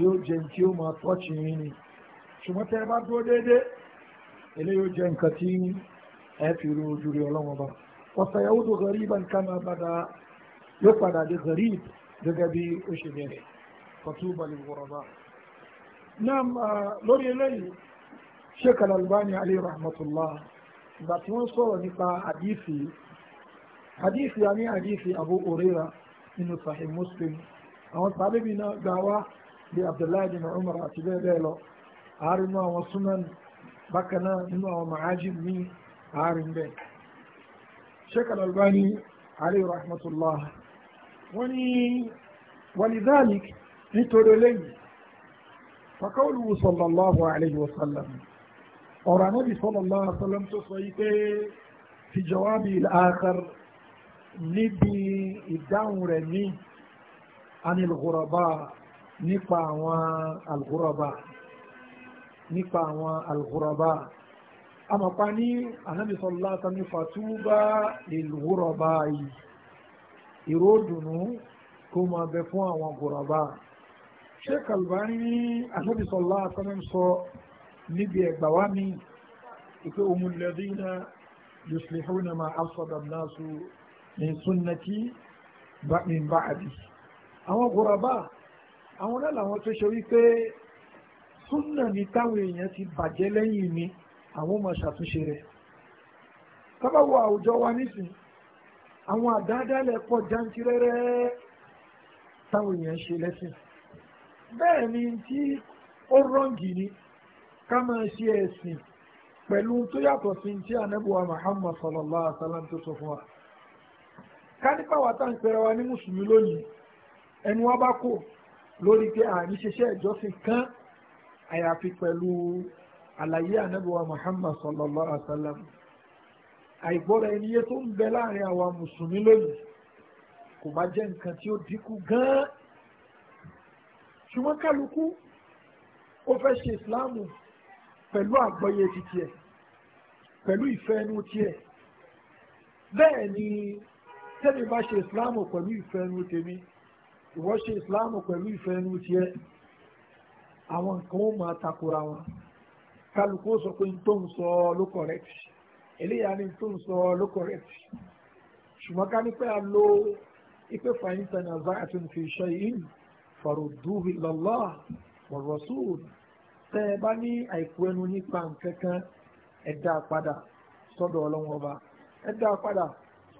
yóò jẹ́ tí ó máa tọ́ọ̀ṣì yín ni ṣùgbọ́n tẹ́ ẹ bá dúró déédéé eléyìí ó jẹ́ nǹkan tí ẹ fi ru ojú rí ọlọ́wọ́n bá ọ̀sàyàwó tó ghariban kama bada yóò padà dé gharib gẹ́gẹ́ bí ó ṣe bẹ̀rẹ̀ fatuba lil ghuraba. naam lórí eléyìí sheikh al alayhi rahmatullah ìgbà tí wọ́n sọ̀rọ̀ nípa àdìsí hadith ya ní hadith abu orira nínú sahih muslim àwọn sábẹ́bí náà gbàwá bí abdullahi bin umar àti bẹ́ẹ̀ bẹ́ẹ̀ lọ àárín nínú àwọn sunan bákan náà nínú àwọn ma'ajib ní àárín bẹ́ẹ̀ sheikh al-albani alayhi rahmatullah wọ́n ní walidhalik nítorí eléyìí fakawlu sallallahu alayhi wa sallam ọ̀rọ̀ anábì sallallahu alayhi wa sallam tó sọ yìí pé fi jawabi al-akhar níbi ìdáhùn rẹ̀ ní anilghuraba nípa àwọn alghuraba nípa àwọn alghuraba amọ̀pá ní anábì sallallahu alaihi wasallam fatuba lilghuraba yìí ìró dùnú kó máa bẹ fún àwọn ghuraba sheikh albani ní anábì sallallahu alaihi wasallam sọ níbi ẹgbàá wa mi ìpé òun lẹ́dínà yuslihuna ma afsada an-nasu min sunnati min ba'di àwọn gùràbà àwọn náà làwọn tó ṣe wípé súnà ní táwọn èèyàn ti bàjẹ́ lẹ́yìn mi àwọn máa ṣàtúnṣe rẹ̀ sábàwọ̀ àwùjọ wa nísìn àwọn àdáadáalẹ̀ pọ̀ jantirẹ́rẹ́ táwọn èèyàn ṣe lẹ́sìn bẹ́ẹ̀ ni tí ó rọ́ǹgì ni ká máa ṣe ẹ̀sìn pẹ̀lú tó yàtọ̀ sí ti ànábùwà Muhammad sallallahu alaihi wa sallam tó sọ fún wa kánípà wà tá à ń pẹ̀rẹ̀ wa ní mùsùlùmí lónìí ẹnu wa bá kò lórí pé àní ṣiṣẹ́ ìjọsìn kan àyàfi pẹ̀lú àlàyé ànábìwá Muhammad sallallahu alaihi wa sallam àìgbọ́ra ẹni yé tó ń bẹ láàrin àwa mùsùlùmí lónìí kò bá jẹ́ nǹkan tí ó dínkù gan-an ṣùgbọ́n kálukú ó fẹ́ ṣe ìsìláàmù pẹ̀lú àgbọ́yé ti tiẹ̀ pẹ̀lú ìfẹ́ inú tiẹ̀ bẹ́ẹ̀ ni tẹ́mi bá ṣe ìsìláàmù pẹ̀lú ìfẹ́ ẹnu tèmi ìwọ ṣe ìsìláàmù pẹ̀lú ìfẹ́ ẹnu tiẹ̀ àwọn nǹkan ó máa takora wọn kálukú ó sọ pé n tó ń sọ ló correct eléyà ni n tó ń sọ ló correct ṣùgbọ́n ká ní pé a lo ipe fàyínta ní azá àti nfi iṣẹ́ yìí farudduhu ila Allah wa rasul tẹ́ ẹ bá ní àìkú ẹnu nípa nǹkan kan ẹ padà sọ́dọ̀ ọlọ́wọ́n ọba ẹ padà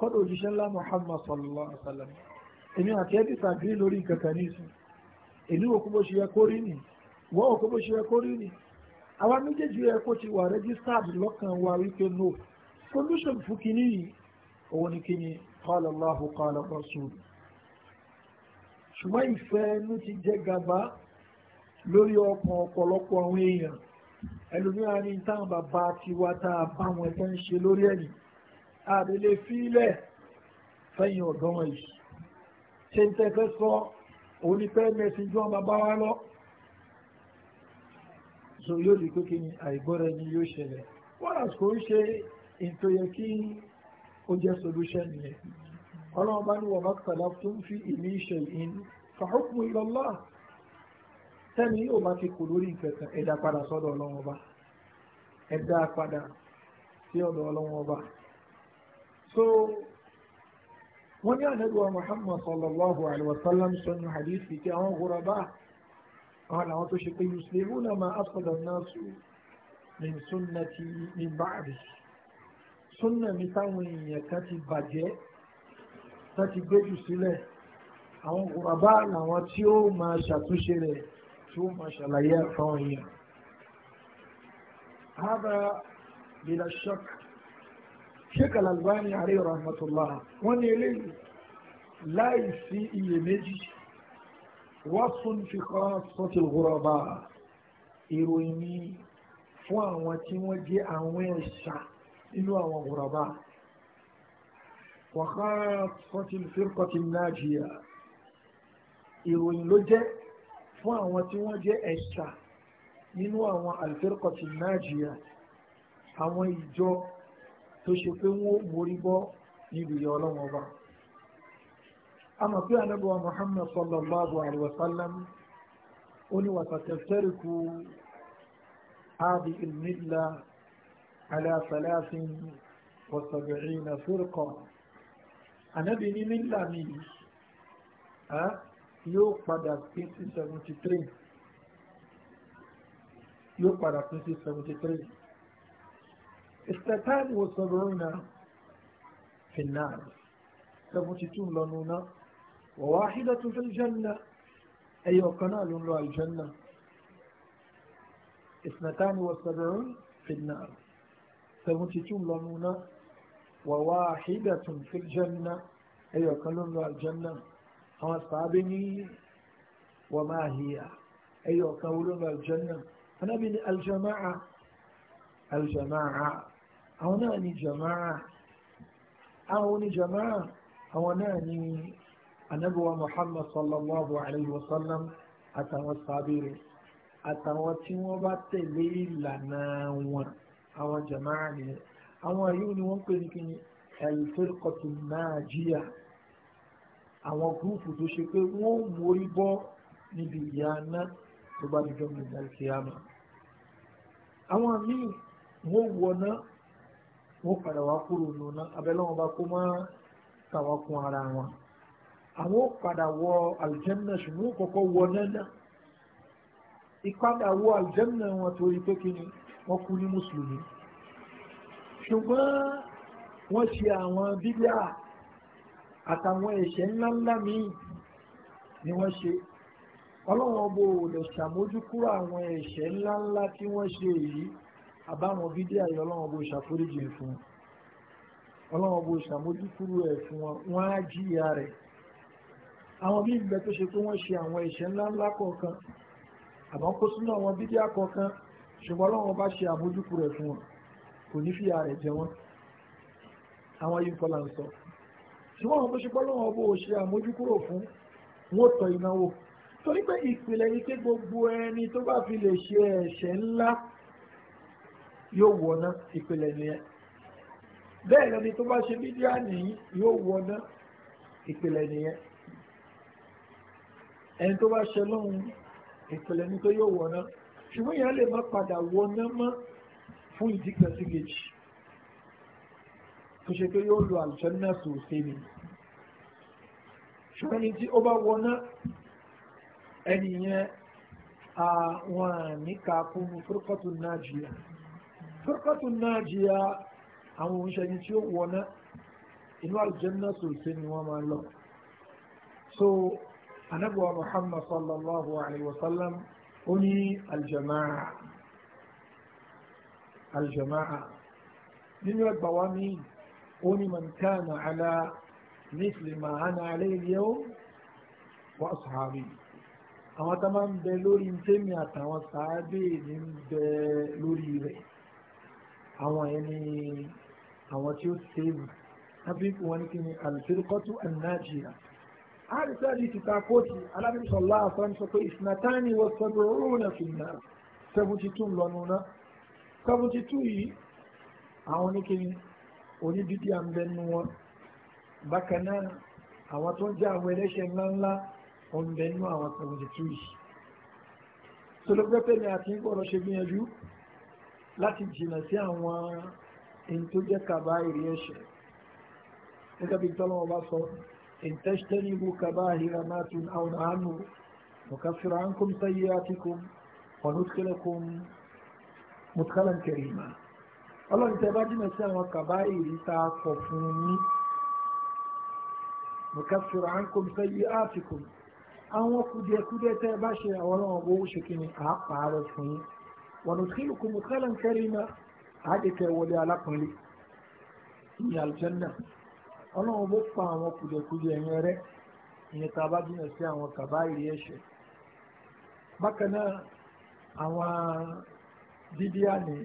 kọ́dọ̀ òjíṣẹ́ ńlá Muhammad sallallahu alaihi wa sallam èmi àti ẹbí sàbí lórí nǹkan kan ní ìsìn èmi òkú bó ṣe yẹ kó rí nì wọ́n òkú bó ṣe yẹ kó rí nì àwa méjèèjì yẹ kó ti wà rẹ́gísítàdì lọ́kàn wa wípé no solution fún kínní yìí òun ni kínní qala Allahu qala rasul ṣùgbọ́n ìfẹ́ ẹnu ti jẹ́ gàba lórí ọkàn ọ̀pọ̀lọpọ̀ àwọn èèyàn ẹlòmíràn ní táwọn bàbá tiwa tá a bá wọn ẹgbẹ́ ń ṣe lórí ẹ̀yìn àdèlè fílẹ̀ fẹ́yìn ọ̀dọ́ wọn yìí ṣe ń tẹ́fẹ́ sọ òun ni pẹ́ mẹ́sìn jọ́ bàbá wa lọ so yóò di kókè ní àìgbọ́ra ẹni yóò ṣẹlẹ̀ wọ́n àsìkò ń ṣe ètò yẹ kí ó jẹ́ solution yẹn ọlọ́run bá ní wọ́n bá tó ń fi ìní ṣe ìhìn fàákùn ìlọ́lá tẹ́ni yóò bá ti kò lórí ìfẹ̀sẹ̀ ẹ̀dá padà sọ́dọ̀ ọlọ́run ọba ẹ̀dá padà sí ọ̀dọ̀ ọlọ́run ọba so wọ́n ní ànágbà Muhammad sallallahu alayhi wa sallam sọnù hadithi tí àwọn ghuraba àwọn làwọn tó ṣe pé yuslimuna ma afsada an-nasu min sunnati min ba'di sunna mi táwọn èèyàn kan ti bàjẹ́ tán ti gbéjù sílẹ̀ àwọn ghuraba làwọn tí ó máa ṣàtúnṣe rẹ̀ tí ó máa ṣàlàyé àfọwọ́n èèyàn. هذا بلا شك sheikh al-albani alayhi rahmatullah wọ́n ní eléyìí láì sí iyèméjì wọ́n tún fi kọ́ sọ́tìl ghuraba ìròyìn ní fún àwọn tí wọ́n jẹ́ àwọn ẹ̀ṣà nínú àwọn ghuraba wa khassatil firqatin najiya ìròyìn ló jẹ́ fún àwọn tí wọ́n jẹ́ ẹ̀ṣà nínú àwọn al-firqatin àwọn ìjọ tó ṣe pé wọ́n mórí bọ́ níbi ìyá ọlọ́run ọba àmọ́ pé anábọ̀ muhammad sallallahu alayhi wa sallam ó ní wàtàkẹ́tẹ́rìkù هذه الملة على ثلاث وسبعين فرقة أنا بني ملة مني ها yóò padà pín sí seventy sí seventy three اثنتان وسبعون في النار سبوتتون لنونا وواحدة في الجنة أي أيوة، قنال لها الجنة اثنتان وسبعون في النار سبوتتون لنونا وواحدة في الجنة أي أيوة، قنال لها الجنة هم صابني وما هي أي أيوة، قنال لها الجنة فنبني الجماعة الجماعة àwọn náà ni jamaa àwọn oníjamaa àwọn náà ni anabuwa muhammad sallallahu alayhi wa sallam àtàwọn sábẹ́rẹ́ àtàwọn tí wọ́n bá tẹ̀lé ìlànà wọn àwọn jamaa nìyẹn àwọn yìí ni wọ́n pè ní kí ni al-firqatu najiya àwọn gúrùpù tó ṣe pé wọ́n ò mórí bọ́ níbi ìyá aná tó bá dijọ́ mi ní alkiyama àwọn míì wọ́n wọ̀ náà wọ́n padà wá kúrò lónà abẹ́lẹ́wọ̀n bá kó má tàwa kun ara wọn àwọn padà wọ aljanna ṣùgbọ́n kọ́kọ́ wọ nẹ́nà ìpadà wọ aljanna wọn torí pé kí ni wọ́n kú ní mùsùlùmí ṣùgbọ́n wọ́n ṣe àwọn bíbíà àtàwọn ẹ̀ṣẹ̀ ńláńlá míì ni wọ́n ṣe ọlọ́wọ́n bò lè ṣàmójúkúrò àwọn ẹ̀ṣẹ̀ ńláńlá tí wọ́n ṣe yìí àbáwọn bídí àyè ọlọ́wọ́n bó ṣàforíjì fún ọlọ́wọ́n bó ṣàmójúkúrú ẹ̀ fún wọn wọ́n á jìyà rẹ̀ àwọn bí ìgbẹ́ tó ṣe pé wọ́n ṣe àwọn ẹ̀ṣẹ̀ ńláńlá kọ̀ọ̀kan àmọ́ kó sínú àwọn bídí àkọ̀ọ̀kan ṣùgbọ́n ọlọ́wọ́n bá ṣe àmójúkúrú ẹ̀ fún wọn kò ní fìyà rẹ̀ jẹ wọ́n àwọn yìí kọ́ là ṣùgbọ́n àwọn bó ṣe pọ́lọ́wọ́n bó ṣe àmójúkúrò fún wọn tọ̀ ìnáwó torí pé ìpìlẹ̀ yìí pé gbogbo ẹni tó bá fi lè ṣe ẹ̀ṣẹ̀ ńlá yóò wọná ìpìlẹ̀ nìyẹn bẹ́ẹ̀ lẹni tó bá ṣe bídíà nìyí yóò wọná ìpìlẹ̀ nìyẹn ẹni tó bá ṣe lóhun ìpìlẹ̀ ní pé yóò wọná ṣùgbọ́n èèyàn lè má padà wọná mọ́ fún ìdí kan sí kejì tó ṣe pé yóò lo àlùjànnà sòsè ni ṣùgbọ́n ní tí ó bá wọná ẹni yẹn àwọn àníkà fún fúrúkọ́tù náà jìyà fẹ́kọ̀tù náà jìyà àwọn oníṣẹ́ni tí ó wọná inú àlùjẹ́nà sòrìṣẹ́ ni wọ́n máa lọ. so anabuwa muhammad sallallahu alayhi wa sallam ó ní aljamaa aljamaa nínú ẹgbà wa mi ó ní man kana ala misli ma ana alayhi yawm wa ashabi àwọn tá máa ń bẹ lórí ntẹ́mi àtàwọn sàábẹ̀ ní ń bẹ lórí rẹ̀ àwọn ẹni àwọn tí ó sèwù nàbí wọn ní kí ni alifirikọ́tù anájìyà àrísàdì ti ta kóòtù alábìsọ̀lá àfọ̀n sọ pé ìsìnàtàní wọ sọ́dọ̀ òun náà fi nà seventy two lọ́nu náà seventy two yìí àwọn ní kí ni onídìdí à ń bẹnu wọn bákan náà àwọn tó ń jẹ́ àwọn ẹlẹ́ṣẹ̀ ńláńlá ọ̀nbẹ̀nu àwọn seventy two yìí. sọlọ́pẹ́pẹ́ ni àti ń gbọ́dọ̀ ṣe gbìyànjú láti jìnà sí àwọn in tó jẹ́ kàbáyìrì ẹ̀ṣẹ̀ gẹ́gẹ́ bí tọ́lọ́wọ́ bá sọ in tajtanibu kabā'ira mā tunhawna ʿanhu nukaffiru ʿankum sayyi'ātikum wa nudkhilkum mudkhalan karīmā ọlọ́run tẹ́ bá jìnà sí àwọn kàbáyìrì tá a kọ̀ fún yín nukaffiru ʿankum sayyi'ātikum àwọn kùdìẹ̀kùdìẹ̀ tẹ́ bá ṣe àwọn ọlọ́run owó ṣe kí ni àápàá وندخلكم مدخلا كريما عادك ولي على قولي ní aljanna ọlọ́run bó pa àwọn kùdẹ̀kùdẹ̀ ẹ̀yìn rẹ ìyẹn tá a bá jìnnà sí àwọn kàbáyìí ẹ̀ṣẹ̀ bákan náà àwọn bíbíà ni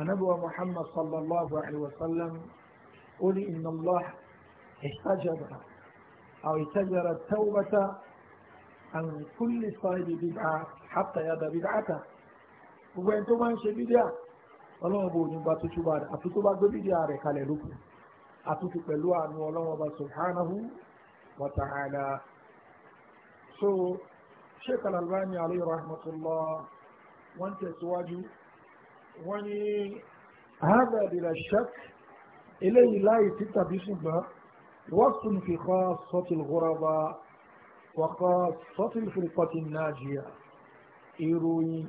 anábíwá muhammad sallallahu alayhi wa sallam ó ní inna allah ihtajaba aw ihtajara tawbata an kulli sahibi bid'a hatta yada bid'ata gbogbo ẹni tó máa ń ṣe bídíà ọlọ́run bò ní gba tuntun bá rẹ̀ àfi tó bá gbé bídíà rẹ̀ kalẹ̀ lókun àtúntò pẹ̀lú àánú ọlọ́run ọba subhanahu wa ta'ala so sheikh al-albani alayhi rahmatullah wọ́n tẹ̀síwájú wọ́n ní hadha bila shak eléyìí láì sí tàbí ṣùgbọ́n wasfun fi khassatil ghuraba wa khassatil firqatin najiya ìròyìn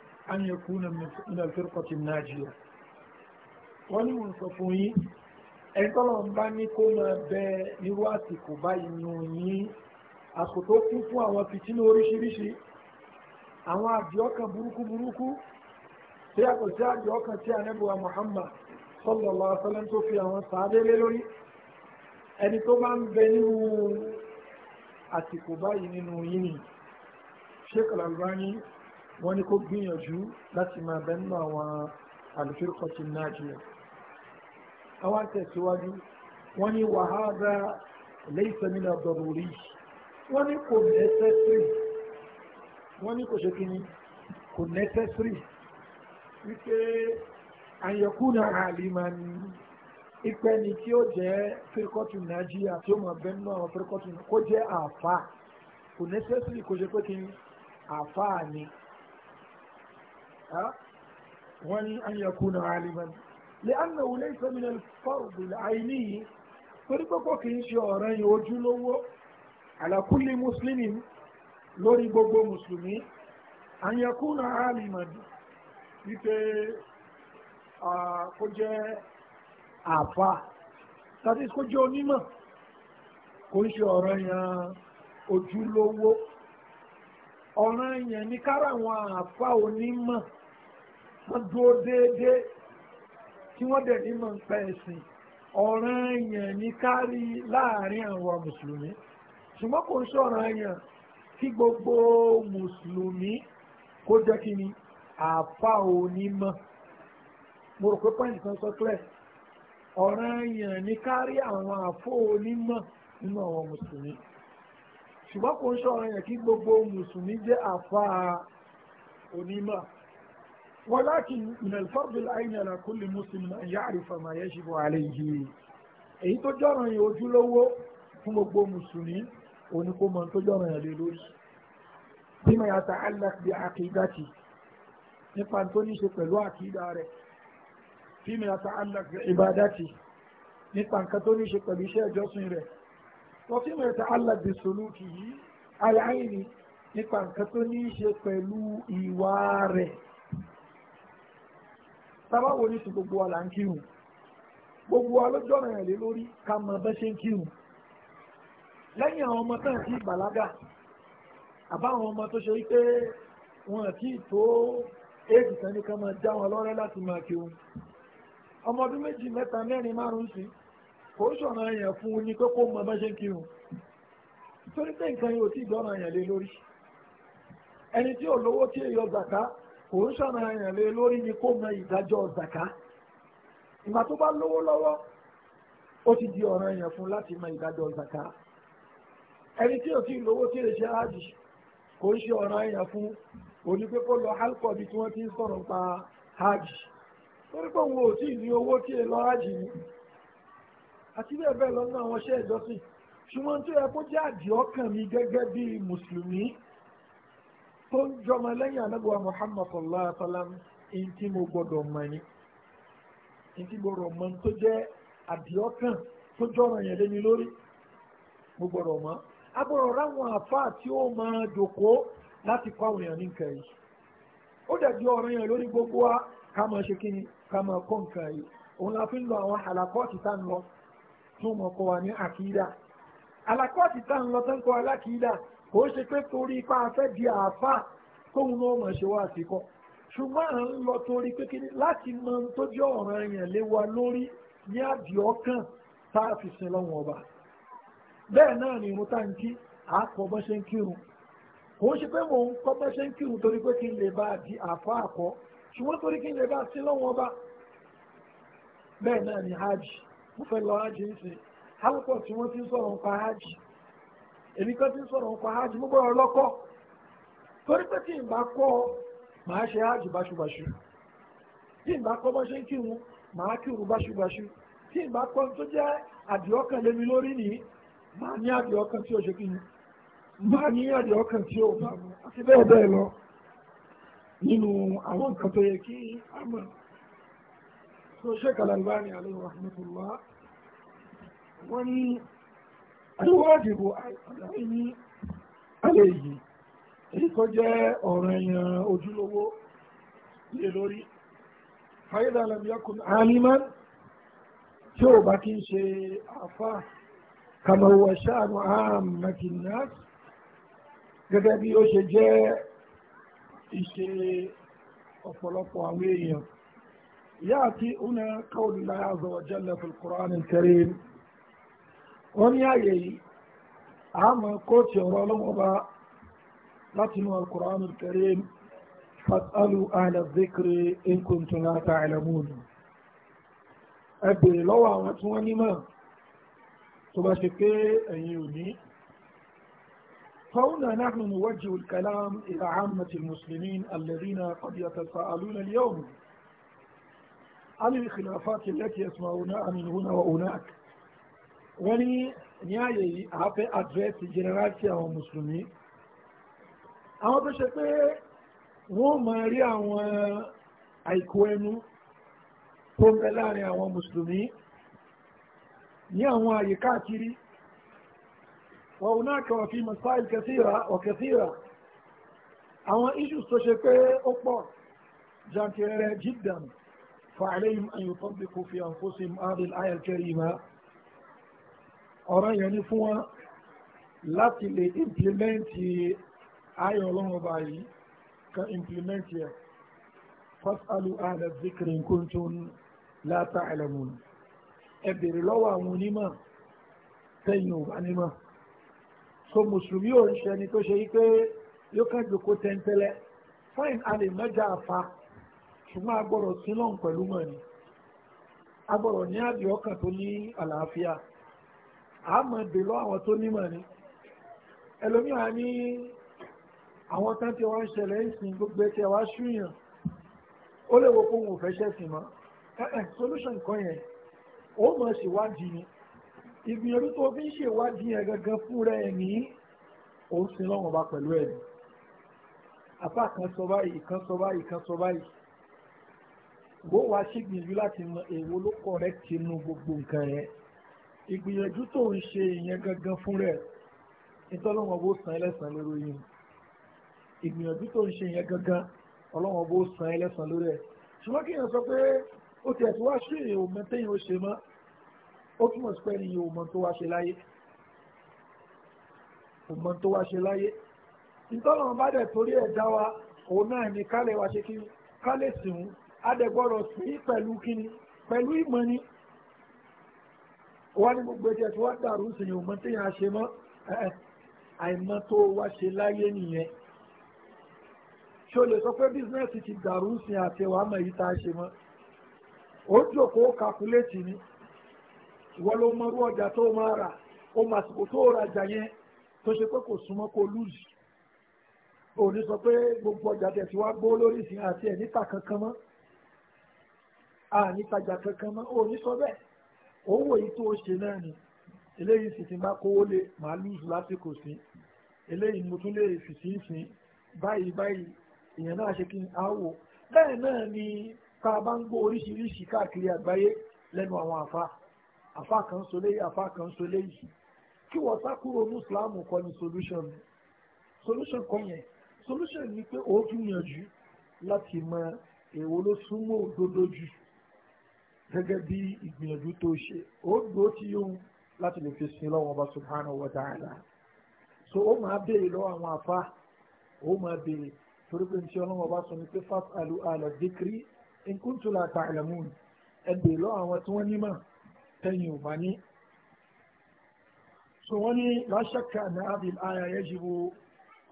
an yakuna min al-firqati an-najiya wọ́n ní wọ́n sọ fún yín ẹ̀ńtọ́lọ̀ ń bá ní kó máa bẹ irú àsìkò báyìí nù yín àsìkò tó kún fún àwọn fìtínà oríṣiríṣi àwọn àdìọ́kàn burúkú burúkú tí a kò sí àdìọ́kàn tí anábùwà Muhammad sallallahu alaihi wasallam tó fi àwọn sàádélé lórí ẹni tó bá ń bẹ nínú àsìkò báyìí nínú yín ni Sheikh al wọ́n ní kó gbìyànjú láti máa bẹ nínú àwọn al-firqatu najiya àwọn tẹ̀síwájú wọ́n ní wa hadha laysa min ad-daruri wọ́n ní kò necessary wọ́n ní kò ṣe kí ni kò necessary wípé an yakuna aliman ìpẹ́ ni tí ó jẹ́ firqatu najiya tí ó máa bẹ nínú àwọn firqatu kó jẹ́ àfà kò necessary kò ṣe pé kí ni àfà ni. wọ́n an yakuna aliman li'annahu laysa min al-fard al-'ayni torí pé kò ṣe ọ̀ràn yìí ojúlówó ala kulli muslimin gbogbo mùsùlùmí an aliman wípé kó jẹ́ àfa tàbí kó jẹ́ ṣe wọ́n dúró déédéé tí wọ́n dẹ̀ ní mọ̀ ń pẹ́ ẹ̀sìn ọ̀ràn èèyàn ní kárí láàrin àwọn mùsùlùmí ṣùgbọ́n kò ń ṣọ̀ràn èèyàn kí gbogbo mùsùlùmí kó jẹ́ kí ni àfa onímọ̀ mo rò pé pọ́ìntì kan sọ pé ọ̀ràn èèyàn ní kárí àwọn àfọ onímọ̀ nínú àwọn mùsùlùmí ṣùgbọ́n kò ń ṣọ̀ràn èèyàn kí gbogbo mùsùlùmí jẹ́ àfa onímọ̀. ولكن من الفرض العين على كل مسلم أن يعرف ما يجب عليه èyí tó jọ́ràn yìí ojúlówó fún gbogbo mùsùlùmí òní kó mọ̀ tó jọ́ràn yìí lé lórí bima yata'allaq bi aqidati nípa tó ní ṣe pẹ̀lú àkídá rẹ̀ bima yata'allaq bi ibadati nípa nǹkan tó ní ṣe pẹ̀lú iṣẹ́ ìjọsìn rẹ̀ wọ́n bima yata'allaq bi sulukihi al-'ayni nípa nǹkan tó ní ṣe pẹ̀lú ìwà rẹ̀. sábàwò ní ti gbogbo wa ń gbogbo wa lójú ọ̀ràn lórí ká mọ bẹ́ ṣe ń kírun lẹ́yìn àwọn ọmọ tán sí ìgbàlágà àbáwọn ọmọ tó ṣe wípé wọn àti tó éèdì kan ní ká máa já wọn lọ́rẹ́ láti máa kírun ọmọ ọdún méjì mẹ́ta mẹ́rin márùn-ún sí fún un ní pé kó mọ bẹ́ ṣe ń kírun torí pé nǹkan yóò tí yẹn lé lórí kò ń ṣọ̀nà èèyàn lé lórí ni kó mọ ìdájọ́ zaka ìgbà tó bá lówó lọ́wọ́ ó ti di ọ̀ràn èèyàn fún láti mọ ìdájọ́ zaka ẹni tí ò tí ì lówó tí se ṣe kò ń ṣe ọ̀ràn èèyàn fún òní pé kó lọ halkọ tí wọ́n ti ń sọ̀rọ̀ pa hajj torí pé òun ò tí ì ní owó tí lọ hajj ni àti bẹ́ẹ̀ bẹ́ẹ̀ lọ́nà àwọn se ìjọsìn ṣùgbọ́n tí yẹ kó jẹ́ gẹ́gẹ́ bíi mùsùlùmí tó ń jọmọ lẹ́yìn anábùwà wa ntí mo gbọ́dọ̀ mọ̀ ni ntí mo rọ̀ mọ́ tó jẹ àdìọ́kàn tó jọ̀rọ̀ yẹn lé lórí mo gbọ́dọ̀ mọ̀ agbọ́dọ̀ ráwọn àfáà tí ó máa jòkó láti kọ́ àwọn èèyàn ní nǹkan yìí ó dàbí ọ̀rọ̀ yẹn lórí gbogbo wa ká máa ṣe kíni ká máa kọ́ nǹkan kò ṣe pé torí ipá afẹ́ di àáfà tóun ló mọ̀ ṣe wá àfikọ́ ṣùgbọ́n à ń lọ torí pé kíni láti mọ ohun tó jẹ́ ọ̀ràn èèyàn lé wa lórí ní àdìọ́kàn tá a fi sin lọ́wọ́n ọba bẹ́ẹ̀ náà ni irun tá ń kí àkọ́ bọ́ ṣe ń kírun kò ṣe pé mò ń kọ́ bọ́ ṣe ń kírun torí pé kí n lè bá a di àáfà àkọ́ ṣùgbọ́n torí kí n lè bá a sin lọ́wọ́n ọba bẹ́ẹ̀ náà ni hajj mo fẹ́ lọ hajj ń sìn alùpùpù tí wọ́n ti ń sọ̀rọ̀ nípa hajj èmi kan ti ń sọ̀rọ̀ nípa hajj mo gbọ́dọ̀ lọ́kọ́ torí pé tí ìgbà kọ́ màá ṣe hajj báṣubàṣu tí kọ́ bá ṣe ń kírun màá kírun báṣubàṣu tí ìgbà kọ́ tó jẹ́ àdìọ́kàn lémi lórí nìyí ní àdìọ́kàn tí ṣe kí ni ní àdìọ́kàn tí bá mu àti bẹ́ẹ̀ bẹ́ẹ̀ lọ nínú àwọn nǹkan tó yẹ kí a mọ̀ tó ṣe kàlàlbá alúwádìbò àìní alẹ́ yìí èyí tó jẹ́ ọ̀rọ̀ èèyàn ojúlówó lè lórí fàyídà lẹ́mìíyàkùn àlìmá tí ó bá kí ń ṣe àfà kàmọ̀wọ̀ ṣáàrù àmàkìnnà gẹ́gẹ́ bí ó ṣe jẹ́ ìṣe ọ̀pọ̀lọpọ̀ àwọn èèyàn yáà tí ó na káwọn ìlànà àzọ̀wọ̀jẹ́ lẹ́fẹ̀ẹ́ kúránì karim وني أي عام أبا لاتن القرآن الكريم فاسألوا أهل الذكر إن كنتم لا تعلمون أبي لو عمت وني ما تباشكي أيوني فهنا نحن نوجه الكلام إلى عامة المسلمين الذين قد يتساءلون اليوم عن الخلافات التي يسمعونها من هنا وهناك wọ́n ní ní ààyè yìí àáfẹ́ àdírẹ́sì jẹnẹráàtì àwọn mùsùlùmí àwọn tó ṣe pé wọ́n máa rí àwọn àìkú ẹnu tó ń bẹ láàrin àwọn mùsùlùmí ní àwọn àyè káàkiri wọ́n ò náà kẹwàá fi masáìl kẹsíra ọ̀kẹsíra àwọn issues tó ṣe pé ó pọ̀ jàǹtìrẹrẹ jiddan fa'alayhim an yutabbiqu fi anfusihim hadhihi al-aya ọ̀rọ̀ yẹn ni fún wọn láti lè implimenti ayọ̀ ọlọ́run ọba yìí kan implimenti ẹ̀ fasalu ala zikiri nkuntun la ta'lamun ẹ bèrè lọ́wọ́ àwọn onímọ̀ tẹ̀yìn ò bá nímọ̀ so mùsùlùmí ò ń ṣẹni tó ṣe wípé yóò kàn jòkó tẹ́ńtẹ́lẹ́ fáìn a mẹ́jà àfa ṣùgbọ́n a gbọ́dọ̀ sílọ̀ pẹ̀lú mọ̀ ni a gbọ́dọ̀ ní àdìọ́kàn tó ní àlàáfíà àmọ́ dèlọ́ àwọn tó nímọ̀ ni ẹlòmíà ní àwọn kan tí wọ́n ń ṣẹlẹ̀ ìsìn gbogbo ẹ̀kẹ́ wá ṣúyàn ó lè wo fóun òfẹ́ ṣẹ̀sìn mọ́ solution kan yẹn ó mọ̀ ṣèwádìí ni ìgbìyànjú tó fi ń ṣèwádìí yẹn gangan fúnra ẹ̀ ní òun sin lọ́wọ́n bá pẹ̀lú ẹ̀ apá kan sọ báyìí kan sọ báyìí kan sọ báyìí bó wàá ṣègbìyànjú láti mọ èwo ló correct nínú gbogbo nǹkan yẹn ìgbìyànjú tó ń ṣe ìyẹn gangan fún rẹ̀ nítọ́lọ́wọ́n bó san ẹlẹ́sàn lórí yín ìgbìyànjú tó ń ṣe ìyẹn gangan ọlọ́wọ́n bó san ẹlẹ́sàn lórí ẹ̀ ṣùgbọ́n kí èèyàn sọ pé ó ti ẹ̀tí wá ṣe èèyàn òmọ téèyàn ó ṣe mọ́ ó túmọ̀ sí pé èèyàn òmọ tó wá ṣe láyé òmọ tó wá ṣe láyé nítọ́lọ́wọ́n bá dẹ̀ torí ẹ̀ dá wa òun náà ni ká lè wá ṣe kí ká lè sìn á sí pẹ̀lú kíni pẹ̀lú ìmọ̀ ni wọ́n ní gbogbo ẹ̀jẹ̀ tí wọ́n dàrú sí ni òmọ́ téèyàn ṣe mọ́ àìmọ́ tó wá ṣe láyé nìyẹn ṣo lè sọ pé bísínẹ́sì ti dàrú sí àti ẹ̀wà mọ̀ èyí tá a ṣe mọ́ ó jókòó kàkúléètì ni ìwọ́n ló mọ irú ọjà tó máa rà ó mà sìkò tó rajà yẹn tó ṣe pé kò súnmọ́ kó lùzì ò ní sọ pé gbogbo ọjà tẹ̀ tí wàá gbó lórí ìsìn àti ẹ̀ níta kankan mọ́ ànítajà kankan mọ́ ò ní sọ bẹ́ẹ̀ owó yìí tó ṣe náà ni eléyìí sì ti máa kówó lé màá lùzù lásìkò sí eléyìí mo tún lè fi sí ìsìn báyìí báyìí èèyàn náà ṣe kí n á wò bẹ́ẹ̀ náà ni tá a bá ń gbọ́ oríṣiríṣi káàkiri àgbáyé lẹ́nu àwọn àfa àfa kan sọ léyìí àfa kan sọ léyìí kí wọ́n sá kúrò ní kọ́ ni solution solution kọ́ yẹn solution ni pé òótú yànjú láti mọ èwo ló súnmọ́ òdodo jù gẹ́gẹ́ bí ìgbìyànjú tó ṣe ó gbó tí yóò láti lè fi sin lọ́wọ́ ọba subhanahu wa ta'ala so ó máa béèrè lọ́wọ́ àwọn afá ó máa béèrè torí pé nṣẹ́ ọlọ́wọ́ ọba sọ ni pé fas'alu ala dhikri in kuntum la ẹ béèrè lọ́wọ́ àwọn tí wọ́n nímọ̀ tẹ̀yìn ò bá ní. so wọ́n ní la shakka anna hadhihi al-aya yajibu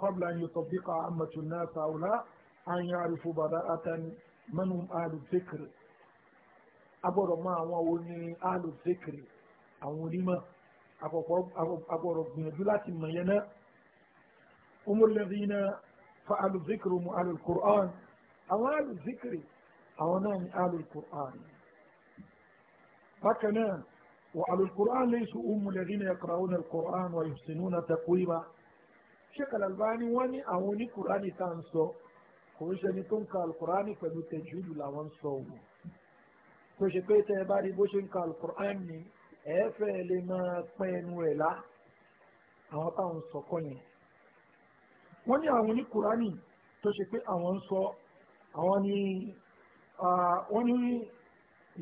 qabla an yutabbiqa ammatu an-nas aw la an ya'rifu bada'atan man hum ahlu agbọ́dọ̀ mọ àwọn wo ni alùsèkèrè àwọn onímọ̀ agbọ́dọ̀ gbìyànjú láti mọ̀ yẹn náà umulẹ̀dínà fa alùsèkèrè mu alùkùrán àwọn alùsèkèrè àwọn náà ni alùkùrán bákan náà wà alùkùrán lẹ́sùn umulẹ̀dínà yaqra'una alùkùrán wà yuhsinuna taqwima sheikh alalbani wọ́n ní àwọn oníkùránì tá à ń sọ kò ń ṣe ni tó ń ka alùkùránì pẹ̀lú tẹ̀jú làwọn ń sọ òun. tó ṣe pé tẹ́ ẹ bá rí bó ṣe ń ka alukur'an ni ẹ̀ẹ́fẹ́ lè máa pẹ́ ẹnu rẹ̀ lá àwọn táwọn sọ̀kọ́ yẹn. wọ́n ní àwọn ní kurani tó ṣe pé àwọn ń sọ àwọn ní wọ́n ní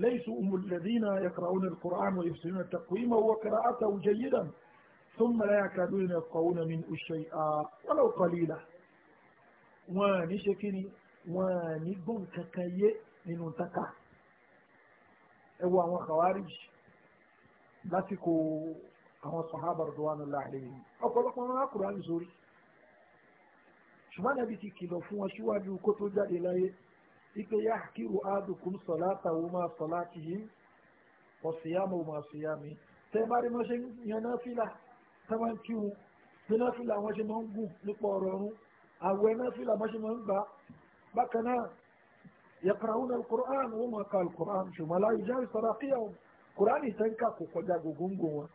lẹ́yìn umul ladina yaqra'una alukur'an wa yafsiluna taqwima wa qira'atahu jayyidan thumma la yakaduna yafqahuna minhu shay'an walaw qalila. wọ́n ní ṣe kí wọ́n ní gbọ́n kankan yé nínú taka ẹ wo àwọn khawarij lásìkò àwọn sahaba radwanullahi alayhim ọ̀pọ̀lọpọ̀ wọn akùrọ̀ àmì sórí ṣùgbọ́n nàbí ti kìlọ̀ fún wọn síwájú kó tó jáde láyé ipe yá kíru adukum sọ̀láta wo máa sọ̀láti yìí ọ̀sìyàmù wo máa sọ̀yàmì tẹ́ bá rí mọ́ṣẹ́ yan náfìlà táwọn kírun bí náfìlà wọn ṣe máa ń gùn nípa ọ̀rọ̀ ọ̀run àwẹ̀ náfìlà mọ́ṣẹ́ máa ń gbà bákan náà يقرؤون القرآن وما قال القرآن شو ما لا يجاوز تراقيهم القرآن تنكا كوكوجا غوغونغو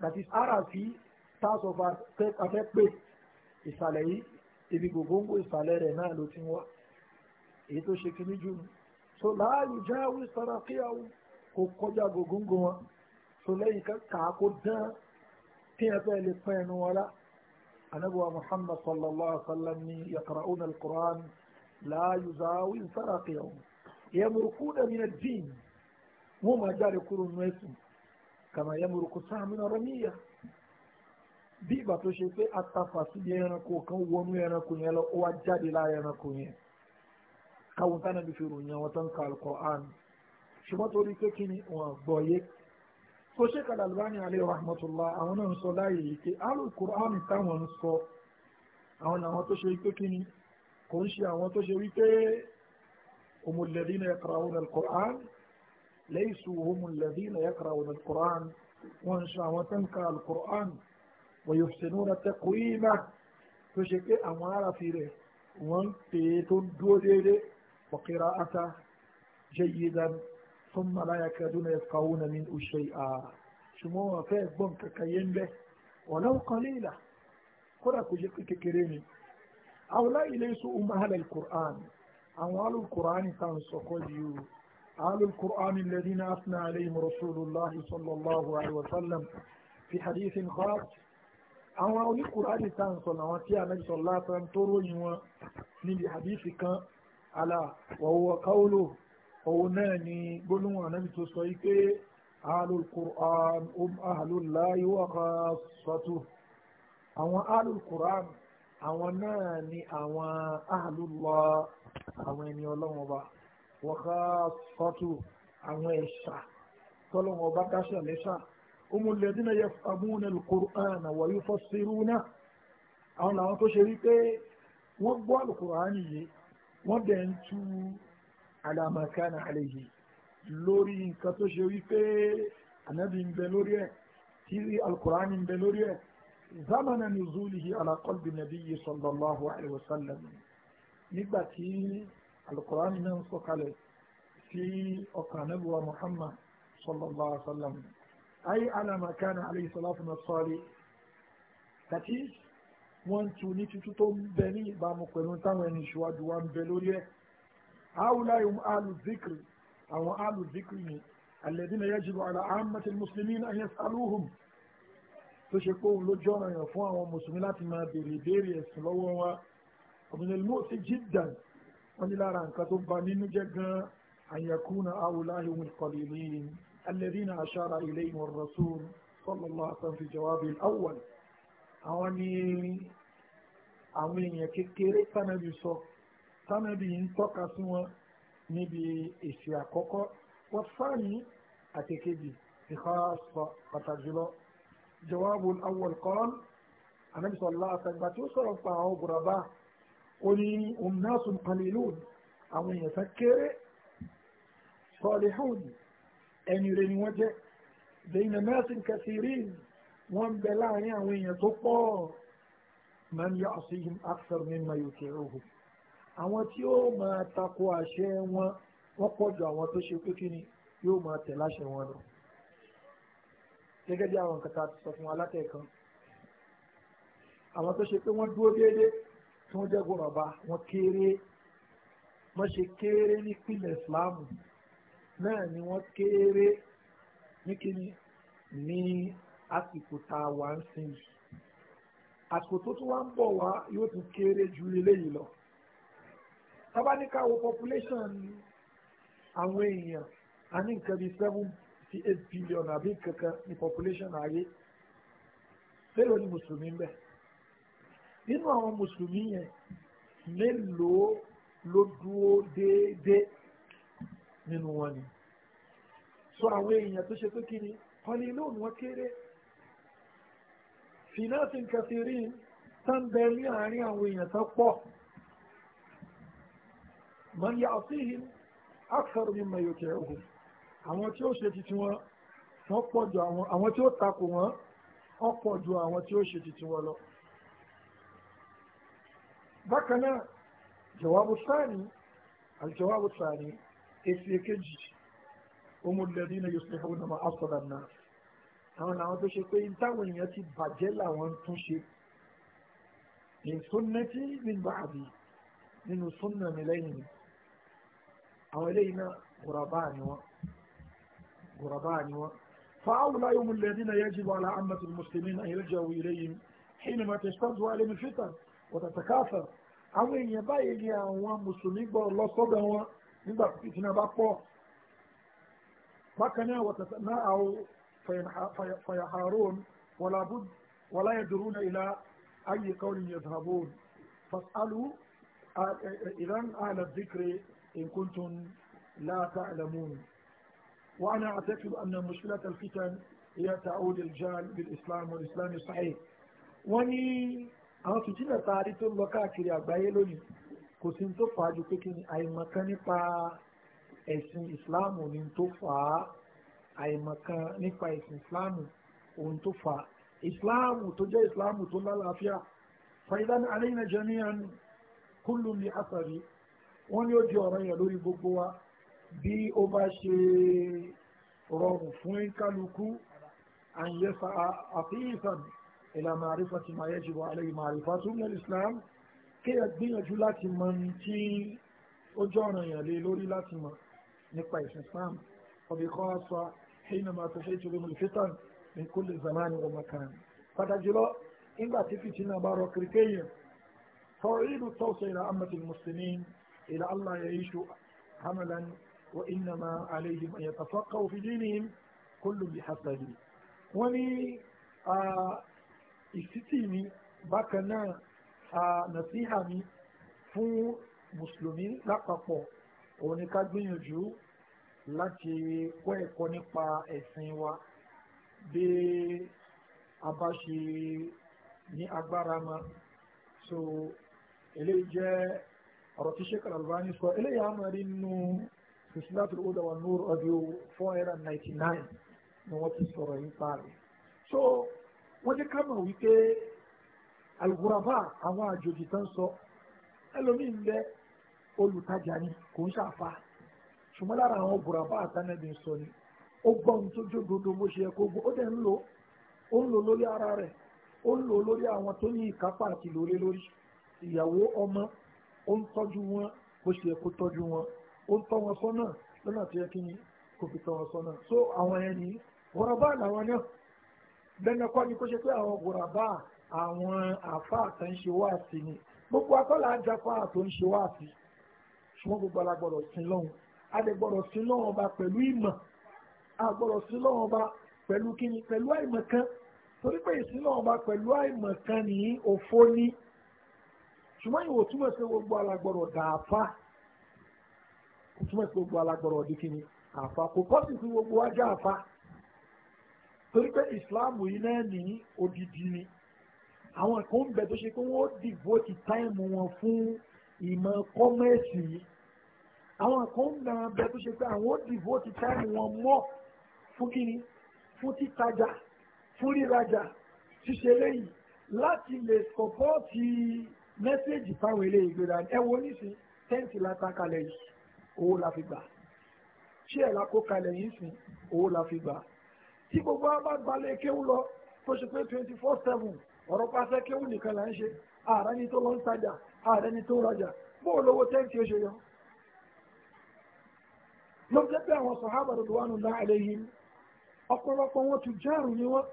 that is arafi part of our take affect pé ìsàlẹ̀ yìí ibi gògóńgò ìsàlẹ̀ rẹ̀ náà ló ti ń so la yujawiz taraqiyahum kò kọjá gògóńgò wọn so lẹ́yìn kàá kó dán kí ẹ fẹ́ lè pẹ́ ẹnu wọn lá anabuwa muhammad sallallahu sallam ni yaqra'una al-Qur'an la yuzawi sarakiyahum yamurukuna min ad-din wọ́n máa jáde kúrò nínú ẹ̀sìn kama yamuruku sáàmìnà ramiya bí ìgbà tó ṣe pé atafàsí bí ẹranko kan wọnú ẹranko yẹn lọ ó wá jáde lára ẹranko yẹn káwọn táwọn ẹbí fi ròyìn àwọn tó ń ka Al-Qur'an ṣùgbọ́n torí pé kí ni wọn gbọ́ alayhi rahmatullah àwọn náà ń sọ láàyè yìí pé Al-Qur'an táwọn ń sọ àwọn làwọn tó ṣe kò ń ṣe àwọn tó ṣe wípé omulẹ̀dínà yaqra'una al-Qur'an laysu omulẹ̀dínà yaqra'una al-Qur'an wọ́n ń ṣe àwọn tó ń ka al-Qur'an wa yuhsinuna taqwima tó ṣe pé àwọn aráfi rẹ̀ wọ́n ń pè é tó ń dúró déédéé wa qira'ata jayyidan ثم لا يكادون يفقهون منه شيئا شموها فيه بوم ككيين به ولو قليلا kódà kò jẹ́ pé kékeré ni هؤلاء ليسوا أمهل القرآن أو أهل القرآن كانوا سقوليو أهل القرآن الذين أثنى عليهم رسول الله صلى الله عليه وسلم في حديث خاص أو أهل القرآن كانوا صلواتي النبي صلى الله عليه وسلم تروي من حديث كان على وهو قوله أوناني قلوا النبي صلى أهل القرآن أم أهل الله وخاصته أو أهل القرآن àwọn náà ni àwọn ahlullah àwọn ẹni ọlọ́wọ́n bá wọ́n ká sọ́tù àwọn ẹ̀ṣà tọ́lọ́wọ́n bá dáṣà lẹ́ṣà umul ladina yafhamuna al-Qur'ana wa yufassiruna àwọn làwọn tó ṣe rí pé wọ́n gbọ́ al-Qur'ani yìí wọ́n dẹ̀ ń tú ala ma kana alayhi lórí nǹkan tó ṣe wípé ànábì ń bẹ lórí ẹ̀ tí al-Qur'ani ń bẹ lórí ẹ̀ زمن نزوله على قلب النبي صلى الله عليه وسلم nígbà القرآن alukur'an náà ń sọ̀kalẹ̀ محمد صلى الله عليه وسلم أي على ما كان عليه ma kana alayhi salatu wa sali that is wọ́n tu ní tuntun tó ń bẹ ní ìbámu pẹ̀lú táwọn ẹni ìṣíwájú wa ń bẹ lórí ẹ̀. haúláyé alùzíkìrì àwọn alùzíkìrì ni alẹ́dínà yẹ́jìbọ̀ àlà ahmed muslimin ayé saluhum tó ṣe pé òun ló jọ́ràn yàn fún àwọn mùsùlùmí láti máa béèrè ìbéèrè ẹ̀sìn lọ́wọ́ wa ọ̀bìnrin ìlú òsì jìdàn wọn ní lára nǹkan tó ba nínú jẹ́ gan-an àyẹ̀kúnà àwòláhì ohun ìkọlìlì alẹ́dínà àṣàrà ilé ìwọ̀n rasul sọlọ́lá àtàǹfì jawaabi awwal àwọn ní àwọn èèyàn kékeré tánàbì sọ tánàbì ń tọ́ka sí wọn níbi èsì àkọ́kọ́ wọ́n sáàyìn àtẹ̀kejì ìkọ́ pàtàkì jùlọ جواب الأول قال النبي صلى الله عليه وسلم توصل فعه غرباء قولي أناس قليلون أو يفكر صالحون أن يرين وجه بين ناس كثيرين وان بلا يعني يتقى من يعصيهم أكثر مما يطيعوه àwọn tí ó máa tako àṣẹ wọn wọ́n pọ̀ ju àwọn tó ṣe pé kí ni yóò máa tẹ̀ láṣẹ wọn lọ gẹ́gẹ́ bí àwọn nǹkan tá a ti sọ fún wa látẹ̀ẹ̀kan àwọn tó ṣe pé wọ́n dúró déédéé tí wọ́n jẹ́ gbọ̀nàba wọn kéré wọ́n ṣe kéré ní pílẹ̀ ìsìláàmù náà ni wọ́n kéré ní kíni ní àsìkò tá a wà ń sìn yìí àsìkò tó tún wá ń bọ̀ wá yóò tún kéré ju eléyìí lọ tábánikà wo population àwọn èèyàn a ní nǹkan bíi seven fifty eight billion àbí kankan ní population ayé mélòó ni mùsùlùmí ń bẹ nínú àwọn mùsùlùmí yẹn mélòó ló dúró déédéé nínú wọn ni so àwọn èèyàn tó ṣe pé kí ni kọ́ni inú òun wọn kéré fìnáàtì kẹfìrí tán ní àárín àwọn èèyàn tán pọ̀ mọ̀ ní àfihàn akthar mimma yuti'uhum àwọn tí ó ṣe titi wọn wọ́n pọ̀ ju àwọn àwọn tí ó takò wọn wọ́n pọ̀ ju àwọn tí ó ṣe titi wọn lọ. bákan náà jawabu sáàni aljawabu sáàni èsì èkejì omulẹ̀dí na yusuf ọ̀nà ma asọ̀dà náà àwọn làwọn tó ṣe pé táwọn èèyàn ti bàjẹ́ làwọn ń tún ṣe ìsúnnẹ́tì min ba'di nínú súnnà mi lẹ́yìn àwọn eléyìí náà kùràbá ni wọ́n. قربان فأولى يوم الذين يجب على عامة المسلمين أن يلجأوا إليهم حينما تشتد عليهم الفتن وتتكاثر أو إن يبقى يجي أنوان مسلمين الله صدى هو يبقى بقى وتتنا أو فيحارون ولا بد ولا يدرون إلى أي قول يذهبون فاسألوا آه، إذا أهل الذكر إن كنتم لا تعلمون وأنا أعتقد أن مشكلة الفتن هي تعود الجال بالإسلام والإسلام الصحيح وني àwọn fìtínà taari tó ń lọ káàkiri àgbáyé lónìí kò sí ní tó fà á ju pé kí ni àìmọ̀kan nípa ẹ̀sìn ìsìláàmù ni tó fà á àìmọ̀kan nípa ẹ̀sìn ìsìláàmù òun tó fà á ìsìláàmù tó jẹ́ ìsìláàmù tó lálàáfíà fàyídánù alayna jami'an kullun li athari wọ́n ní ó di ọ̀rọ̀ yẹn lórí gbogbo wa bí ó bá ṣe rọrùn fún kálukú àyẹ̀fà àfihàn ìlà màrífàtì máa yẹ́jú wa alẹ́ màrífàtì ní islam kéèyàn gbìyànjú láti mọ tí ó jọ ọ̀ràn yàn lé lórí láti mọ nípa ìsìn islam ọ̀bì kan á sọ حينما تحيط بهم الفتن من كل زمان ومكان pàtàkì jùlọ nígbà tí fìtínà bá rọ kìrìkẹ́yìn فأعيدوا التوصية إلى أمة المسلمين إلى ألا يعيشوا عملا وإنما عليهم أن يتفقهوا في دينهم كل بحسبه وني ìsítìmí bákan náà a nàṣíhà mi fún mùsùlùmí lápapọ̀ òun ni ká gbìyànjú láti kọ́ ẹ̀kọ́ nípa ẹ̀sìn wa bí a bá ṣe ní agbára ma so eléyìí jẹ́ ọ̀rọ̀ tí Sheikh Al-Albani sọ eléyìí á máa rí nínú. Fisilatul Huda wa Nur audio four hundred and ninety So wọ́n jẹ́ ká mọ̀ wípé aluguraba àwọn àjòjì tán sọ ẹlòmíín bẹ olùtajà ni kò ń ṣàfà ṣùgbọ́n lára àwọn guraba àtànẹ́bí ń sọ ni ó gbọ́ ohun tó jódodo bó ṣe yẹ kó gbọ́ ó dẹ̀ ń lò ó ń lò lórí ara rẹ̀ ó ń lò lórí àwọn tó ní ìkápá àti lórí lórí ìyàwó ọmọ ó ń tọ́jú wọn bó ṣe yẹ kó tọ́jú wọn ó tọ́ wọn sọ́nà lọ́nà tó yẹ kí ni kò fi tọ́ wọn sọ́nà so àwọn yẹn ni gùràbá làwọn náà bẹ́ẹ̀ni kọ́ ni kó ṣe pé àwọn gùràbá àwọn àfa àtà ń ṣe wáàsí ni gbogbo akọ́là àjàpá àtò ń ṣe wáàsí ṣùgbọ́n gbogbo alágbọ̀dọ̀ sí lọ́hùn adẹ̀gbọ̀dọ̀ sí lọ́hùn ọba pẹ̀lú ìmọ̀ agbọ̀dọ̀ sí lọ́hùn ọba pẹ̀lú kíni pẹ̀lú àìmọ̀ kan torí pé ìsìn ọba pẹ̀lú àìmọ̀ kan ní òfó ní ṣùgbọ́n ìwò sí gbogbo alágbọ̀dọ̀ dàáfà kò túmọ̀ sí gbogbo alágbọ̀rọ̀ ọ̀dí kí ni àfa kò kọ́ sí sí gbogbo ajá àfa torí pé ìsìláàmù yìí náà ní odidi ni àwọn kan ń bẹ tó ṣe pé wọ́n dìvóòtì táìmù wọn fún ìmọ̀ kọ́mẹ́sì yìí àwọn kan ń gbà bẹ tó ṣe pé àwọn dìvóòtì táìmù wọn mọ́ fún kí fún títajà fún rírajà ṣíṣe lẹ́yìn láti lè sọ̀pọ́ọ̀tì mẹ́sẹ̀jì fáwọn eléyìí gbéra ẹ wo nísìnyí tẹ́ǹtì látàkalẹ̀ yìí owó la fi gbà ṣé ẹ̀ la kó kalẹ̀ yìí sìn owó la fi gbà tí gbogbo wa bá gbalẹ̀ kéwú lọ tó ṣe pé twenty four seven ọ̀rọ̀ pàṣẹ kéwú nìkan là ń ṣe ààrẹ ni tó lọ ń tajà ààrẹ ni tó rajà bó olówó tẹ́ǹtì ó ṣe yọ. ló jẹ́ pé àwọn sàhábà radwanullahi alayhim ọ̀pọ̀lọpọ̀ wọn tún jáàrù ni wọ́n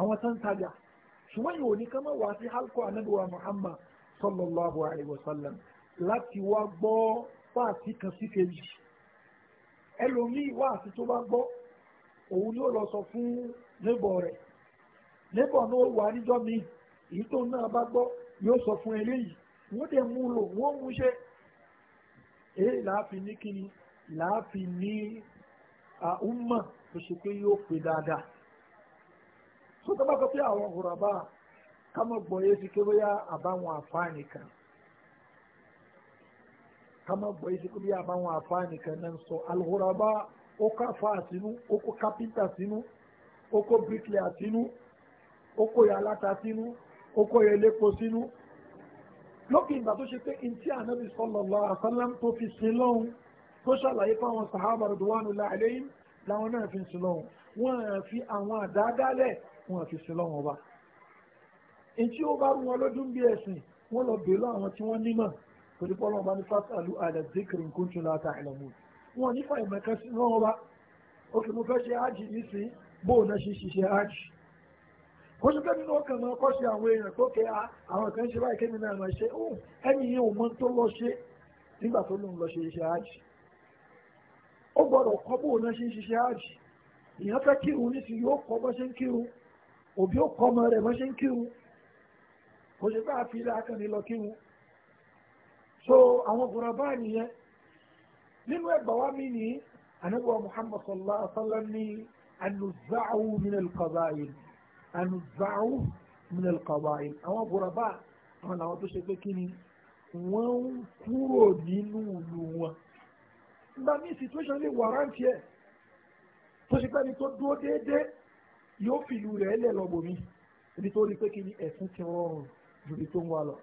àwọn tó ń tajà ṣùgbọ́n yìí ò ní ká má wá sí halkọ́ anábìwá Muhammad sallallahu alayhi wa sallam láti wá gbọ́ ti kan sí kejì ẹlòmíì wáàsí tó bá gbọ́ òun ni ó lọ sọ fún nébọ̀ rẹ̀ ní náà wà mi èyí tó náà bá gbọ́ yóò sọ fún eléyìí wọ́n dẹ̀ mú lò wọ́n mú ṣe èyí làáfin ní kíni ní pé yóò pè dáadáa pé àwọn gbọ́ yé àbáwọn kama gbọ́ yìí sikúbi àbáwọn àfáàní kan náà sọ alghuraba ó kó àfáà sínú ó oko kápítà sínú ó kó bíríkìlà sínú ó kó yàláta sínú ó kó elépo sínú lókè ìgbà tó ṣe pé ntí ànábì sallallahu alaihi wasallam tó fi sin lọ́hùn tó ṣàlàyé fáwọn sàhábà ridwanullahi alayhim làwọn náà fi sin lọ́hùn wọ́n fi àwọn àdáadáalẹ̀ wọ́n fi sin lọ́hùn ọba ntí ó bá rú wọn lójú bí ẹ̀sìn wọ́n lọ bèèrè àwọn tí wọ́n nímọ̀ torí pé ọlọ́run bá ní fásitì àdàzíkìrì nǹkan tún láta ìlàmù wọn nípa ìmọ̀kan sí wọn wá òkè mo fẹ́ ṣe ájì nísìn bóun náà ṣe ṣiṣẹ́ ájì kó ṣe fẹ́ nínú ọkàn náà kọ́ ṣe àwọn èèyàn tó kẹ́ àwọn kan ṣe báyìí kémi náà ṣe ó ẹni yẹn ò mọ tó lọ ṣe nígbà tó lóun lọ ṣe iṣẹ́ ájì ó gbọ́dọ̀ kọ́ bóun náà ṣe ájì èèyàn fẹ́ kírun nísìn yóò kọ́ bọ́ ṣe ń kírun òbí ó kọ́ ọmọ rẹ̀ bọ́ ṣe ń kírun kò ṣe fẹ́ àfi ilé akànnì lọ kírun so àwọn gùràbá nìyẹn nínú ẹgbà wa mi ní anabiwa muhammad sallallahu alaihi wa sallam ní anuzahu minal qabail anuzahu minal qabail àwọn gùràbá àwọn làwọn tó ṣe pé kí ni wọ́n ń kúrò nínú ìlú wọn nígbà míì situation lè wàrántì ẹ̀ tó ṣe pẹ́ni tó dúró déédéé yóò fìlú rẹ̀ lẹ̀ lọ́bọ̀mí nítorí pé kí ni ẹ̀sùn ti rọrùn jù bí tó ń wà lọ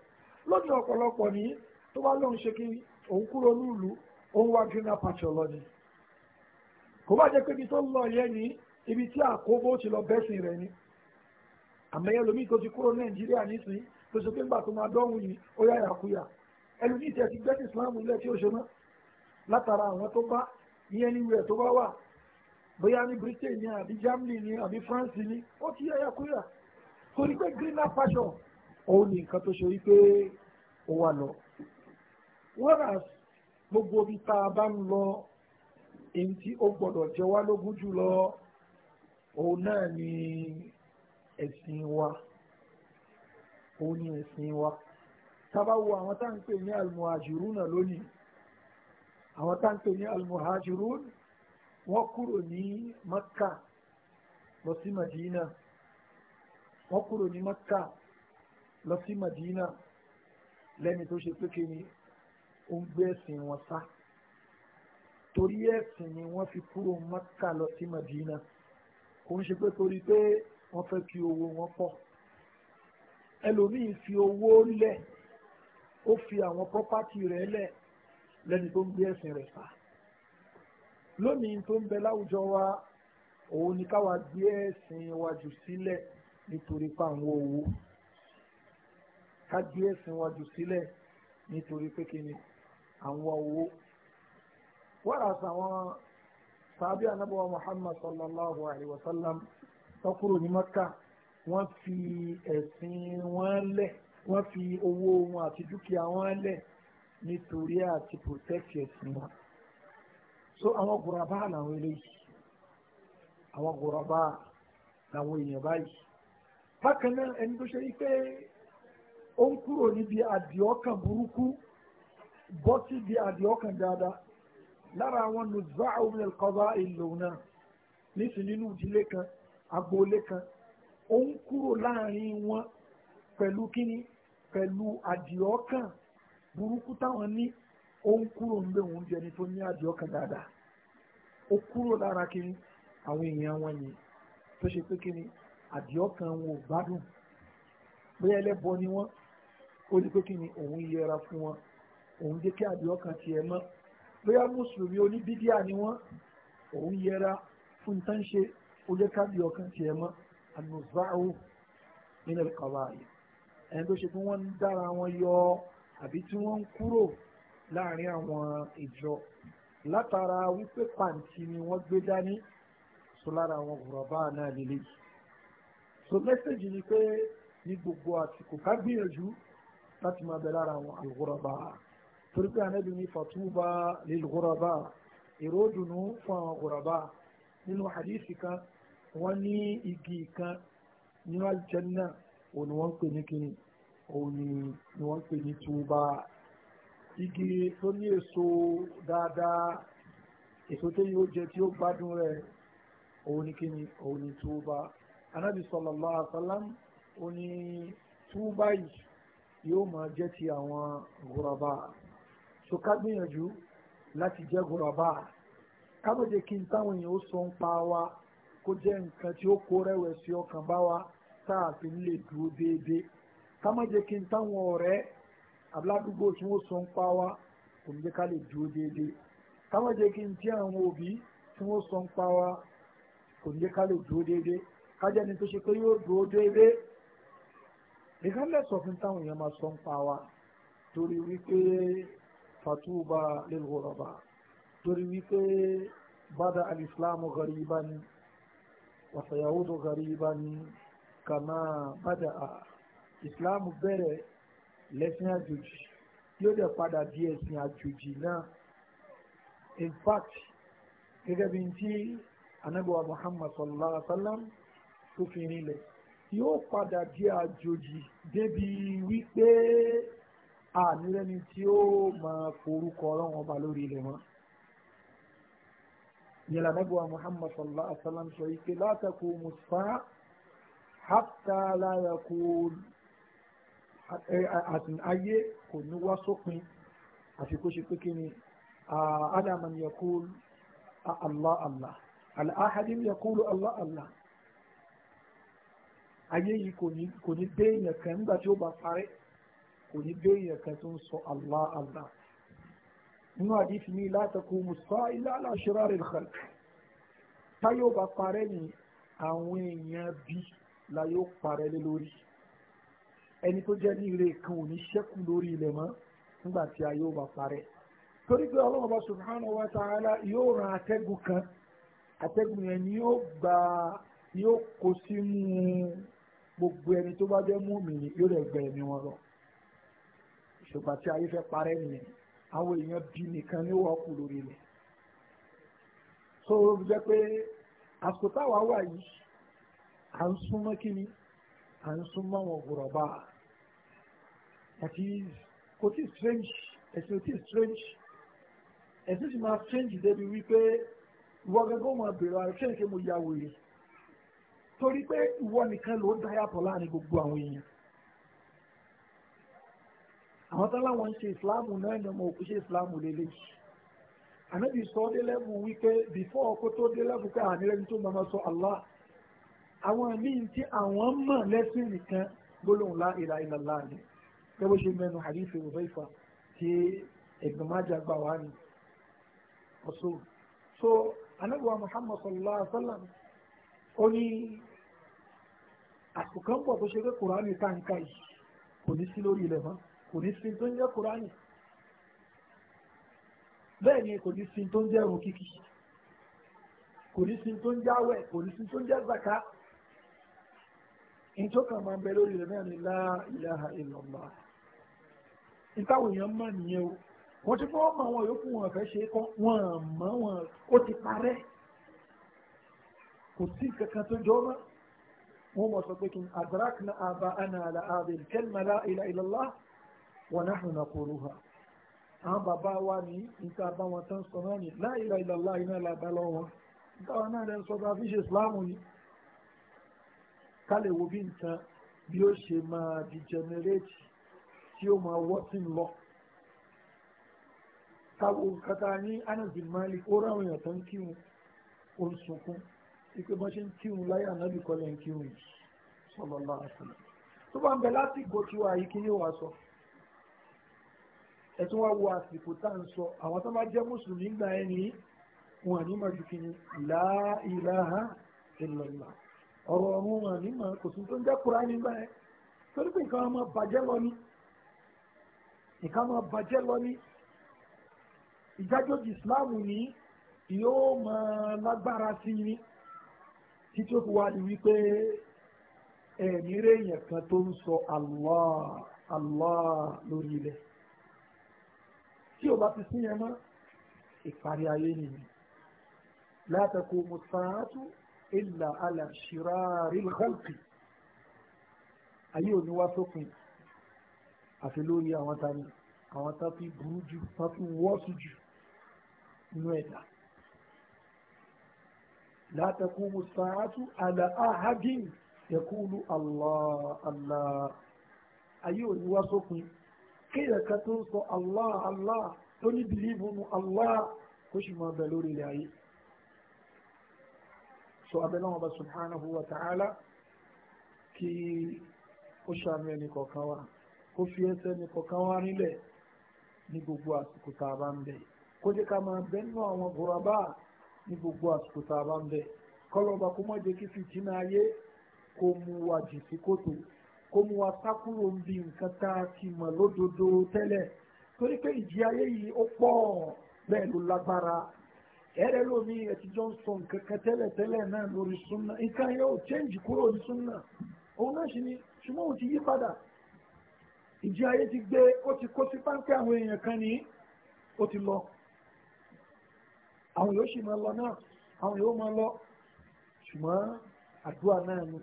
lónìí ọ̀pọ̀lọpọ̀ ní tó bá lóun ṣe kí òun kúrò nílùú òun wá greener pasture lọ ni kò bá jẹ́ pé ibi tó lọ yẹ ni ibi tí àkóbó ti lọ bẹ́sìn rẹ ni àmẹyẹ lomi tó ti kúrò nàìjíríà nísìnyí tó ṣe pé ńgbà tó máa dọ́hùn yìí ó yá yàkúyà germany ni france ni ó ti yá yàkúyà torí pé greener pasture òun ni nǹkan tó whereas gbogbo ibi tá a bá ń lọ èyí tí ó gbọ́dọ̀ jẹ wá lógún jùlọ òun náà ni ẹ̀sìn wa òun ni ẹ̀sìn wa tábà wo àwọn tá à ń pè ní lónìí àwọn tá à ń pè wọ́n kúrò ní Makka lọ sí Madina wọ́n kúrò ní Makka lọ sí Madina lẹ́ni tó ṣe pé kí ni ó ń gbé ẹ̀sìn wọn sá torí ẹ̀sìn ni wọ́n fi kúrò Mẹ́kà lọ sí Madina kò ń ṣe pé torí pé wọ́n fẹ́ kí owó wọn pọ̀ ẹlòmíì fi owó lẹ̀ ó fi àwọn pọ́pátì rẹ̀ lẹ̀ lẹ́ni tó ń gbé ẹ̀sìn rẹ̀ sá lónìí tó ń bẹ láwùjọ wa òun ni káwa gbé ẹ̀sìn wa jù sílẹ̀ nítorí pé àwọn owó ká gbé ẹ̀sìn wa jù sílẹ̀ nítorí pé kí àwọn owó wọ́n àṣà àwọn sàbí anábọ̀wá Muhammad sallallahu alayhi wa sallam tó kúrò ní Maka wọ́n fi ẹ̀sìn wọn lẹ̀ wọ́n fi owó wọn àti dúkìá wọn lẹ̀ nítorí àti protect ẹ̀sìn wọn so àwọn gùràbá làwọn eléyìí àwọn gùràbá làwọn èèyàn báyìí bákan náà ẹni tó ṣe wípé ó ń kúrò níbi àdìọ́kàn burúkú bọ́ síbi àdìọ́ kan dáadáa lára àwọn nùzá omi ẹ̀kọ́bá ìlò náà nísìn nínú ìdílé kan agboolé kan ó ń kúrò láàrin wọn pẹ̀lú kíni pẹ̀lú àdìọ́ kan burúkú táwọn ní ó ń kúrò ń bẹ òun jẹni tó ní àdìọ́ kan dáadáa ó kúrò lára kíni àwọn èèyàn wọn yìí tó ṣe pé kíni àdìọ́ kan wọn ò gbádùn bóyá ẹlẹ́bọ ni wọ́n ó ní pé kíni òun yẹra fún wọn òun jẹ́ kí àdìọ́ kan tiẹ̀ mọ́ bóyá mùsùlùmí oníbídíà ni wọ́n òun yẹra fún tán ṣe ó jẹ́ ká àdìọ́ kan tiẹ̀ mọ́ ànùzáàwù nínú ìkọ̀wá yìí ẹni tó ṣe pé wọ́n ń dára wọn yọ àbí tí wọ́n ń kúrò láàrin àwọn ìjọ látara wípé pàǹtí ni wọ́n gbé dání so lára àwọn ghuraba náà lélẹ̀ so mẹ́sẹ̀gì ni pé ní gbogbo àsìkò ká gbìyànjú láti máa bẹ lára àwọn al-ghuraba torí pé anábì ní fatuba lil ghuraba èrò dùnú fún àwọn ghuraba nínú hadisi kan wọ́n ní igi kan ní aljanna òun ni wọ́n ń pè ní kíni òun ni wọ́n ń pè ní tuba igi tó ní èso dáadáa èso tó yóò jẹ tí ó gbádùn rẹ̀ òun kíni òun tuba anábì sallallahu alaihi wasallam òun tuba yìí yóò máa jẹ́ ti àwọn ghuraba so ká gbìyànjú láti jẹ́ gùrọ̀bà ká má jẹ́ kí n táwọn èèyàn ó sọ ń pa wa kó jẹ́ nǹkan tí ó kó rẹ̀wẹ̀sì ọkàn bá wa tá a fi lè dúró déédéé ká má jẹ́ kí n táwọn ọ̀rẹ́ aládùúgbò tí wọ́n sọ ń pa wa kò ní jẹ́ ká lè dúró déédéé ká má jẹ́ kí n tí àwọn òbí tí wọ́n sọ ń pa wa kò ní jẹ́ ká lè dúró déédéé ká jẹ́ ni tó ṣe pé yóò dúró déédéé nìkan lẹ́sọ̀ fún táwọn èèyàn máa sọ ń pa wa torí wípé fatuba lil ghuraba torí wípé bada alìsílámù ghariban wa sayaudu ghariban kàmá bada a ìsìlámù bẹ̀rẹ̀ lẹ́sìn àjòjì yóò dẹ̀ padà di ẹ̀sìn àjòjì náà in fact gẹ́gẹ́ bí ti anábíwá muhammad sallallahu alaihi wa sallam tó fi rinlẹ̀ yóò padà di àjòjì débi wípé ànírẹ́ni tí ó máa forúkọ ọlọ́run ọba lórí ilẹ̀ wọn. yẹlẹ anagba muhammad sallallahu alaihi wa sallam sọ ike látàkù musa hatta láyàkù àtìn ayé kò ní wá sópin àfi kó ṣe pé kí ni adaman yakul allah allah alahadim yakulu allah allah ayé yìí kò ní dé èèyàn kan nígbà tí ó bá parẹ́ kò ní bí èèyàn kan tó ń sọ allah allah nínú àdífi mi látàkó musa ilá aláṣẹ́rà rẹ̀ kàn táyọ̀ bá parẹ́ ní àwọn èèyàn bí la yóò parẹ́ lé lórí ẹni tó jẹ́ ní ire kan ò ní ṣẹ́kù lórí ilẹ̀ mọ́ nígbà tí a yóò bá parẹ́ torí pé ọlọ́run subhanahu wa ta'ala yóò ran atẹ́gùn kan atẹ́gùn yẹn ni yóò gba yóò kó sínú gbogbo ẹni tó bá jẹ́ mú mi yóò lè gbẹ̀mí wọn lọ ṣùgbọ́n tí ayé fẹ́ parẹ́ nìyẹn àwọn èèyàn bí nìkan ní wọ́n kù lórí ilẹ̀ so jẹ́ pé àsìkò táwa wà yìí à ń súnmọ́ kíni à ń súnmọ́ wọn gbùrọ̀bà àti kò tí strange ẹ̀sìn ò tí strange ẹ̀sìn sì máa strange débi wípé ìwọ gẹ́gẹ́ ọmọ bèrè àrùn ṣé nìkan mo ya wèrè torí pé ìwọ nìkan ló dá yàtọ̀ láàrin gbogbo àwọn èèyàn àwọn táláwọn ń ṣe ìsìláàmù náà ni ọmọ òkú ṣe ìsìláàmù lélẹ̀ ànábì sọ dé lẹ́bù wípé bìfọ́ ọkọ tó dé lẹ́bù pé àní lẹ́ni tó máa sọ Allah àwọn míì tí àwọn mọ̀ lẹ́sìn nìkan gbólóhùn la ilaha illallah ni gẹ́gẹ́ bó ṣe mẹ́nu hadith tí Ibn gbà wá ni ọ̀ṣọ́ so ànábì wa Muhammad sallallahu alaihi wa sallam ó ní àsìkò kan pọ̀ tó ṣe pé Kùránì táǹkà yìí kò ní sí lórí ilẹ̀ mọ́ kò ní sin tó ń jẹ́ kúránì bẹ́ẹ̀ ni kò ní sin tó ń jẹ́ irun kíkí kò ní sin tó ń jẹ́ àwẹ̀ kò ní sin tó ń jẹ́ zaka ìjọba máa ń bẹ lórí rẹ̀ náà ní la ilaha illallah ìtàwọn èèyàn mọ̀ nìyẹn o wọ́n ti fọ́ ọmọ àwọn yòókù wọn fẹ́ ṣe kọ́ wọn mọ́ wọn ó ti parẹ́ kò sí kankan tó jọ mọ́ wọn mọ̀ sọ pé kí n adrakna àbá àná àlà àbẹ̀ kẹ́lìmọ̀ la ilaha illallah wọn náà hùn nàkóró ha àwọn bàbá wa ní níta bá wọn tán sọ náà ní la ilaha illallah iná làbá lọ wọn níta wọn náà lẹ́nu sọ́dọ̀ àfi ṣe ìsìláàmù ni ká lè wo bí nǹkan bí ó ṣe máa dìjẹnẹrétì tí ó máa wọ́tìn lọ kàtà ní Anas bin Malik ó ráwọn èèyàn tó ń kírun ó sunkún ipe bọ́n ṣe ń kírun láyé ànábì kọ́lẹ̀ ń kírun yìí sallallahu alaihi tó bá ń bẹ láti gbòkíwá yìí kí yóò wá sọ ẹ tún wá wo àsìkò tá à ń sọ àwọn tó bá jẹ́ mùsùlùmí gbà ẹ́ ní wọn ní màjú kí ni la ilaha illallah ọ̀rọ̀ ọ̀run wọn ní mà kò sí tó ń jẹ́ kura nígbà ẹ́ torí pé nǹkan máa bàjẹ́ lọ ní nǹkan máa bàjẹ́ lọ ní ìdájọ́jì ìsìláàmù ní yóò máa lágbára sí ní títí ó fi wá ní wípé ẹ̀mí kan tó ń sọ Allah Allah lórí ilẹ̀ tí ò bá ti sí yẹn mọ́ ìparí ayé nìyí látàkó mùsàátù ìlà alàṣírà rìlkọ́ǹkì ayé ò ní wá sópin àfi lórí àwọn tani àwọn tá fi burú jù tá wọ́ọ̀sù jù nínú ẹ̀dá látàkó mùsàátù àlà ahadin yaqulu Allah Allah ayé ò wá sópin kéèyàn kan tó ń sọ allah allah tó ní bìlíìfù mu allah kó sì máa bẹ lórí ilẹ̀ ayé so abẹ́lẹ́ wọn bá subhanahu wa ta'ala kí ó ṣàánú ẹnì kọ̀ọ̀kan wa kó fi ẹsẹ̀ ẹnì kọ̀ọ̀kan wa nílẹ̀ ní gbogbo àsìkò tá a bá ń bẹ kó jẹ́ ká máa bẹ àwọn bùrọ̀bá ní gbogbo àsìkò tá a bá ń bẹ kọ́lọ́ba kó má jẹ́ kí fìtínà ayé kó mú wa jì sí kòtò kó mú wa sákúrò ń bi nǹkan tá a ti mọ̀ lódodo tẹ́lẹ̀ torí pé ìjì ayé yìí ó pọ̀ bẹ́ẹ̀ ló lágbára ẹ̀rẹ́ lómi ẹ̀tijọ́ ń sọ nǹkan kan tẹ́lẹ̀ tẹ́lẹ̀ náà lórí súnà nǹkan yẹn ò chẹ́ǹjì kúrò ní súnà òun náà sì ni ṣùgbọ́n òun ti yí padà ìjì ayé ti gbé ó ti kó sí páńpẹ́ àwọn èèyàn kan ní ó ti lọ àwọn yóò sì máa lọ náà àwọn yóò máa lọ ṣùgbọ́n àdúrà náà ni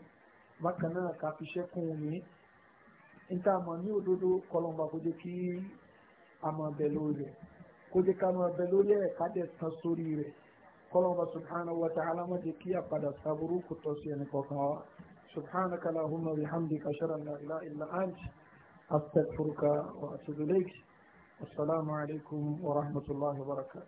bákan náà ká fi ṣẹ́kùn omi níta àmọ́ ní òdodo kọlọ́mbà kó jẹ́ kí a máa bẹ̀ lórí rẹ̀ kó jẹ́ ká máa bẹ̀ lórí rẹ̀ ká dẹ̀ tán sórí rẹ̀ kọlọ́mbà subhanahu wa ta'ala má jẹ́ kí àpàdà sábúrú kò tọ́ sí ẹnì kọ̀ọ̀kan wa subhanaka allahumma wa bihamdika ashhadu an la ilaha illa anta astaghfiruka wa atubu ilayk assalamu alaikum wa rahmatullahi wa barakat